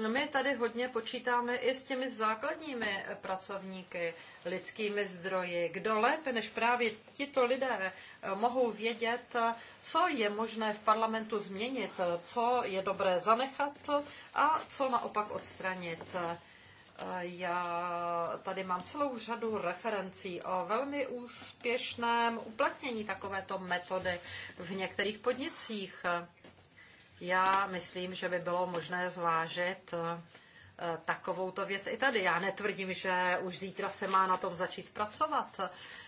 No, my tady hodně počítáme i s těmi základními pracovníky, lidskými zdroji. Kdo lépe než právě tito lidé eh, mohou vědět, eh, co je možné v parlamentu změnit, eh, co je dobré zanechat a co naopak odstranit. Já tady mám celou řadu referencí o velmi úspěšném uplatnění takovéto metody v některých podnicích. Já myslím, že by bylo možné zvážit eh, takovouto věc i tady. Já netvrdím, že už zítra se má na tom začít pracovat.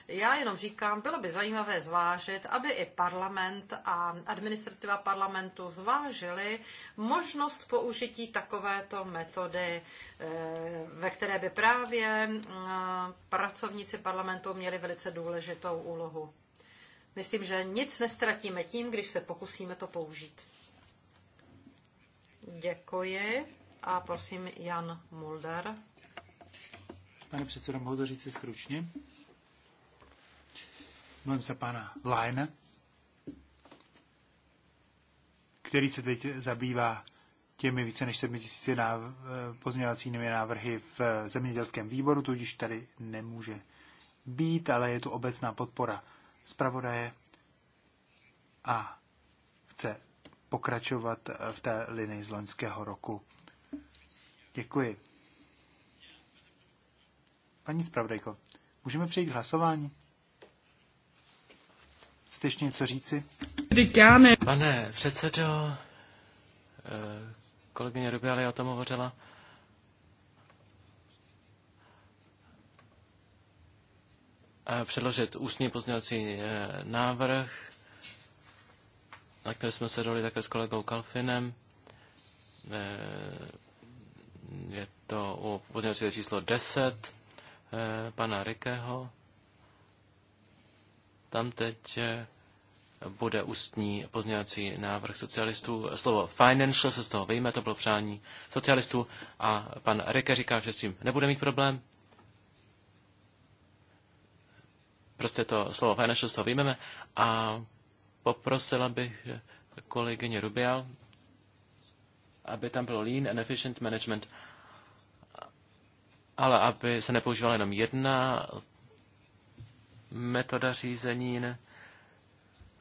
Já jenom říkám, bylo by zajímavé zvážit, aby i parlament a administrativa parlamentu zvážili možnost použití takovéto metody, eh, ve které by právě eh, pracovníci parlamentu měli velice důležitou úlohu. Myslím, že nic nestratíme tím, když se pokusíme to použít. Děkuji a prosím Jan Mulder. Pane předsedo, mohu to říct stručně? Mluvím se pana Lajna, který se teď zabývá těmi více než 7 tisíci náv- pozměňovacími návrhy v zemědělském výboru, tudíž tady nemůže být, ale je tu obecná podpora zpravodaje a chce pokračovat eh, v té linii z loňského roku. Děkuji. Paní zpravodajko, můžeme přejít k hlasování? Chcete ještě něco říci? Pane předsedo, eh, kolegyně Rubiali o tom hovořila. Eh, předložit ústní pozměňovací návrh když jsme se dali také s kolegou Kalfinem. Eh, je to u podněvacího číslo 10 eh, pana Rikého. Tam teď eh, bude ústní pozměňovací návrh socialistů. Slovo financial se z toho vyjme, to bylo přání socialistů a pan Rike říká, že s tím nebude mít problém. Prostě to slovo financial z toho vyjmeme a Poprosila bych kolegyně Rubial, aby tam bylo lean and efficient management, ale aby se nepoužívala jenom jedna metoda řízení, ne,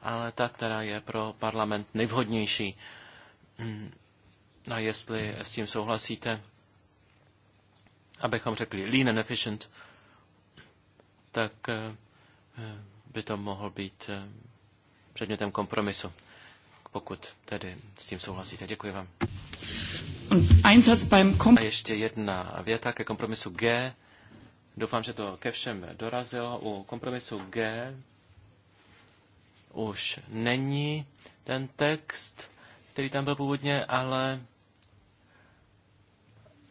ale ta, která je pro parlament nejvhodnější. A jestli s tím souhlasíte, abychom řekli lean and efficient, tak eh, by to mohl být eh, předmětem kompromisu, pokud tedy s tím souhlasíte. Děkuji vám. A ještě jedna věta ke kompromisu G. Doufám, že to ke všem dorazilo. U kompromisu G už není ten text, který tam byl původně, ale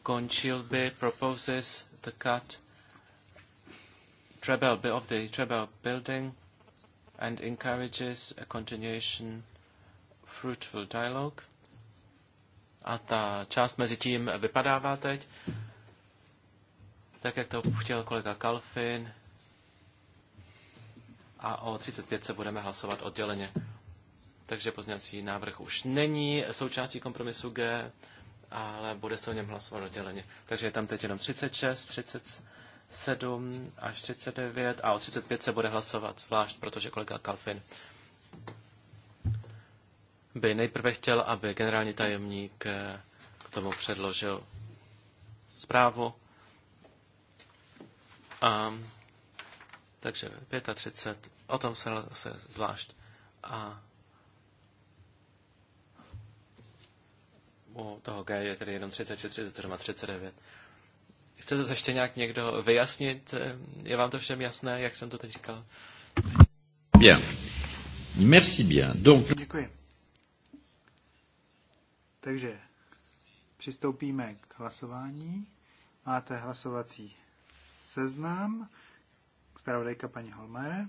končil by proposes the cut treble of the treble building and encourages a continuation fruitful dialogue. A ta část mezi tím vypadává teď, tak jak to chtěl kolega Kalfin. A o 35 se budeme hlasovat odděleně. Takže pozněcí návrh už není součástí kompromisu G, ale bude se o něm hlasovat odděleně. Takže je tam teď jenom 36, 30, 37 až 39 a o 35 se bude hlasovat zvlášť, protože kolega Kalfin by nejprve chtěl, aby generální tajemník eh, k tomu předložil zprávu. A, takže 35, o tom se, hlasuje zvlášť. A u toho G je tedy jenom 36, 37 a 39. Chcete to ještě nějak někdo vyjasnit? Eh, je vám to všem jasné, jak jsem to teď říkal? Bien. Merci bien. Donc... Děkuji. Takže přistoupíme k hlasování. Máte hlasovací seznam. Zpravodajka paní Holmere.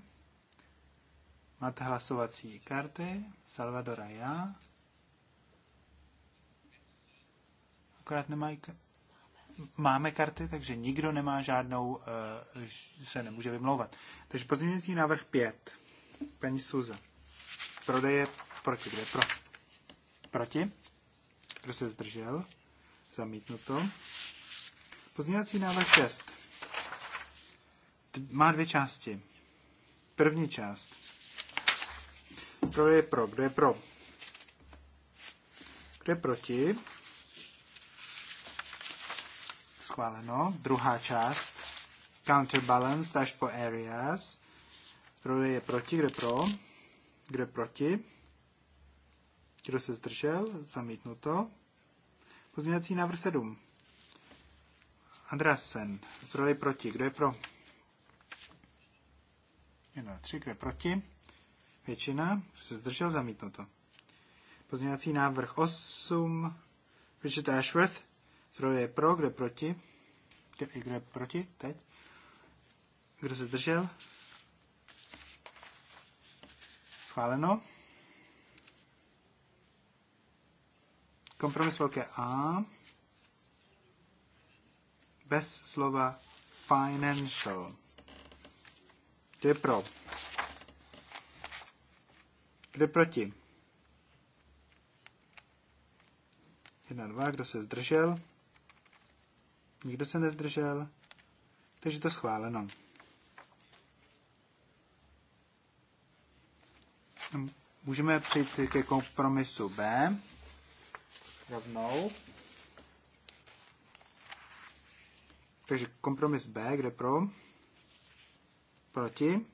Máte hlasovací karty. Salvadora já. Akorát nemají máme karty, takže nikdo nemá žádnou, eh, se nemůže vymlouvat. Takže pozměňující návrh 5. Paní Suze. Zpravodaj je proti. Kde pro? Proti. Kdo se zdržel? Zamítnuto. Pozměňovací návrh 6. Má dvě části. První část. Zpravodaj je pro. Kdo je pro? Kdo je proti? schváleno. Druhá část, counterbalance až po areas. Zpravodaj je proti, kde pro, kde proti. Kdo se zdržel? Zamítnuto. Pozměňovací návrh 7. Andrasen. Zpravodaj proti. Kdo je pro? 1, 3, kdo je proti? Většina. Kdo se zdržel? Zamítnuto. Pozměňovací návrh 8. Richard Ashworth. Kdo je pro, kdo je proti? Kdo je proti teď? Kdo se zdržel? Schváleno. Kompromis velké A. Bez slova financial. Kdo je pro? Kdo je proti? 1, 2, kdo se zdržel? Nikdo se nezdržel, takže to schváleno. Můžeme přijít ke kompromisu B rovnou. Takže kompromis B, kde pro? Proti.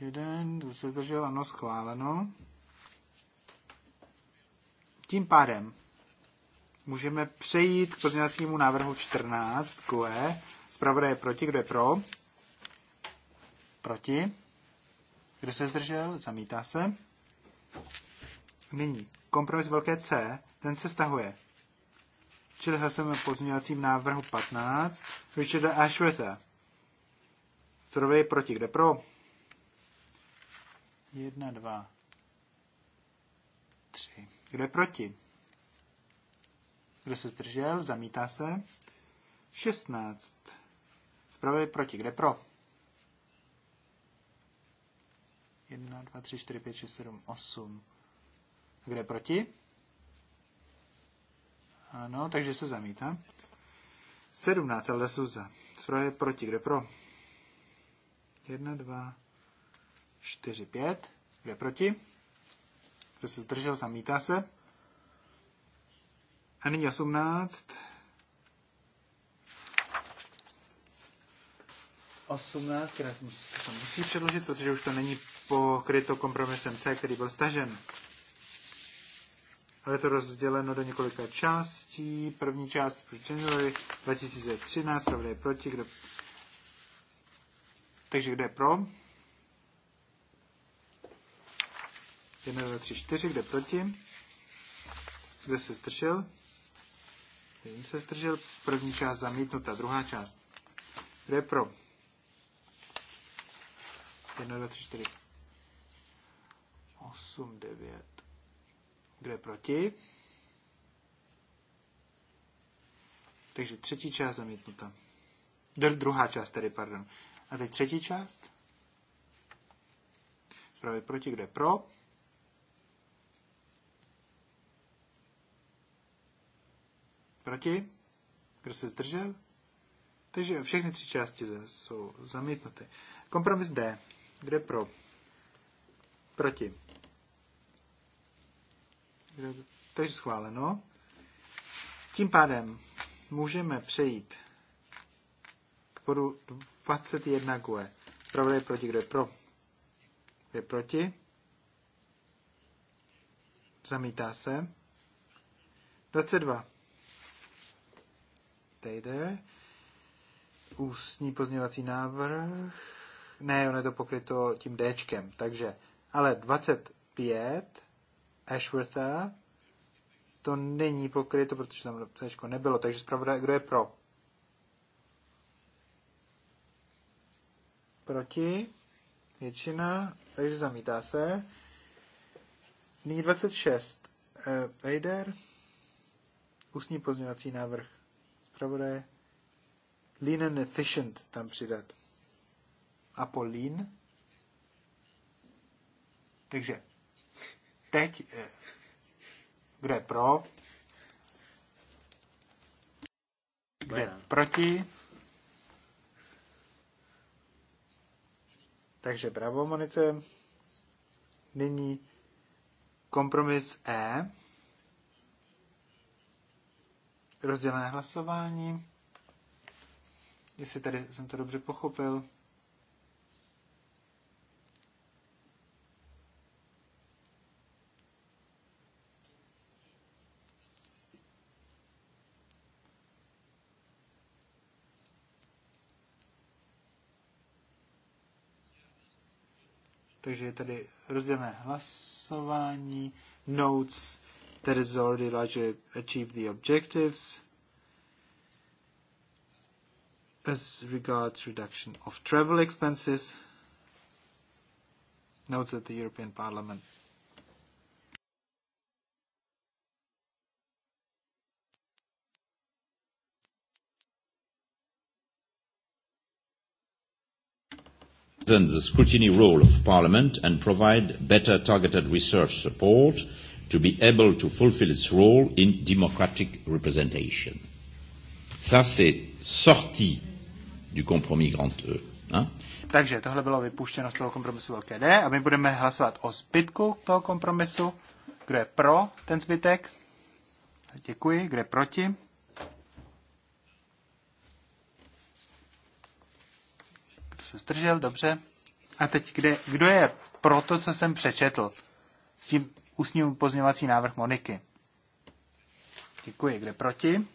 Jeden, kdo se zdržel, ano, schváleno. Tím pádem Můžeme přejít k pozměňovacímu návrhu 14, QE. Zpravodaj je proti, kdo je pro? Proti. Kdo se zdržel? Zamítá se. Nyní kompromis velké C, ten se stahuje. Čili hlasujeme o pozměňovacím návrhu 15 Richarda Ashworta. Zrovna je proti, kde pro? 1, 2, 3. Kde proti? Kdo se zdržel? Zamítá se. 16. Zpravodaj proti. Kde pro? 1, 2, 3, 4, 5, 6, 7, 8. Kde proti? Ano, takže se zamítá. 17. Ale Suza. Zpravodaj proti. Kde pro? 1, 2, 4, 5. Kde proti? Kdo se zdržel? Zamítá se. A nyní 18. 18, které se musí předložit, protože už to není pokryto kompromisem C, který byl stažen. Ale je to rozděleno do několika částí. První část pro January 2013, pravda je proti, kdo... Takže kde je pro? 1, 2, 3, 4, kde proti? Kde se zdržel? Jeden se zdržel, první část zamítnuta, druhá část. Kde je pro? 1, 2, 3, 4. 8, 9. Kde je proti? Takže třetí část zamítnuta. Dr- druhá část tedy, pardon. A teď třetí část. Zpravy proti, kde je pro. Proti? Kdo se zdržel? Takže všechny tři části jsou zamítnuty. Kompromis D. Kde pro? Proti. Kde? Takže schváleno. Tím pádem můžeme přejít k bodu 21 GUE. Pravda je proti, kdo je pro? Kdo je proti? Zamítá se. 22. Stejder. Ústní pozměňovací návrh. Ne, on je to pokryto tím Dčkem. Takže, ale 25 Ashwortha to není pokryto, protože tam C nebylo. Takže zpravda, kdo je pro? Proti? Většina. Takže zamítá se. Nyní 26. Eh, Eider. Ústní pozměňovací návrh zpravodaje. Lean and efficient tam přidat. A po lean. Takže teď, eh, kdo je pro, kdo je proti. Takže bravo, Monice. Nyní kompromis E rozdělené hlasování. Jestli tady jsem to dobře pochopil. Takže je tady rozdělené hlasování, notes, that has already largely achieved the objectives as regards reduction of travel expenses. Notes that the European Parliament strengthen the scrutiny role of Parliament and provide better targeted research support to be able to fulfill its role in democratic representation. Ça, c'est sorti du compromis grand E. Hein? Takže tohle bylo vypuštěno z toho kompromisu velké D a my budeme hlasovat o zbytku toho kompromisu. Kdo je pro ten zbytek? Děkuji. Kdo je proti? Kdo se zdržel? Dobře. A teď kde, kdo je pro to, co jsem přečetl? S tím ústní pozměňovací návrh Moniky. Děkuji. Kde proti?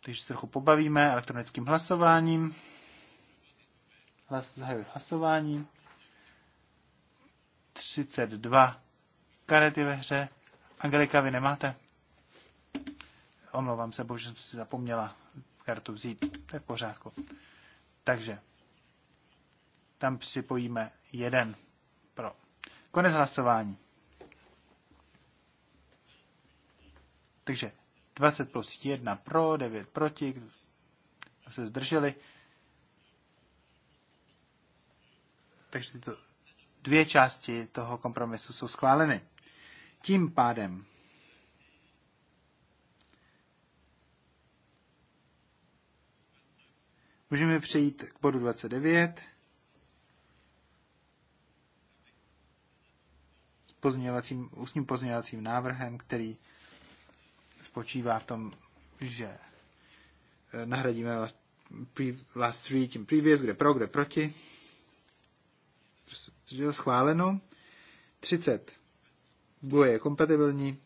Takže se trochu pobavíme elektronickým hlasováním. Hlas, zahajuji hlasování. 32 karety ve hře. Angelika, vy nemáte? Omlouvám se, bohužel jsem si zapomněla kartu vzít. To je v pořádku. Takže tam připojíme jeden pro. Konec hlasování. Takže 20 plus 1 pro, 9 proti, kdo se zdrželi. Takže tyto dvě části toho kompromisu jsou schváleny. Tím pádem můžeme přejít k bodu 29. pozměňovacím, ústním pozměňovacím návrhem, který spočívá v tom, že eh, nahradíme last, pre, last three tím previous, kde pro, kde proti. Prostě schváleno. 30. GUE je kompatibilní,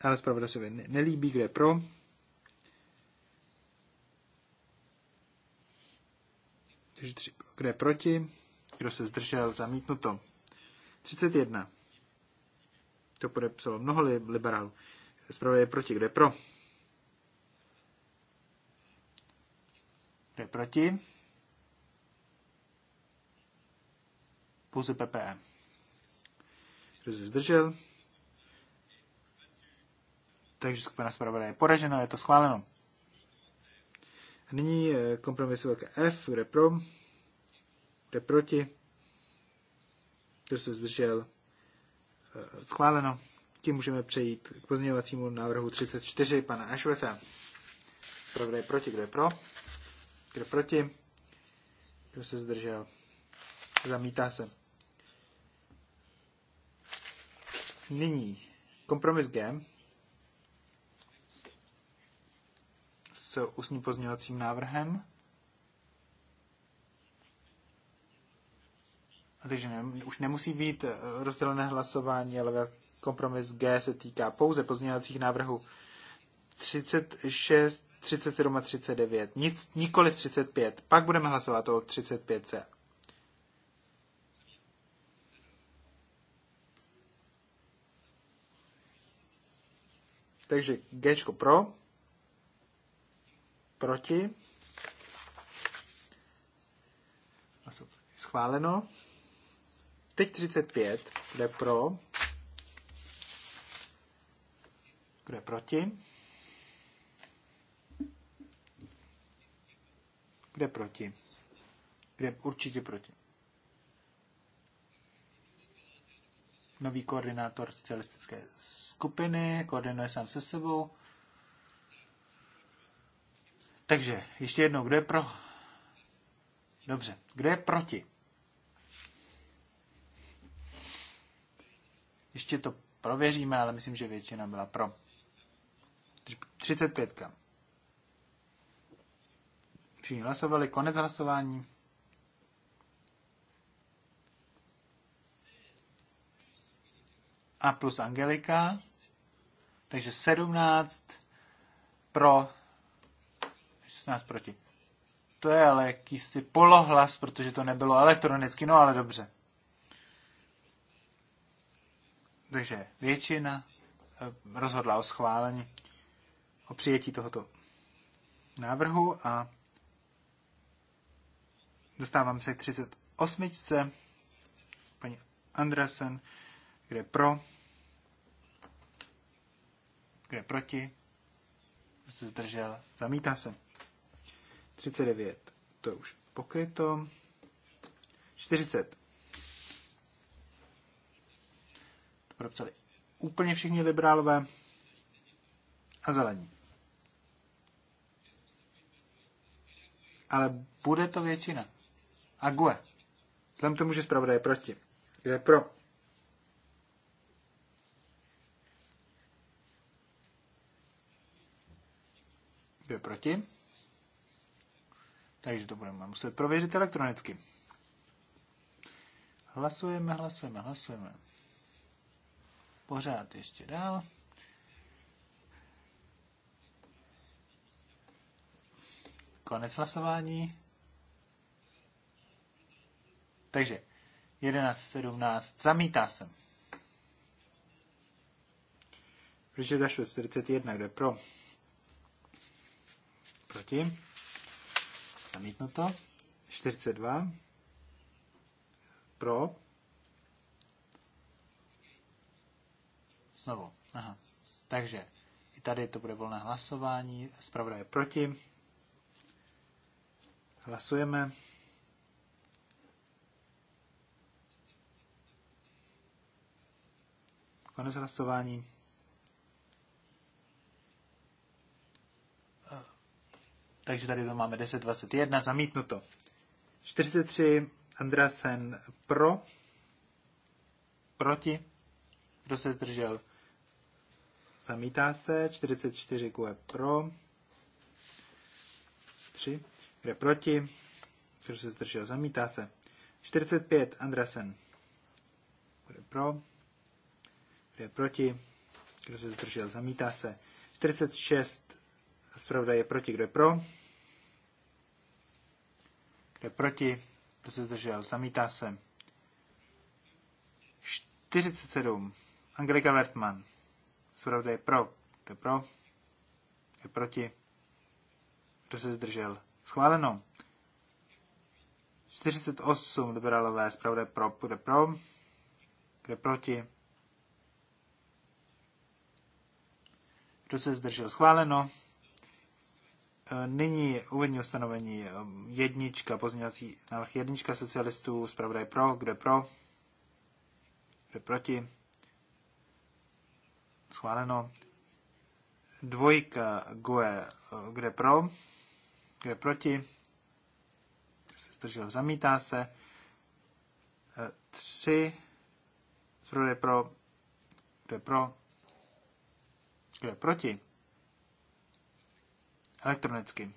ale zpravda se nelíbí, kde pro. Takže tři, kde proti, kdo se zdržel, zamítnuto. 31. To podepsalo mnoho liberálů. Zpravuje je proti. Kde pro? Kde proti? Pouze PPE. Kdo se zdržel? Takže skupina zpravodaje je poražena, je to schváleno. A nyní eh, kompromis velké F, kde pro, kde proti, kdo se zdržel, eh, schváleno. Tím můžeme přejít k pozměňovacímu návrhu 34 pana Ashwortha. Kdo je proti, kdo je pro, kdo je proti, kdo se zdržel, zamítá se. Nyní kompromis G s ústním pozměňovacím návrhem. takže ne, už nemusí být eh, rozdělené hlasování, ale kompromis G se týká pouze pozměňovacích návrhů 36, 37 a 39, nic, nikoli 35. Pak budeme hlasovat o 35C. Takže G pro, proti, schváleno. Teď 35, kdo je pro, kdo je proti, kdo je proti, kdo je určitě proti. Nový koordinátor socialistické skupiny, koordinuje sám se sebou. Takže ještě jednou, kdo je pro? Dobře, kdo je proti? Ještě to prověříme, ale myslím, že většina byla pro. 35. Všichni hlasovali, konec hlasování. A plus Angelika, takže 17 pro 16 proti. To je ale jakýsi polohlas, protože to nebylo elektronicky, no ale dobře. Takže většina eh, rozhodla o schválení, o přijetí tohoto návrhu a dostávám se k 38. Paní Andresen, kde pro, kde proti, se zdržel, zamítá se. 39, to je už pokryto. 40 podepsali úplně všichni liberálové a zelení. Ale bude to většina. A GUE. Vzhledem tomu, že zpravodaj je proti. Kde je pro? Kde je proti? Takže to budeme muset prověřit elektronicky. Hlasujeme, hlasujeme, hlasujeme pořád ještě dál. Konec hlasování. Takže 11.17 zamítá se. Protože Ashworth 41, kde pro? Proti. Zamítnuto. 42. Pro. znovu. Aha. Takže i tady to bude volné hlasování. Zpravda je proti. Hlasujeme. Konec hlasování. Takže tady to máme 10.21, zamítnuto. 43 Andrasen pro, proti, kdo se zdržel, Zamítá se 44 kule pro. 3. Kde proti? Kdo se zdržel? Zamítá se. 45 Andresen. Kde pro? Kde proti? Kdo se zdržel? Zamítá se. 46 zpravda je proti. Kdo je pro? Kdo je proti? Kdo se zdržel? Zamítá se. 47. Angelika Wertmann. Zpravodaj je pro. Kdo je pro? Je proti? Kdo se zdržel? Schváleno. 48 liberálové, je pro, kde pro, kde proti. Kdo se zdržel? Schváleno. E, nyní uvedení ustanovení e, jednička, pozměňovací návrh jednička socialistů, je pro, kde pro, kde proti. Schváleno. Dvojka Goe, kde pro, kde proti. Zdržel, zamítá se. E, tři. Zprve pro, kde pro, kde proti. Elektronicky.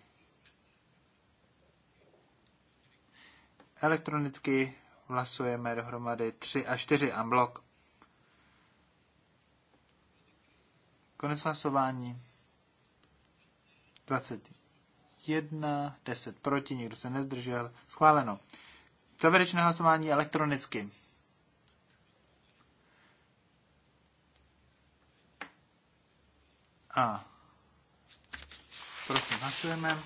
Elektronicky hlasujeme dohromady 3 a 4 a blok. Konec hlasování. 21, 10 proti, nikdo se nezdržel. Schváleno. Závěrečné hlasování elektronicky. A prosím, hlasujeme.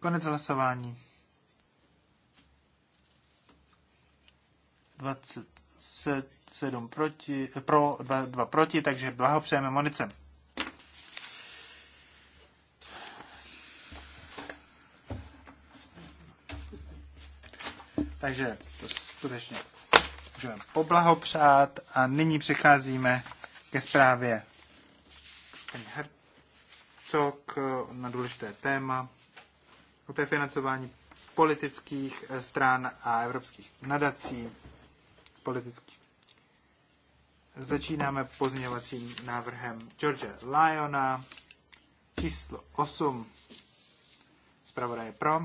Konec hlasování. 27 7 proti, eh, pro, 2, 2 proti, takže blahopřejeme Monice. Takže to skutečně můžeme poblahopřát a nyní přicházíme ke zprávě paní Hercok na důležité téma o té financování politických stran a evropských nadací politických Začínáme pozměňovacím návrhem George Lyona, číslo 8. Zpravodaj je pro.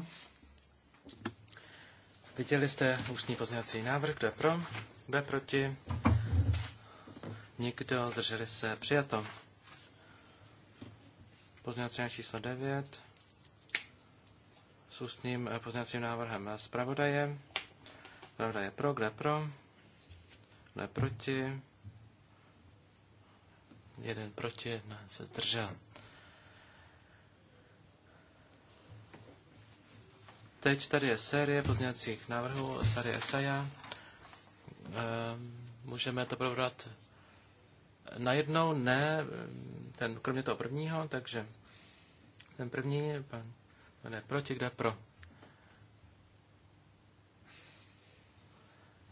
Viděli jste ústní pozměňovací návrh, kdo je pro, kdo je proti. Nikdo, zdrželi se, přijato. Pozměňovací návrh číslo 9 s ústním eh, pozměňovacím návrhem zpravodaje. Pravda je pro, kde pro, kde proti jeden proti, jedna se zdržel. Teď tady je série pozměňovacích návrhů, série Esaja. Ehm, můžeme to probrat najednou, ne ehm, ten, kromě toho prvního, takže ten první, pan, pan je proti, kde pro.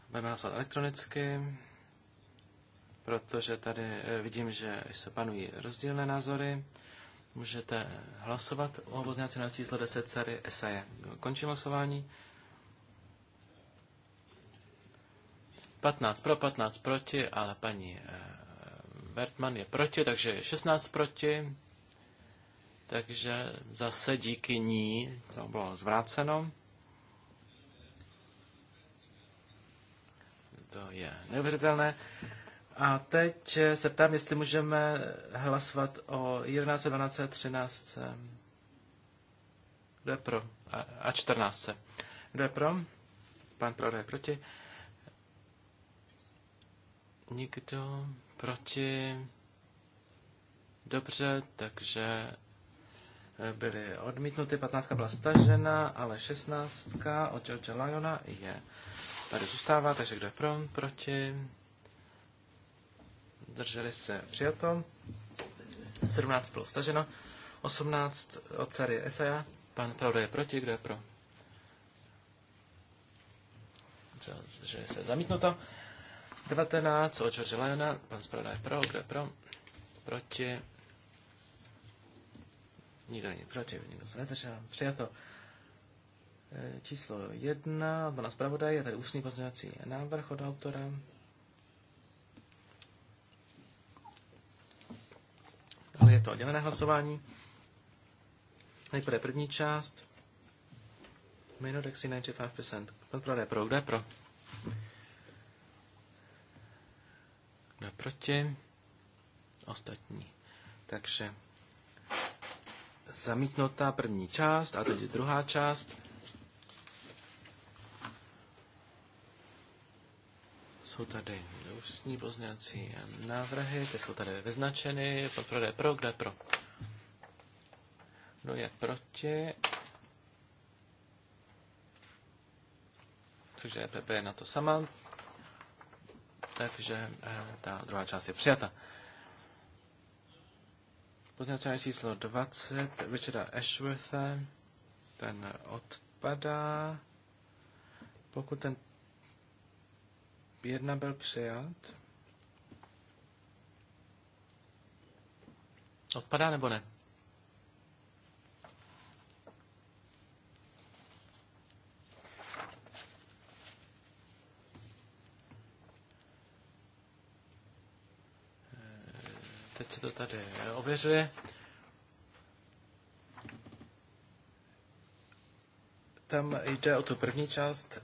Budeme hlasovat elektronicky protože tady eh, vidím, že se panují rozdílné názory. Můžete hlasovat o pozměňovacím návrhu číslo 10 Sary Esaje. Končím hlasování. 15 pro, 15 proti, ale paní Bertman eh, je proti, takže 16 proti. Takže zase díky ní to bylo zvráceno. To je neuvěřitelné. A teď eh, se ptám, jestli můžeme hlasovat o 11, 12, 13. Kdo je pro? A 14. Kdo je pro? Pan Prode je proti. Nikdo proti. Dobře, takže eh, byly odmítnuty, 15 byla stažena, ale 16 od George Lyona je tady zůstává, takže kdo je pro, proti, zdrželi se přijato, 17 bylo staženo, 18 od Sary Esaja, pan Pravda je proti, kdo je pro? Že se zamítnuto, 19 od George Lyona, pan Pravda je pro, kdo je pro? Proti, nikdo není proti, nikdo se nedržel, přijato e, číslo jedna, pana zpravodaj, je tady ústní pozměňovací návrh od autora. ale je to oddělené hlasování. Nejprve první část. Minodexy 95%. Podprodej pro, je pro? Kdo proti? Ostatní. Takže zamítnutá první část a teď druhá část. Jsou tady ústní pozněcí návrhy, ty jsou tady vyznačeny. pro, prodej pro, kde pro? Kdo je proti? Takže PP e je na to sama. Takže eh, ta druhá část je přijata. Pozněcí číslo 20 Richarda Ashworth, Ten odpadá. Pokud ten jedna byl přijat. Odpadá nebo ne? Eh, teď se to tady ověřuje. Tam jde o tu první část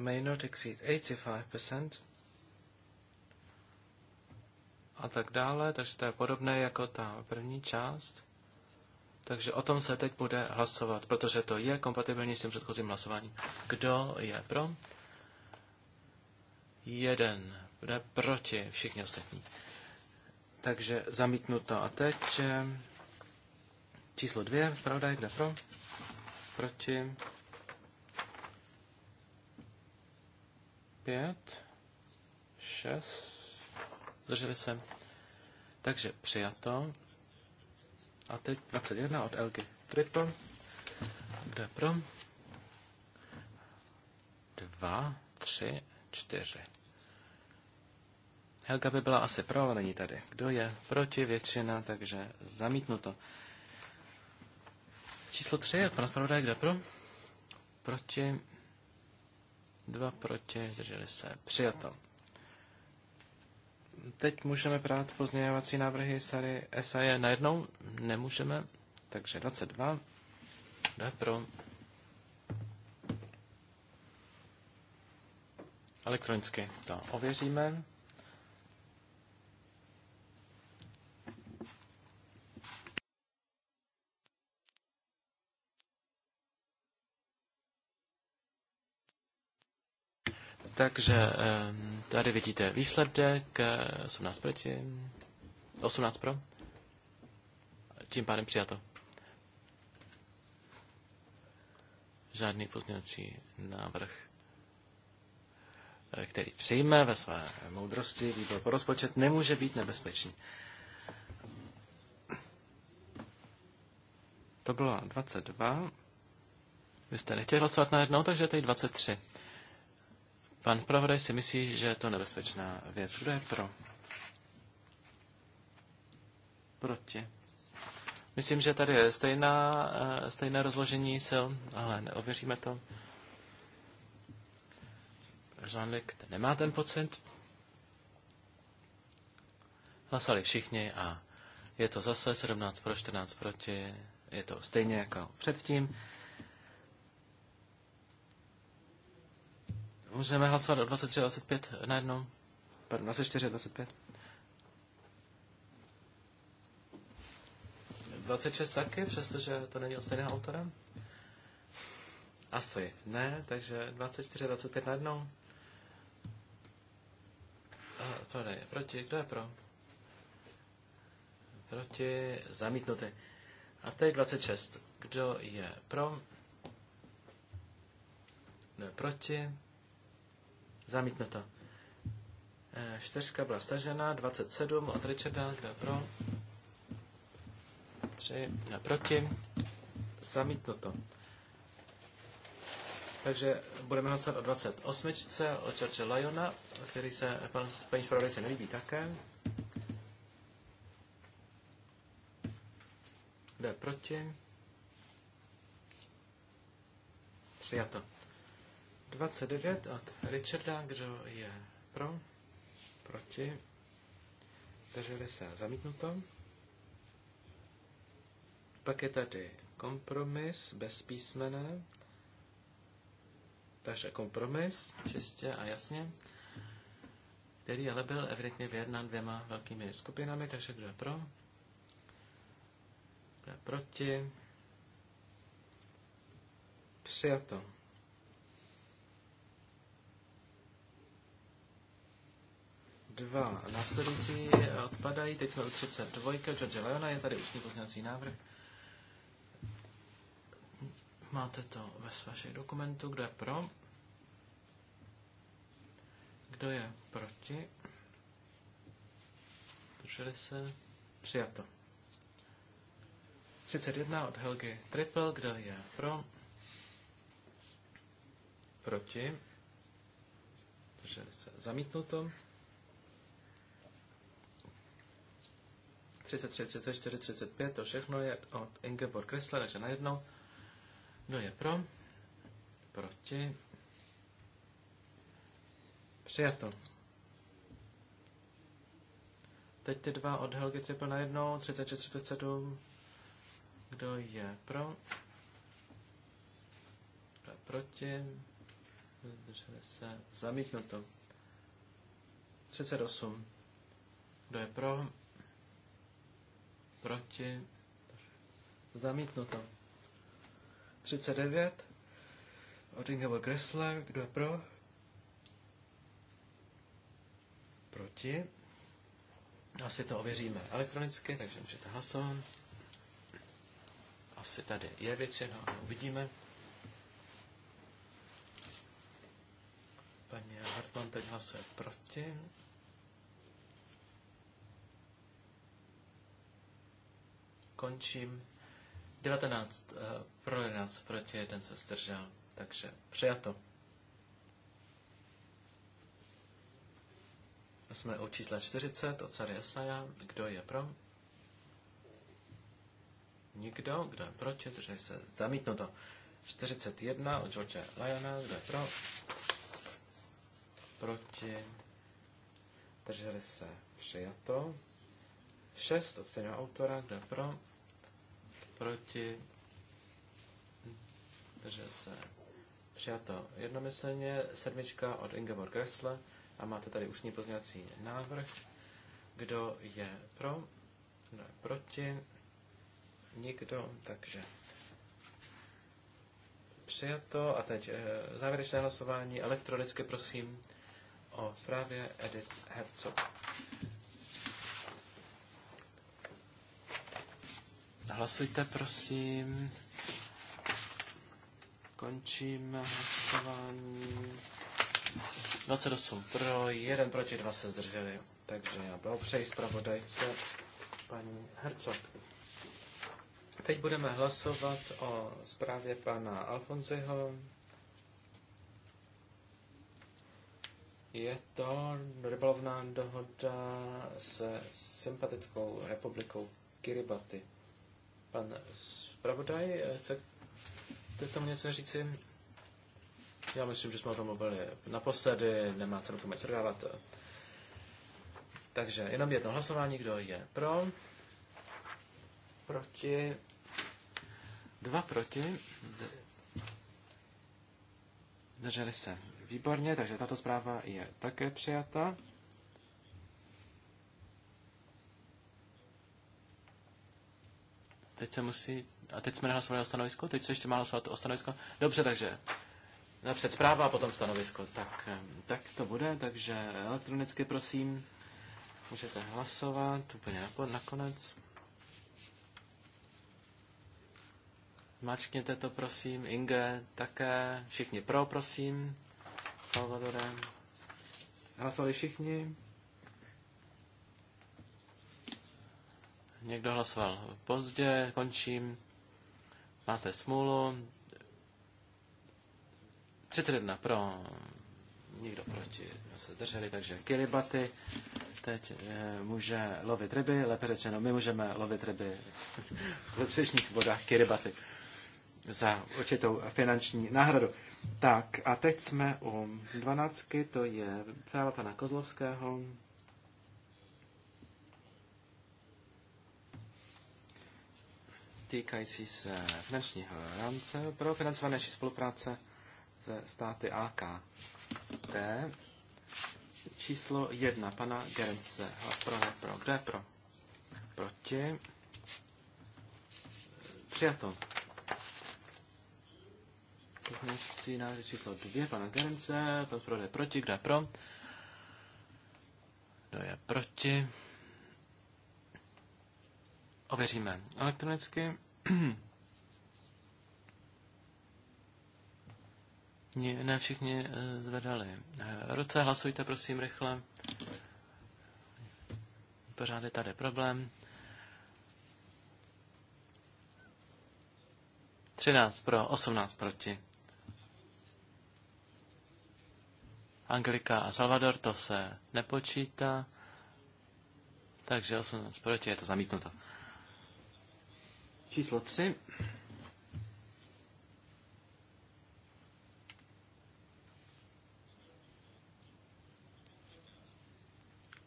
may not exceed 85% a tak dále, takže to je podobné jako ta první část. Takže o tom se teď bude hlasovat, protože to je kompatibilní s tím předchozím hlasováním. Kdo je pro? Jeden. Bude proti všichni ostatní. Takže zamítnuto. A teď eh, číslo dvě, zpravodaj, kde pro? Proti. pět, šest, drželi se. Takže přijato. A teď 21 od LG Triple. Kdo je pro? Dva, tři, čtyři. Helga by byla asi pro, ale není tady. Kdo je proti většina, takže zamítnuto. Číslo tři, od pana zpravodaje, kdo pro? Proti 2 proti, zdrželi se. Přijato. Teď můžeme brát pozměňovací návrhy Sary SAE najednou? Nemůžeme. Takže 22. 2 pro? Elektronicky to ověříme. Takže tady vidíte výsledek 18 eh, proti, 18 pro. Tím pádem přijato. Žádný pozměňovací návrh, eh, který přijme ve své moudrosti výbor pro rozpočet, nemůže být nebezpečný. To bylo 22. Vy jste nechtěli hlasovat na takže tady 23. Pan Pravodaj si myslí, že je to nebezpečná věc. Kdo je pro? Proti. Myslím, že tady je stejná, eh, stejné rozložení sil, ale neověříme to. jean nemá ten pocit. Hlasali všichni a je to zase 17 pro 14 proti. Je to stejně jako předtím. Můžeme hlasovat o 23 a 25 najednou. Pardon, 24 a 25. 26 taky, přestože to není od stejného autora? Asi ne, takže 24 a 25 najednou. Prodej je proti, kdo je pro? Proti, zamítnuty. A teď 26. Kdo je pro? Kdo je proti? Zamítnuto. Eh, čtyřka byla stažena, 27 od Richarda, kdo pro? 3 proti. Zamítnuto. Takže budeme hlasovat o 28. o George Lyona, který se pan, paní zpravodajce nelíbí také. Kdo je proti? Přijato. 29 od Richarda, kdo je pro, proti, drželi se zamítnuto. Pak je tady kompromis bez písmene, takže kompromis čistě a jasně, který ale byl evidentně vyjednán dvěma velkými skupinami, takže kdo je pro, kdo je proti, přijato. dva následující eh, odpadají, teď jsme u 32, George Leona je tady ústní pozměňovací návrh. Máte to ve vašich dokumentu, kdo je pro? Kdo je proti? Drželi se? Přijato. 31 od Helgy Triple, kdo je pro? Proti? Drželi se. Zamítnuto. 33, 34, 35, to všechno je od Ingeborg Kressler, takže najednou. Kdo je pro? Proti? Přijato. Teď ty dva od Helgi Triple najednou, 36, 37. Kdo je pro? Kdo je proti? Zdrželi se. Zamítnuto. 38. Kdo je pro? proti, zamítnuto. 39 od Ingeborg Gressler, kdo je pro, proti. Asi to ověříme elektronicky, takže můžete hlasovat. Asi tady je většina, ale uvidíme. Paní Hartmann teď hlasuje proti. končím. 19 eh, pro 11 proti, jeden se zdržel, takže přijato. Jsme u čísla 40 od Sary Esaja. Kdo je pro? Nikdo. Kdo je proti? Takže se. to. 41 od George Lyona. Kdo je pro? Proti. Drželi se. Přijato. 6 od stejného autora. Kdo je pro? proti, takže se přijato jednomyslně, sedmička od Ingeborg Gressle a máte tady ústní pozněvací návrh. Kdo je pro? Kdo je proti? Nikdo, takže přijato. A teď eh, závěrečné hlasování elektronicky prosím o zprávě Edit Herzog. Hlasujte, prosím. Končím hlasování. 28 pro, 1 proti, 2 se zdrželi. Takže já blahopřeji zpravodajce paní Hercog. Teď budeme hlasovat o zprávě pana Alfonziho. Je to rybolovná dohoda se sympatickou republikou Kiribati. Pan zpravodaj, eh, chcete tomu něco říci? Já myslím, že jsme o tom mluvili naposledy, nemá cenu tomu dávat. Takže jenom jedno hlasování, kdo je pro, proti, dva proti, drželi se výborně, takže tato zpráva je také přijata. Teď se musí... A teď jsme nehlasovali o stanovisko, teď se ještě má hlasovat o stanovisko. Dobře, takže napřed zpráva a potom stanovisko. Tak, tak to bude, takže elektronicky prosím. Můžete hlasovat úplně nakonec. Mačkněte to, prosím. Inge také. Všichni pro, prosím. Salvadore. Hlasovali všichni. Někdo hlasoval pozdě, končím. Máte smůlu. 31 pro, nikdo proti se drželi, takže kilibaty. teď eh, může lovit ryby, lépe řečeno, my můžeme lovit ryby <laughs> v lepšečních vodách Kiribati za určitou finanční náhradu. Tak a teď jsme u dvanáctky, to je práva pana Kozlovského. týkající se finančního rámce pro financované naší spolupráce ze státy AKT. Číslo jedna pana Gerence. Hlasování pro. Kdo je pro? Proti. Přijato. Pozměňovací návrh číslo dvě pana Gerence. Pan zpravodaj proti. Kdo je pro? Kdo je proti? Ověříme elektronicky. <clears throat> ne všichni eh, zvedali. Eh, ruce hlasujte, prosím, rychle. Pořád je tady problém. 13 pro, 18 proti. Anglika a Salvador to se nepočítá, takže 18 proti je to zamítnuto. Číslo 3.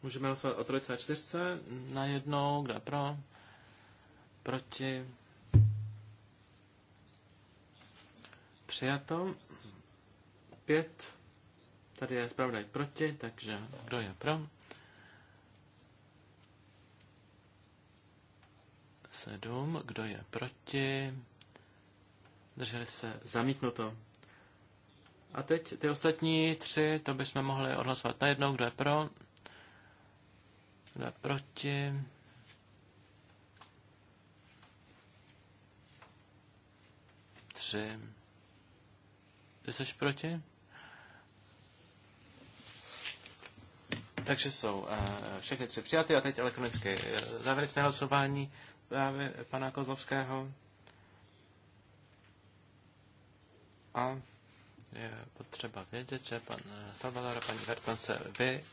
Můžeme hlasovat o trojce a čtyřce na jednou, kdo je pro, proti. Přijato. Pět. Tady je zpravodaj proti, takže kdo je pro? 7. Kdo je proti? Drželi se. Zamítnuto. A teď ty ostatní tři, to bychom mohli odhlasovat najednou. Kdo je pro? Kdo je proti? Tři. Ty jsi proti? Takže jsou eh, všechny tři přijaty a teď elektronicky eh, závěrečné hlasování zprávy pana Kozlovského. A je potřeba vědět, že pan Salvador a paní Vertan se vy,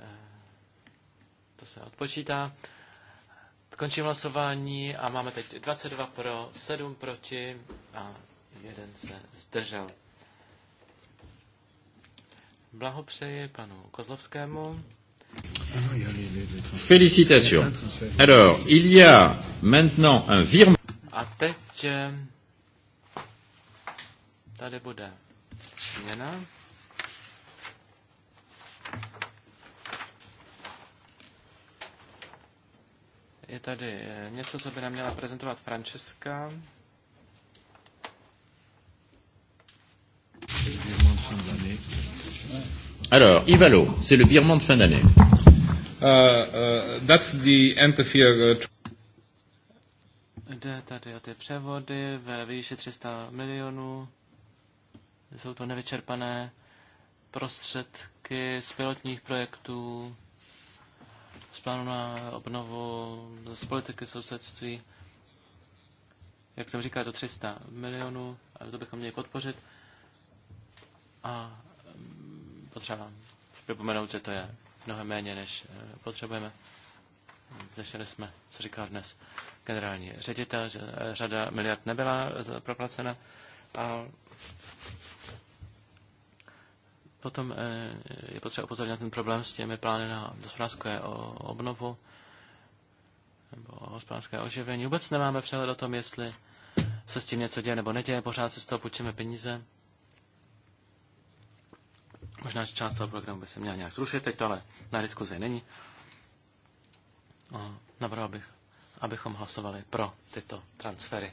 eh, to se odpočítá. Končím hlasování a máme teď 22 pro, 7 proti a jeden se zdržel. Blahopřeji panu Kozlovskému. Félicitations. Alors, il y a maintenant un virement. A teď eh, tady bude změna. Je tady eh, něco, co by nám měla prezentovat Francesca. Je Alors, Ivalo, c'est le virement de fin d'année. Uh, uh, that's the end of year. Uh, tady o ty převody ve výši 300 milionů. Jsou to nevyčerpané prostředky z pilotních projektů, z plánu na obnovu, z politiky sousedství. Jak jsem říkal, to 300 milionů, ale to bychom měli podpořit. A potřeba připomenout, že to je mnohem méně, než eh, potřebujeme. Slyšeli jsme, co říkal dnes generální ředitel, že eh, řada miliard nebyla eh, proplacena a potom je potřeba upozornit na ten problém s těmi plány na hospodářské obnovu nebo hospodářské oživení. Vůbec nemáme přehled o tom, jestli se s tím něco děje nebo neděje, pořád si z toho půjčíme peníze. Možná, že část toho programu by se měla nějak zrušit teď, ale na diskuzi není. Navrhl bych, abychom hlasovali pro tyto transfery,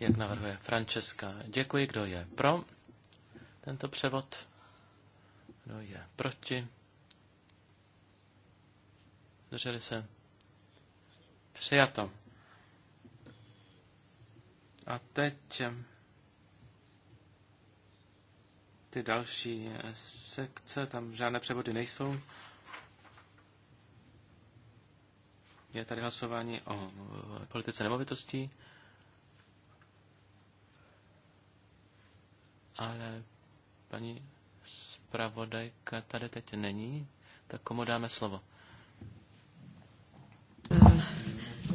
jak navrhuje Francesca. Děkuji, kdo je pro tento převod, kdo je proti. Zdrželi se. Přijato. A teď ty další sekce, tam žádné převody nejsou. Je tady hlasování o politice nemovitostí. Ale paní zpravodajka tady teď není, tak komu dáme slovo?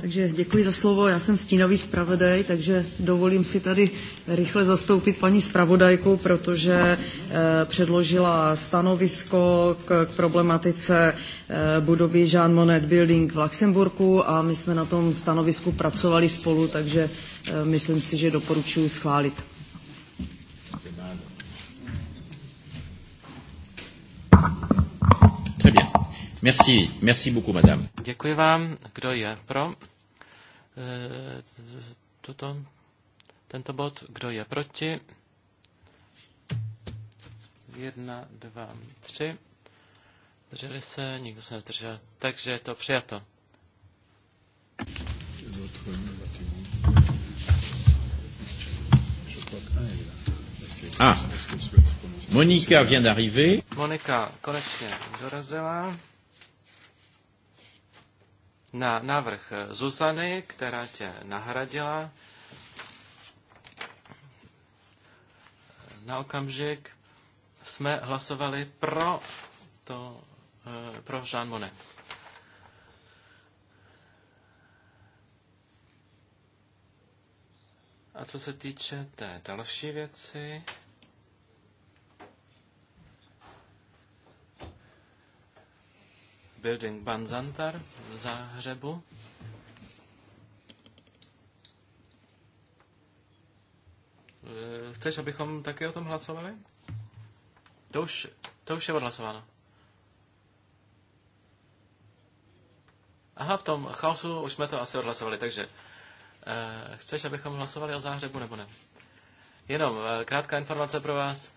Takže děkuji za slovo. Já jsem stínový zpravodaj, takže dovolím si tady rychle zastoupit paní zpravodajku, protože eh, předložila stanovisko k, k problematice eh, budovy Jean Monnet Building v Luxemburku a my jsme na tom stanovisku pracovali spolu, takže eh, myslím si, že doporučuji schválit. Merci. Merci beaucoup, madame. Děkuji vám. Kdo je pro? Eh, tuto, tento bod. Kdo je proti? Jedna, dva, tři. Drželi se, nikdo se nedržel. Takže je to přijato. Ah, Monika vient d'arriver. Monika konečně dorazila na návrh eh, Zuzany, která tě nahradila na okamžik, jsme hlasovali pro to, eh, pro Jean Monnet. A co se týče té další věci, Building Banzantar v Záhřebu. Eh, chceš, abychom taky o tom hlasovali? To už, to už je odhlasováno. Aha, v tom chaosu už jsme to asi odhlasovali, takže eh, chceš, abychom hlasovali o záhřebu nebo ne? Jenom eh, krátká informace pro vás.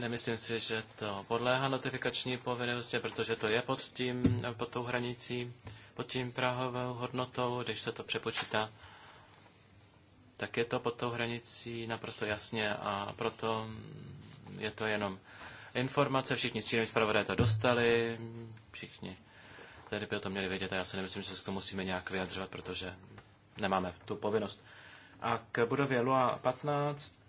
Nemyslím si, že to podléhá notifikační povinnosti, protože to je pod, tím, pod tou hranicí, pod tím prahovou hodnotou. Když se to přepočítá, tak je to pod tou hranicí naprosto jasně a proto je to jenom informace. Všichni stínoví zpravodaj to dostali, všichni tedy by o tom měli vědět a já si nemyslím, že se k tomu musíme nějak vyjadřovat, protože nemáme tu povinnost. A k budově LUA 15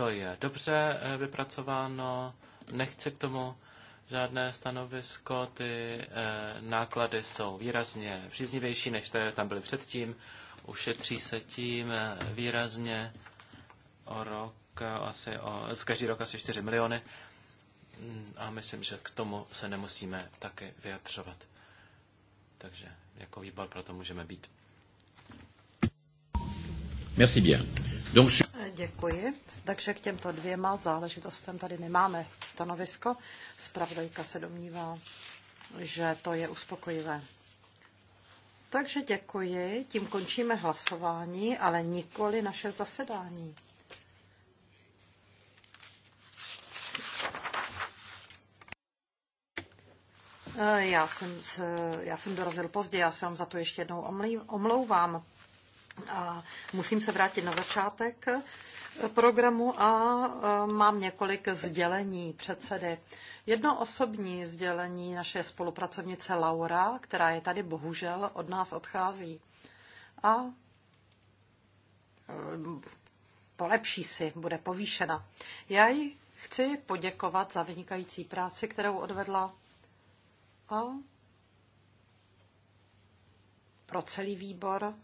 to je dobře eh, vypracováno, nechci k tomu žádné stanovisko, ty eh, náklady jsou výrazně příznivější, než které tam byly předtím, ušetří se tím eh, výrazně o rok, asi o, z každý rok asi 4 miliony mm, a myslím, že k tomu se nemusíme taky vyjadřovat. Takže jako výbor to můžeme být. Merci bien. Donc, Děkuji. Takže k těmto dvěma záležitostem tady nemáme stanovisko. Spravodajka se domnívá, že to je uspokojivé. Takže děkuji. Tím končíme hlasování, ale nikoli naše zasedání. Eh, já jsem, já jsem dorazil pozdě, já se vám za to ještě jednou omlouvám. A musím se vrátit na začátek programu a e, mám několik sdělení předsedy. Jedno osobní sdělení naše spolupracovnice Laura, která je tady bohužel od nás odchází. A e, polepší si, bude povýšena. Já jí chci poděkovat za vynikající práci, kterou odvedla a pro celý výbor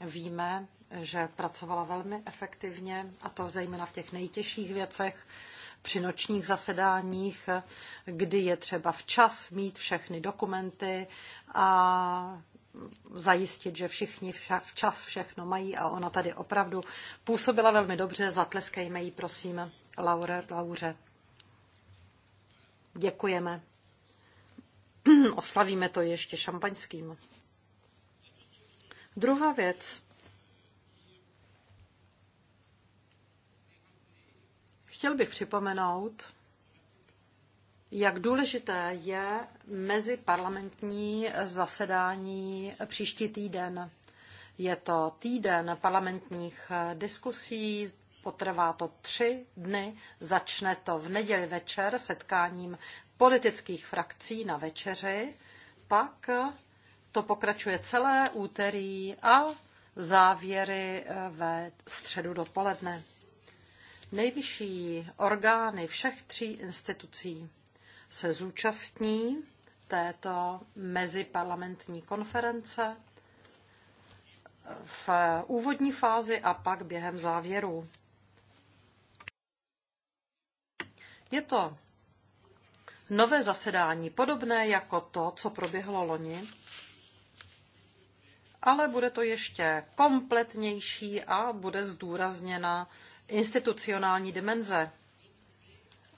Víme, že pracovala velmi efektivně, a to zejména v těch nejtěžších věcech, při nočních zasedáních, kdy je třeba včas mít všechny dokumenty a zajistit, že všichni včas všechno mají a ona tady opravdu působila velmi dobře. Zatleskejme jí, prosím, Laure, Lauře. Děkujeme. <clears throat> Oslavíme to ještě šampaňským. Druhá věc. Chtěl bych připomenout, jak důležité je meziparlamentní zasedání příští týden. Je to týden parlamentních diskusí, potrvá to tři dny, začne to v neděli večer setkáním politických frakcí na večeři, pak to pokračuje celé úterý a závěry eh, ve středu dopoledne. Nejvyšší orgány všech tří institucí se zúčastní této meziparlamentní konference eh, v úvodní fázi a pak během závěru. Je to nové zasedání, podobné jako to, co proběhlo loni ale bude to ještě kompletnější a bude zdůrazněna institucionální dimenze.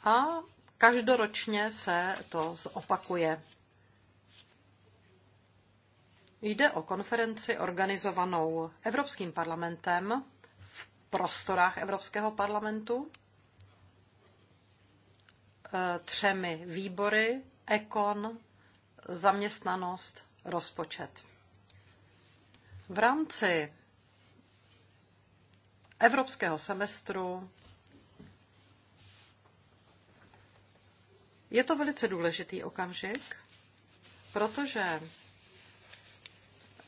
A každoročně se to zopakuje. Jde o konferenci organizovanou Evropským parlamentem v prostorách Evropského parlamentu, e, třemi výbory, ekon, zaměstnanost, rozpočet. V rámci evropského semestru je to velice důležitý okamžik, protože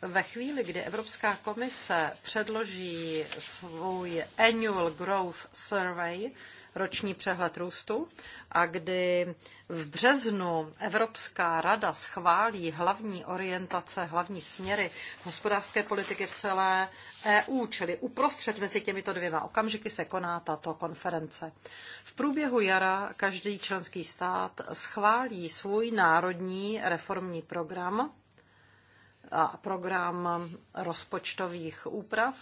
ve chvíli, kdy Evropská komise předloží svůj Annual Growth Survey, roční přehled růstu a kdy v březnu Evropská rada schválí hlavní orientace, hlavní směry hospodářské politiky v celé EU, čili uprostřed mezi těmito dvěma okamžiky se koná tato konference. V průběhu jara každý členský stát schválí svůj národní reformní program a program rozpočtových úprav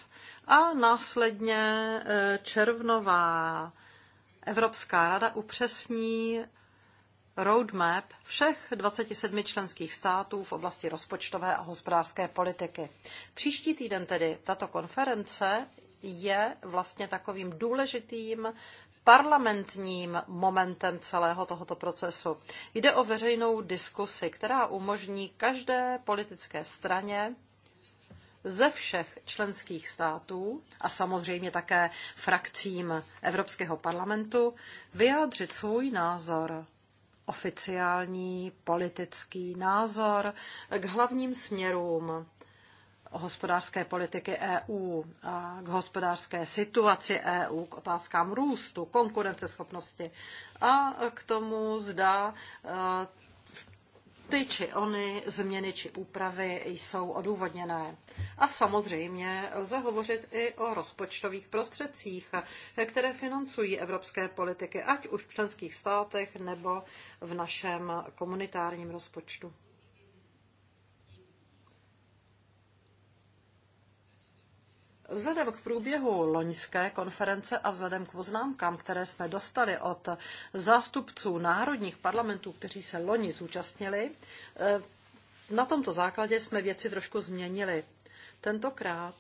a následně eh, červnová Evropská rada upřesní roadmap všech 27 členských států v oblasti rozpočtové a hospodářské politiky. Příští týden tedy tato konference je vlastně takovým důležitým parlamentním momentem celého tohoto procesu. Jde o veřejnou diskusi, která umožní každé politické straně ze všech členských států a samozřejmě také frakcím Evropského parlamentu vyjádřit svůj názor, oficiální politický názor k hlavním směrům hospodářské politiky EU, k hospodářské situaci EU, k otázkám růstu, konkurenceschopnosti a k tomu, zda eh, ty či ony změny či úpravy jsou odůvodněné. A samozřejmě lze hovořit i o rozpočtových prostředcích, které financují evropské politiky, ať už v členských státech nebo v našem komunitárním rozpočtu. Vzhledem k průběhu loňské konference a vzhledem k poznámkám, které jsme dostali od zástupců národních parlamentů, kteří se loni zúčastnili, eh, na tomto základě jsme věci trošku změnili. Tentokrát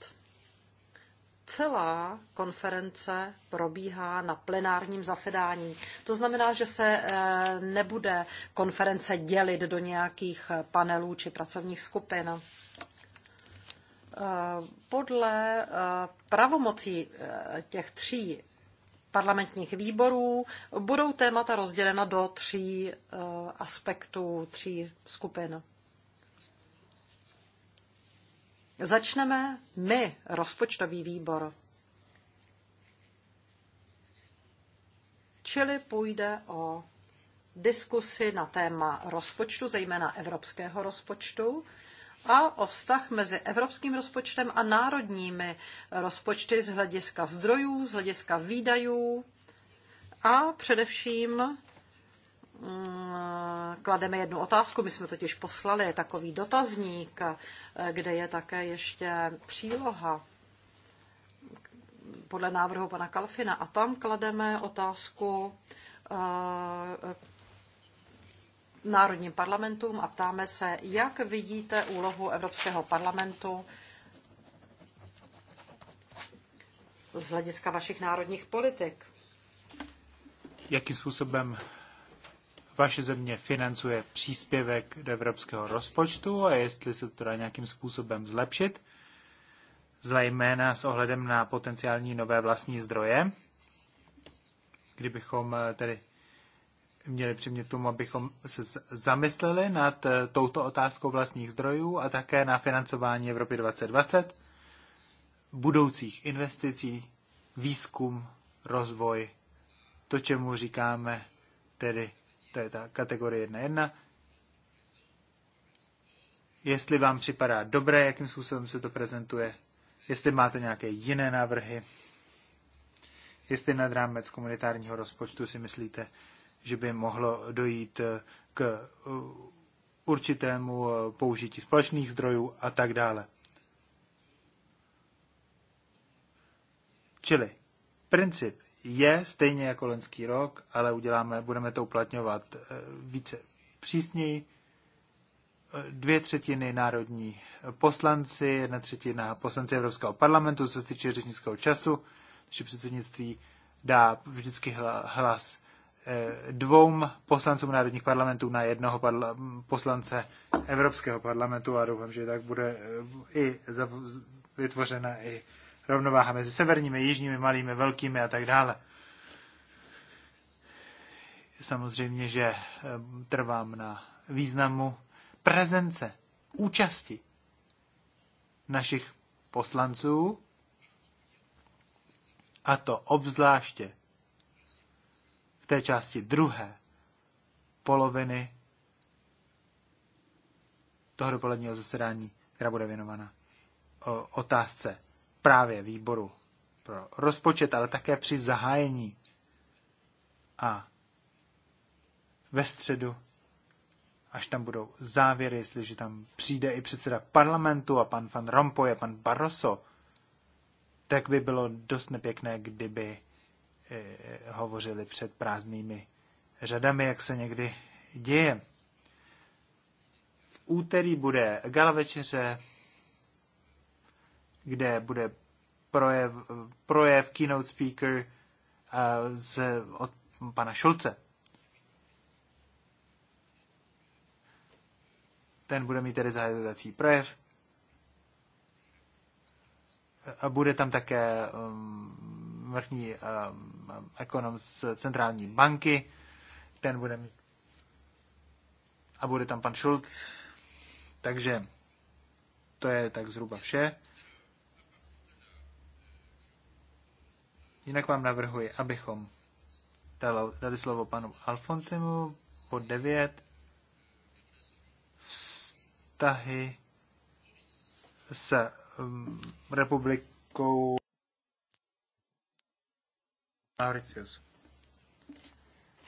celá konference probíhá na plenárním zasedání. To znamená, že se eh, nebude konference dělit do nějakých panelů či pracovních skupin. Eh, podle eh, pravomocí eh, těch tří parlamentních výborů budou témata rozdělena do tří aspektů, tří skupin. Začneme my, rozpočtový výbor. Čili půjde o diskusi na téma rozpočtu, zejména evropského rozpočtu, a o vztah mezi evropským rozpočtem a národními rozpočty z hlediska zdrojů, z hlediska výdajů a především mm, klademe jednu otázku. My jsme totiž poslali takový dotazník, kde je také ještě příloha podle návrhu pana Kalfina a tam klademe otázku, eh, národním parlamentům a ptáme se, jak vidíte úlohu Evropského parlamentu z hlediska vašich národních politik. Jakým způsobem vaše země financuje příspěvek do evropského rozpočtu a jestli se to dá nějakým způsobem zlepšit, zejména s ohledem na potenciální nové vlastní zdroje, kdybychom tedy měli přimět tomu, abychom se zamysleli nad eh, touto otázkou vlastních zdrojů a také na financování Evropy 2020, budoucích investicí, výzkum, rozvoj, to, čemu říkáme tedy, to je ta kategorie 1.1, jestli vám připadá dobré, jakým způsobem se to prezentuje, jestli máte nějaké jiné návrhy, jestli nad rámec komunitárního rozpočtu si myslíte, že by mohlo dojít eh, k eh, určitému eh, použití společných zdrojů a tak dále. Čili princip je stejně jako loňský rok, ale uděláme, budeme to uplatňovat více přísněji. Dvě třetiny národní poslanci, jedna třetina poslanci Evropského parlamentu, co se týče řečnického času, že předsednictví dá vždycky hlas dvou poslancům národních parlamentů na jednoho parla- poslance Evropského parlamentu a doufám, že tak bude eh, i vytvořena i rovnováha mezi severními, jižními, malými, velkými a tak dále. Samozřejmě, že eh, trvám na významu prezence, účasti našich poslanců, a to obzvláště v té části druhé poloviny toho dopoledního zasedání, která bude věnována o otázce právě výboru pro rozpočet, ale také při zahájení a ve středu, až tam budou závěry, jestliže tam přijde i předseda parlamentu a pan Van Rompuy a pan Barroso, tak by bylo dost nepěkné, kdyby Eh, hovořili před prázdnými řadami, jak se někdy děje. V úterý bude gala večeře, kde bude projev, projev keynote speaker eh, z, od pana Šulce. Ten bude mít tedy zahajovací projev. A bude tam také um, vrchní eh, ekonom z centrální banky, ten bude mít a bude tam pan Schulz. Takže to je tak zhruba vše. Jinak vám navrhuji, abychom dali slovo panu Alfonsimu po 9 vztahy s mm, republikou Mauritius.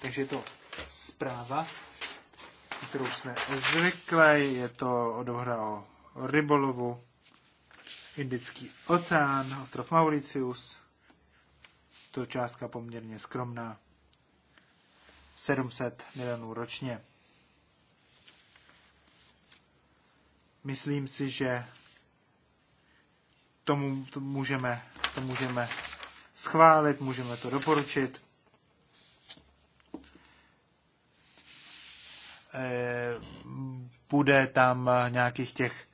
Takže je to zpráva, kterou jsme zvyklé. Je to odohra o rybolovu, Indický oceán, ostrov Mauritius. To částka poměrně skromná. 700 milionů ročně. Myslím si, že tomu to můžeme, to můžeme schválit, můžeme to doporučit. E, bude tam nějakých těch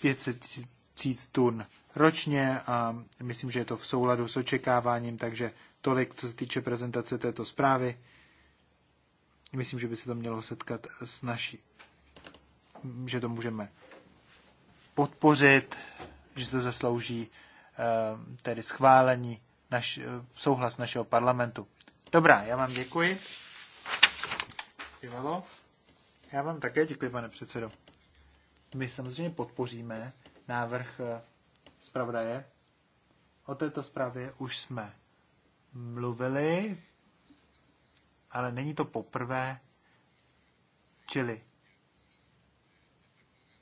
500 tisíc tun ročně a myslím, že je to v souladu s očekáváním, takže tolik, co se týče prezentace této zprávy. Myslím, že by se to mělo setkat s naší, že to můžeme podpořit, že se to zaslouží Eh, tedy schválení, naš, eh, souhlas našeho parlamentu. Dobrá, já vám děkuji. Ivalo. Já vám také děkuji, pane předsedo. My samozřejmě podpoříme návrh eh, zpravodaje. O této zprávě už jsme mluvili, ale není to poprvé. Čili,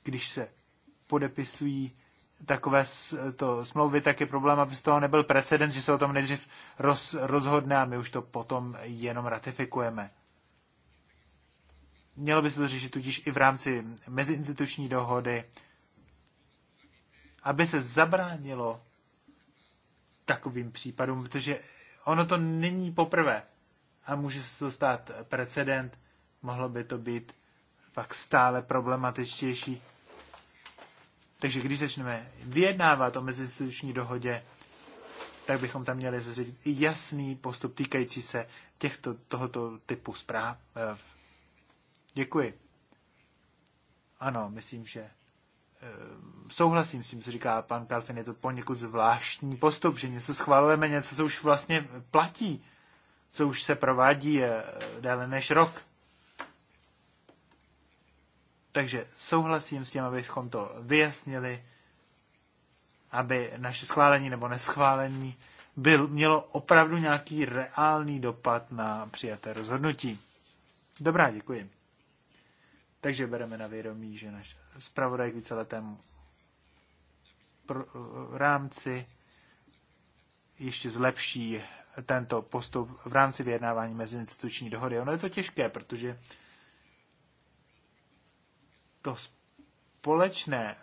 když se podepisují takové to smlouvy, tak je problém, aby z toho nebyl precedens, že se o tom nejdřív roz, rozhodne a my už to potom jenom ratifikujeme. Mělo by se to řešit tudíž i v rámci meziinstituční dohody, aby se zabránilo takovým případům, protože ono to není poprvé a může se to stát precedent, mohlo by to být pak stále problematičtější takže když začneme vyjednávat o mezinstituční dohodě, tak bychom tam měli zařídit jasný postup týkající se těchto, tohoto typu zpráv. Eh, děkuji. Ano, myslím, že eh, souhlasím s tím, co říká pan Kalfin, je to poněkud zvláštní postup, že něco schvalujeme, něco, co už vlastně platí, co už se provádí eh, déle než rok. Takže souhlasím s tím, abychom to vyjasnili, aby naše schválení nebo neschválení byl, mělo opravdu nějaký reálný dopad na přijaté rozhodnutí. Dobrá, děkuji. Takže bereme na vědomí, že náš zpravodaj k víceletému eh, rámci ještě zlepší tento postup v rámci vyjednávání meziinstituční dohody. Ono je to těžké, protože to společné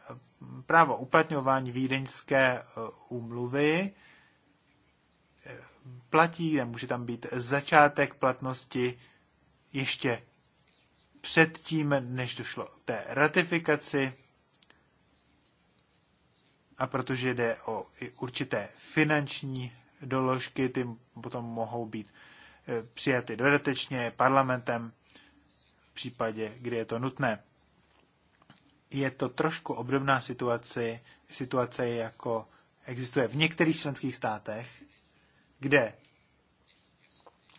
právo uplatňování vídeňské e, úmluvy e, platí, může tam být začátek platnosti ještě předtím, než došlo k té ratifikaci. A protože jde o určité finanční doložky, ty potom mohou být e, přijaty dodatečně parlamentem v případě, kdy je to nutné je to trošku obdobná situace, situace, jako existuje v některých členských státech, kde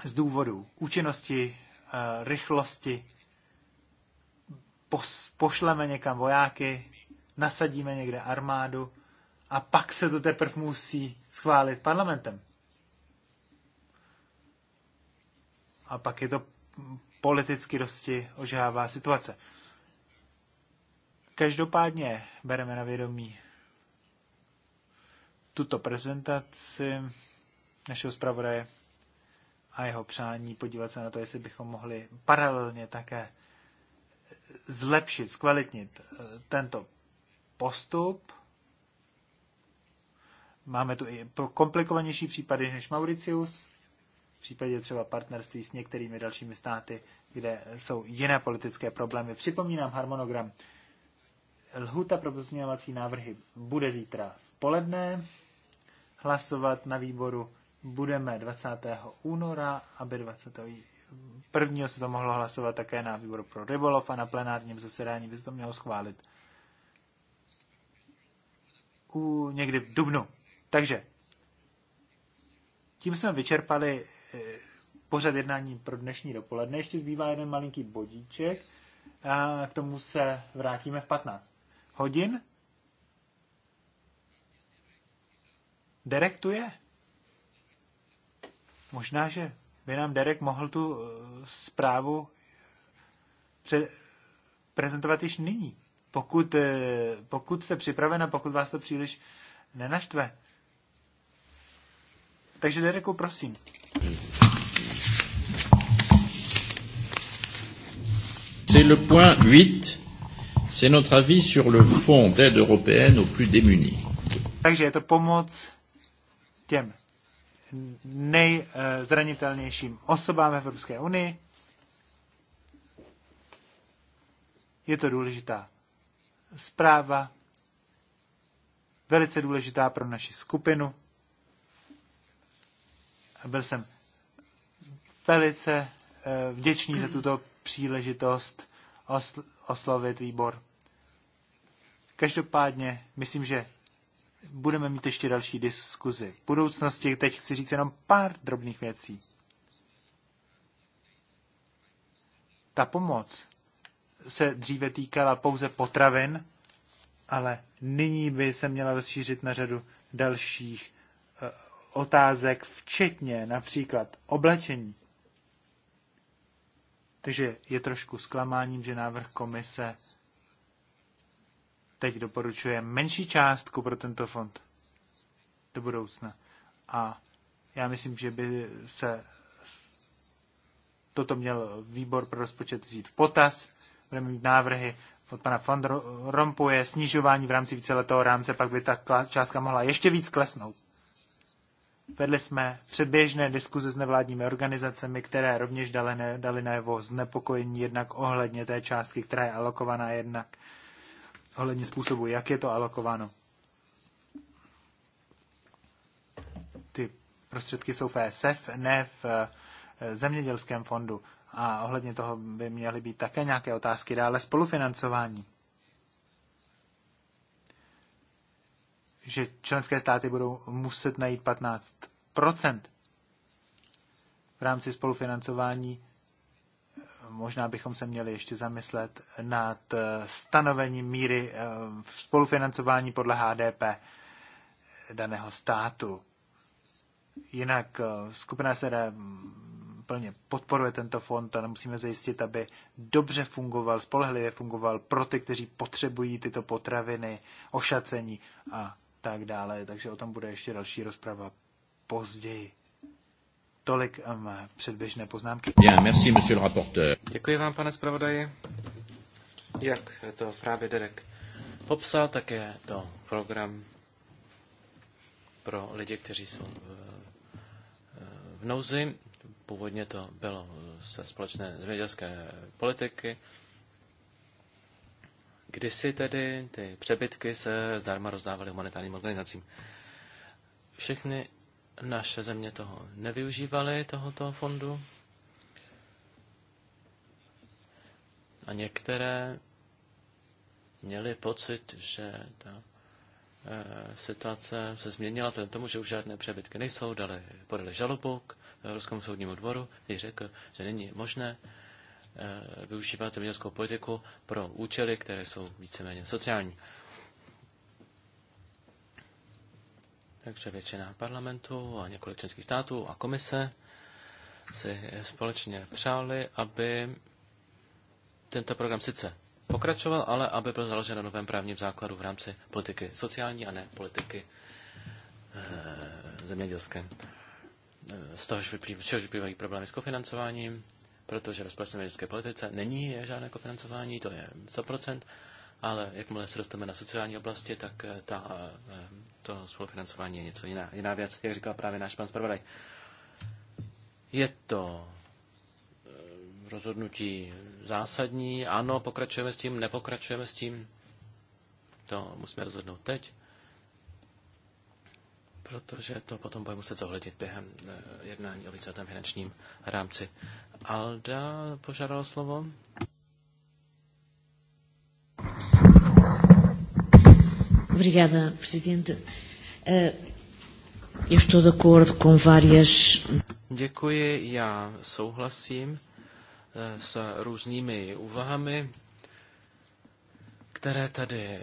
z důvodu účinnosti, eh, rychlosti pošleme někam vojáky, nasadíme někde armádu a pak se to teprve musí schválit parlamentem. A pak je to politicky dosti ožává situace. Každopádně bereme na vědomí tuto prezentaci našeho zpravodaje a jeho přání podívat se na to, jestli bychom mohli paralelně také zlepšit, zkvalitnit eh, tento postup. Máme tu i komplikovanější případy než Mauricius, v případě třeba partnerství s některými dalšími státy, kde jsou jiné politické problémy. Připomínám harmonogram Lhuta pro pozměňovací návrhy bude zítra v poledne. Hlasovat na výboru budeme 20. února, aby 20. Prvního se to mohlo hlasovat také na výboru pro rybolov a na plenárním zasedání by se to mělo schválit u, někdy v dubnu. Takže tím jsme vyčerpali eh, pořad jednání pro dnešní dopoledne. Ještě zbývá jeden malinký bodíček a k tomu se vrátíme v 15 hodin? Derek tu je. Možná, že by nám Derek mohl tu eh, zprávu před, prezentovat již nyní, pokud, eh, pokud se připravena, pokud vás to příliš nenaštve. Takže Dereku, prosím. C'est le point 8. C'est notre avis sur le fonds d'aide européenne aux plus démunis. Takže je to pomoc těm nejzranitelnějším osobám v Evropské unii. Je to důležitá zpráva, velice důležitá pro naši skupinu. A byl jsem velice eh, vděčný za tuto příležitost oslovit výbor. Každopádně myslím, že budeme mít ještě další diskuzi. V budoucnosti teď chci říct jenom pár drobných věcí. Ta pomoc se dříve týkala pouze potravin, ale nyní by se měla rozšířit na řadu dalších eh, otázek, včetně například oblečení. Takže je trošku zklamáním, že návrh komise teď doporučuje menší částku pro tento fond do budoucna. A já myslím, že by se toto měl výbor pro rozpočet vzít v potaz. Budeme mít návrhy od pana von Rompuje, snižování v rámci víceletého rámce, pak by ta částka mohla ještě víc klesnout. Vedli jsme předběžné diskuze s nevládními organizacemi, které rovněž dali, ne, dali najevo znepokojení jednak ohledně té částky, která je alokovaná, jednak ohledně způsobu, jak je to alokováno. Ty prostředky jsou v ESF, ne v eh, zemědělském fondu. A ohledně toho by měly být také nějaké otázky dále spolufinancování. že členské státy budou muset najít 15 v rámci spolufinancování. Možná bychom se měli ještě zamyslet nad eh, stanovením míry eh, v spolufinancování podle HDP daného státu. Jinak eh, skupina SED plně podporuje tento fond a musíme zajistit, aby dobře fungoval, spolehlivě fungoval pro ty, kteří potřebují tyto potraviny, ošacení a tak dále, takže o tom bude ještě další rozprava později. Tolik um, předběžné poznámky. Bien, merci, monsieur le rapporteur. Děkuji vám, pane zpravodaji. Jak to právě Derek popsal, tak je to program pro lidi, kteří jsou v, eh, v nouzi. Původně to bylo se společné zemědělské politiky, Kdysi tedy ty přebytky se zdarma rozdávaly humanitárním organizacím. Všechny naše země toho nevyužívaly, tohoto fondu. A některé měly pocit, že ta e, situace se změnila vzhledem tomu, že už žádné přebytky nejsou, dali, podali žalobu k Evropskému soudnímu dvoru, který řekl, že není možné Eh, využívat zemědělskou politiku pro účely, které jsou víceméně sociální. Takže většina parlamentu a několik členských států a komise si společně přáli, aby tento program sice pokračoval, ale aby byl založen na novém právním základu v rámci politiky sociální a ne politiky e, zemědělské. Eh, z toho, že vyplývají problémy s kofinancováním, protože ve společné vědecké politice není žádné kofinancování, to je 100%, ale jakmile se dostaneme na sociální oblasti, tak eh, ta, eh, eh, to spolufinancování je něco jiná, jiná věc, jak říkal právě náš pan zpravodaj. Je to rozhodnutí zásadní, ano, pokračujeme s tím, nepokračujeme s tím, to musíme rozhodnout teď protože to potom bude muset zohlednit během eh, jednání o víceletém finančním rámci. Alda požádala slovo. Obrigada, presidente. Eh, eu estou de acordo com várias. Děkuji, já souhlasím eh, s různými úvahami, které tady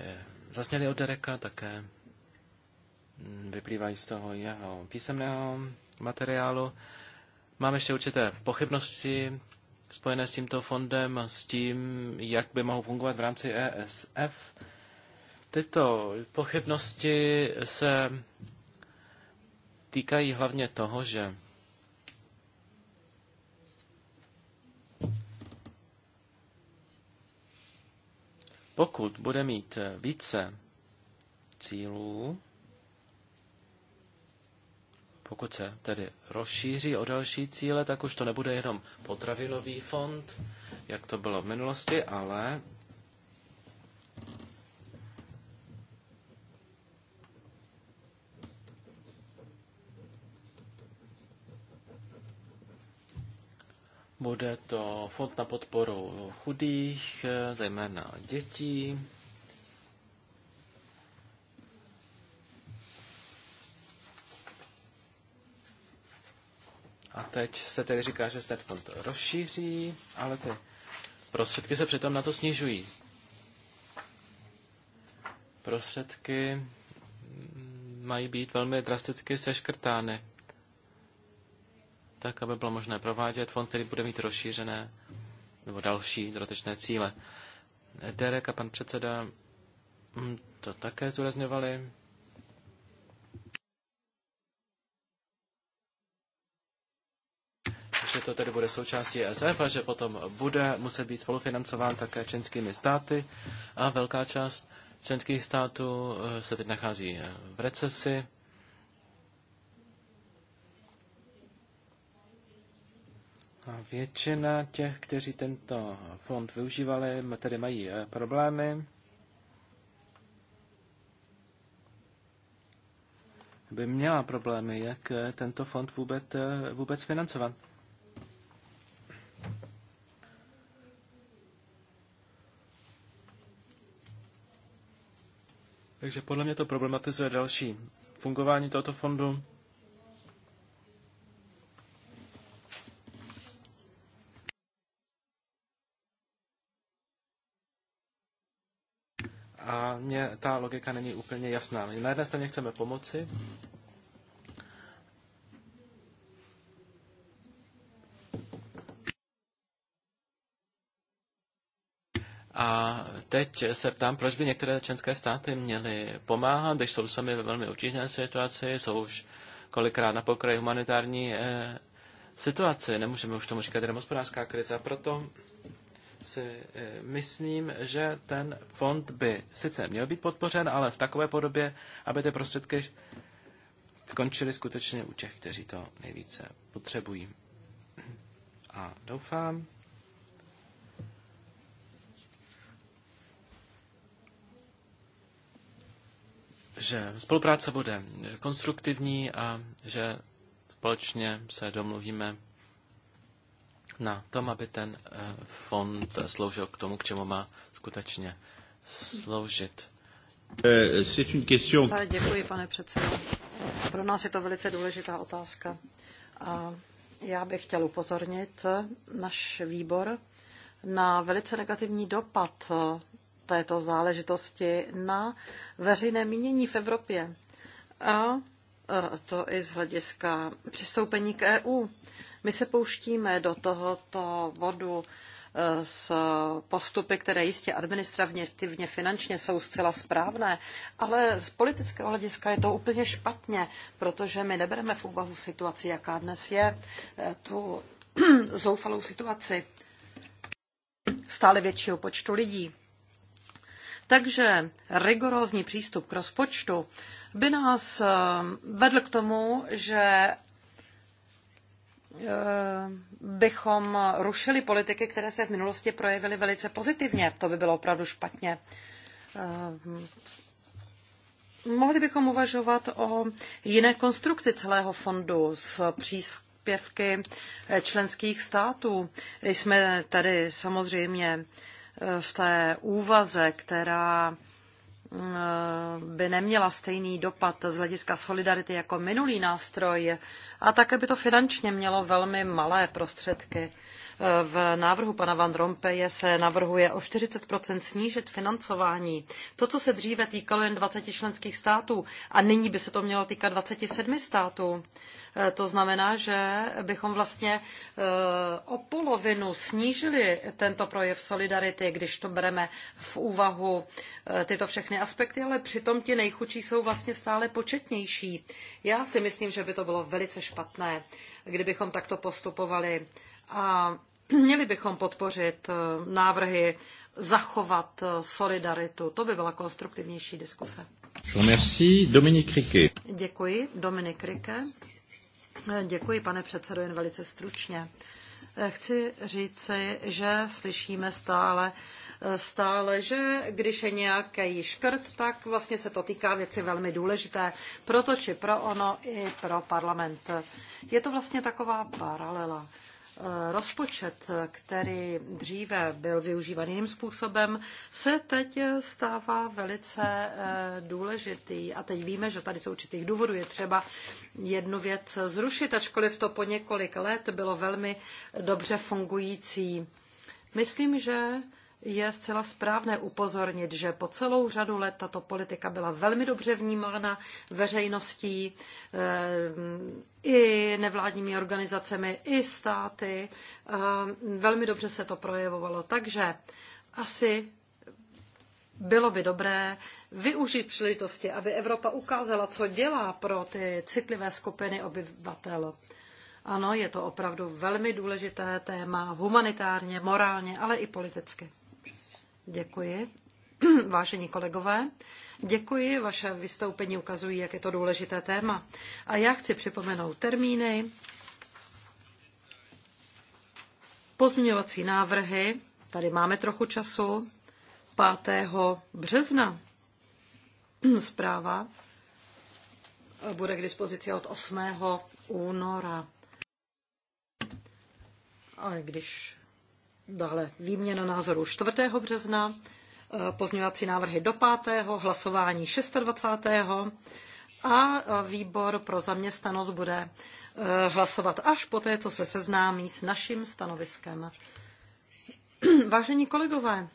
zazněly od Dereka, také vyplývají z toho jeho písemného materiálu. Mám ještě určité pochybnosti spojené s tímto fondem, s tím, jak by mohl fungovat v rámci ESF. Tyto pochybnosti se týkají hlavně toho, že pokud bude mít více cílů, pokud se tedy rozšíří o další cíle, tak už to nebude jenom potravinový fond, jak to bylo v minulosti, ale Bude to fond na podporu chudých, zejména dětí. A teď se tedy říká, že ten fond rozšíří, ale ty prostředky se přitom na to snižují. Prostředky mm, mají být velmi drasticky seškrtány, tak aby bylo možné provádět fond, který bude mít rozšířené nebo další dodatečné cíle. Derek a pan předseda mm, to také zdůrazňovali. že to tedy bude součástí ESF a že potom bude muset být spolufinancován také členskými státy a velká část členských států eh, se teď nachází eh, v recesi. A většina těch, kteří tento fond využívali, tedy mají eh, problémy. by měla problémy, jak tento fond vůbec, vůbec financovat. Takže podle mě to problematizuje další fungování tohoto fondu. A mně ta logika není úplně jasná. My na jedné straně chceme pomoci, A teď se ptám, proč by některé členské státy měly pomáhat, když jsou sami ve velmi obtížné situaci, jsou už kolikrát na pokraji humanitární eh, situaci. Nemůžeme už tomu říkat jenom hospodářská krize. A proto si eh, myslím, že ten fond by sice měl být podpořen, ale v takové podobě, aby ty prostředky skončily skutečně u těch, kteří to nejvíce potřebují. A doufám, že spolupráce bude konstruktivní a že společně se domluvíme na tom, aby ten eh, fond sloužil k tomu, k čemu má skutečně sloužit. Eh, děkuji, pane předsedo. Pro nás je to velice důležitá otázka. A já bych chtěl upozornit naš výbor na velice negativní dopad této záležitosti na veřejné mínění v Evropě. A e, to i z hlediska přistoupení k EU. My se pouštíme do tohoto vodu e, s postupy, které jistě administrativně finančně jsou zcela správné, ale z politického hlediska je to úplně špatně, protože my nebereme v úvahu situaci, jaká dnes je, e, tu <clears throat> zoufalou situaci stále většího počtu lidí. Takže rigorózní přístup k rozpočtu by nás eh, vedl k tomu, že eh, bychom rušili politiky, které se v minulosti projevily velice pozitivně. To by bylo opravdu špatně. Eh, mohli bychom uvažovat o jiné konstrukci celého fondu s příspěvky členských států. Jsme tady samozřejmě Eh, v té úvaze, která eh, by neměla stejný dopad z hlediska solidarity jako minulý nástroj a také by to finančně mělo velmi malé prostředky. Eh, v návrhu pana Van Rompeje se navrhuje o 40 snížit financování. To, co se dříve týkalo jen 20 členských států a nyní by se to mělo týkat 27 států. Eh, to znamená, že bychom vlastně eh, o polovinu snížili tento projev solidarity, když to bereme v úvahu eh, tyto všechny aspekty, ale přitom ti nejchudší jsou vlastně stále početnější. Já si myslím, že by to bylo velice špatné, kdybychom takto postupovali. A <clears throat> měli bychom podpořit návrhy zachovat solidaritu. To by byla konstruktivnější diskuse. Merci, Dominik Rike. Děkuji, Dominik Rike. Děkuji, pane předsedo, jen velice stručně. Chci říci, že slyšíme stále stále, že když je nějaký škrt, tak vlastně se to týká věci velmi důležité to, či pro ono i pro parlament. Je to vlastně taková paralela. Eh, rozpočet, který dříve byl využívaný jiným způsobem, se teď stává velice eh, důležitý. A teď víme, že tady z určitých důvodů je třeba jednu věc zrušit, ačkoliv to po několik let bylo velmi dobře fungující. Myslím, že je zcela správné upozornit, že po celou řadu let tato politika byla velmi dobře vnímána veřejností eh, i nevládními organizacemi, i státy. Eh, velmi dobře se to projevovalo. Takže asi bylo by dobré využít příležitosti, aby Evropa ukázala, co dělá pro ty citlivé skupiny obyvatel. Ano, je to opravdu velmi důležité téma, humanitárně, morálně, ale i politicky. Děkuji. <clears throat> Vážení kolegové, děkuji. Vaše vystoupení ukazují, jak je to důležité téma. A já chci připomenout termíny, pozměňovací návrhy. Tady máme trochu času. 5. března <clears throat> zpráva bude k dispozici od 8. února. Ale když dále výměna názoru 4. března, eh, pozměňovací návrhy do 5. hlasování 26. a eh, výbor pro zaměstnanost bude eh, hlasovat až poté, co se seznámí s naším stanoviskem. <clears throat> Vážení kolegové,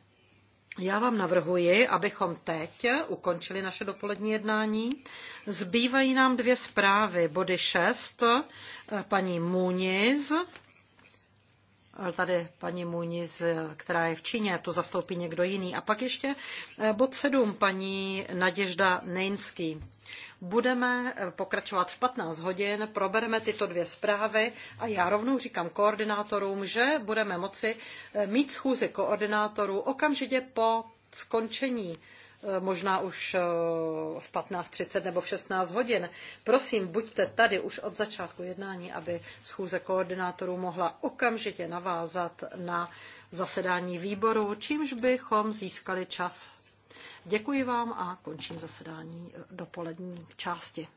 já vám navrhuji, abychom teď ukončili naše dopolední jednání. Zbývají nám dvě zprávy. Body 6, paní Muniz, Tady paní Muniz, která je v Číně, to zastoupí někdo jiný. A pak ještě eh, bod 7, paní Naděžda Nejnský. Budeme eh, pokračovat v 15 hodin, probereme tyto dvě zprávy a já rovnou říkám koordinátorům, že budeme moci eh, mít schůzi koordinátorů okamžitě po skončení Eh, možná už eh, v 15.30 nebo v 16 hodin. Prosím, buďte tady už od začátku jednání, aby schůze koordinátorů mohla okamžitě navázat na zasedání výboru, čímž bychom získali čas. Děkuji vám a končím zasedání eh, dopolední části.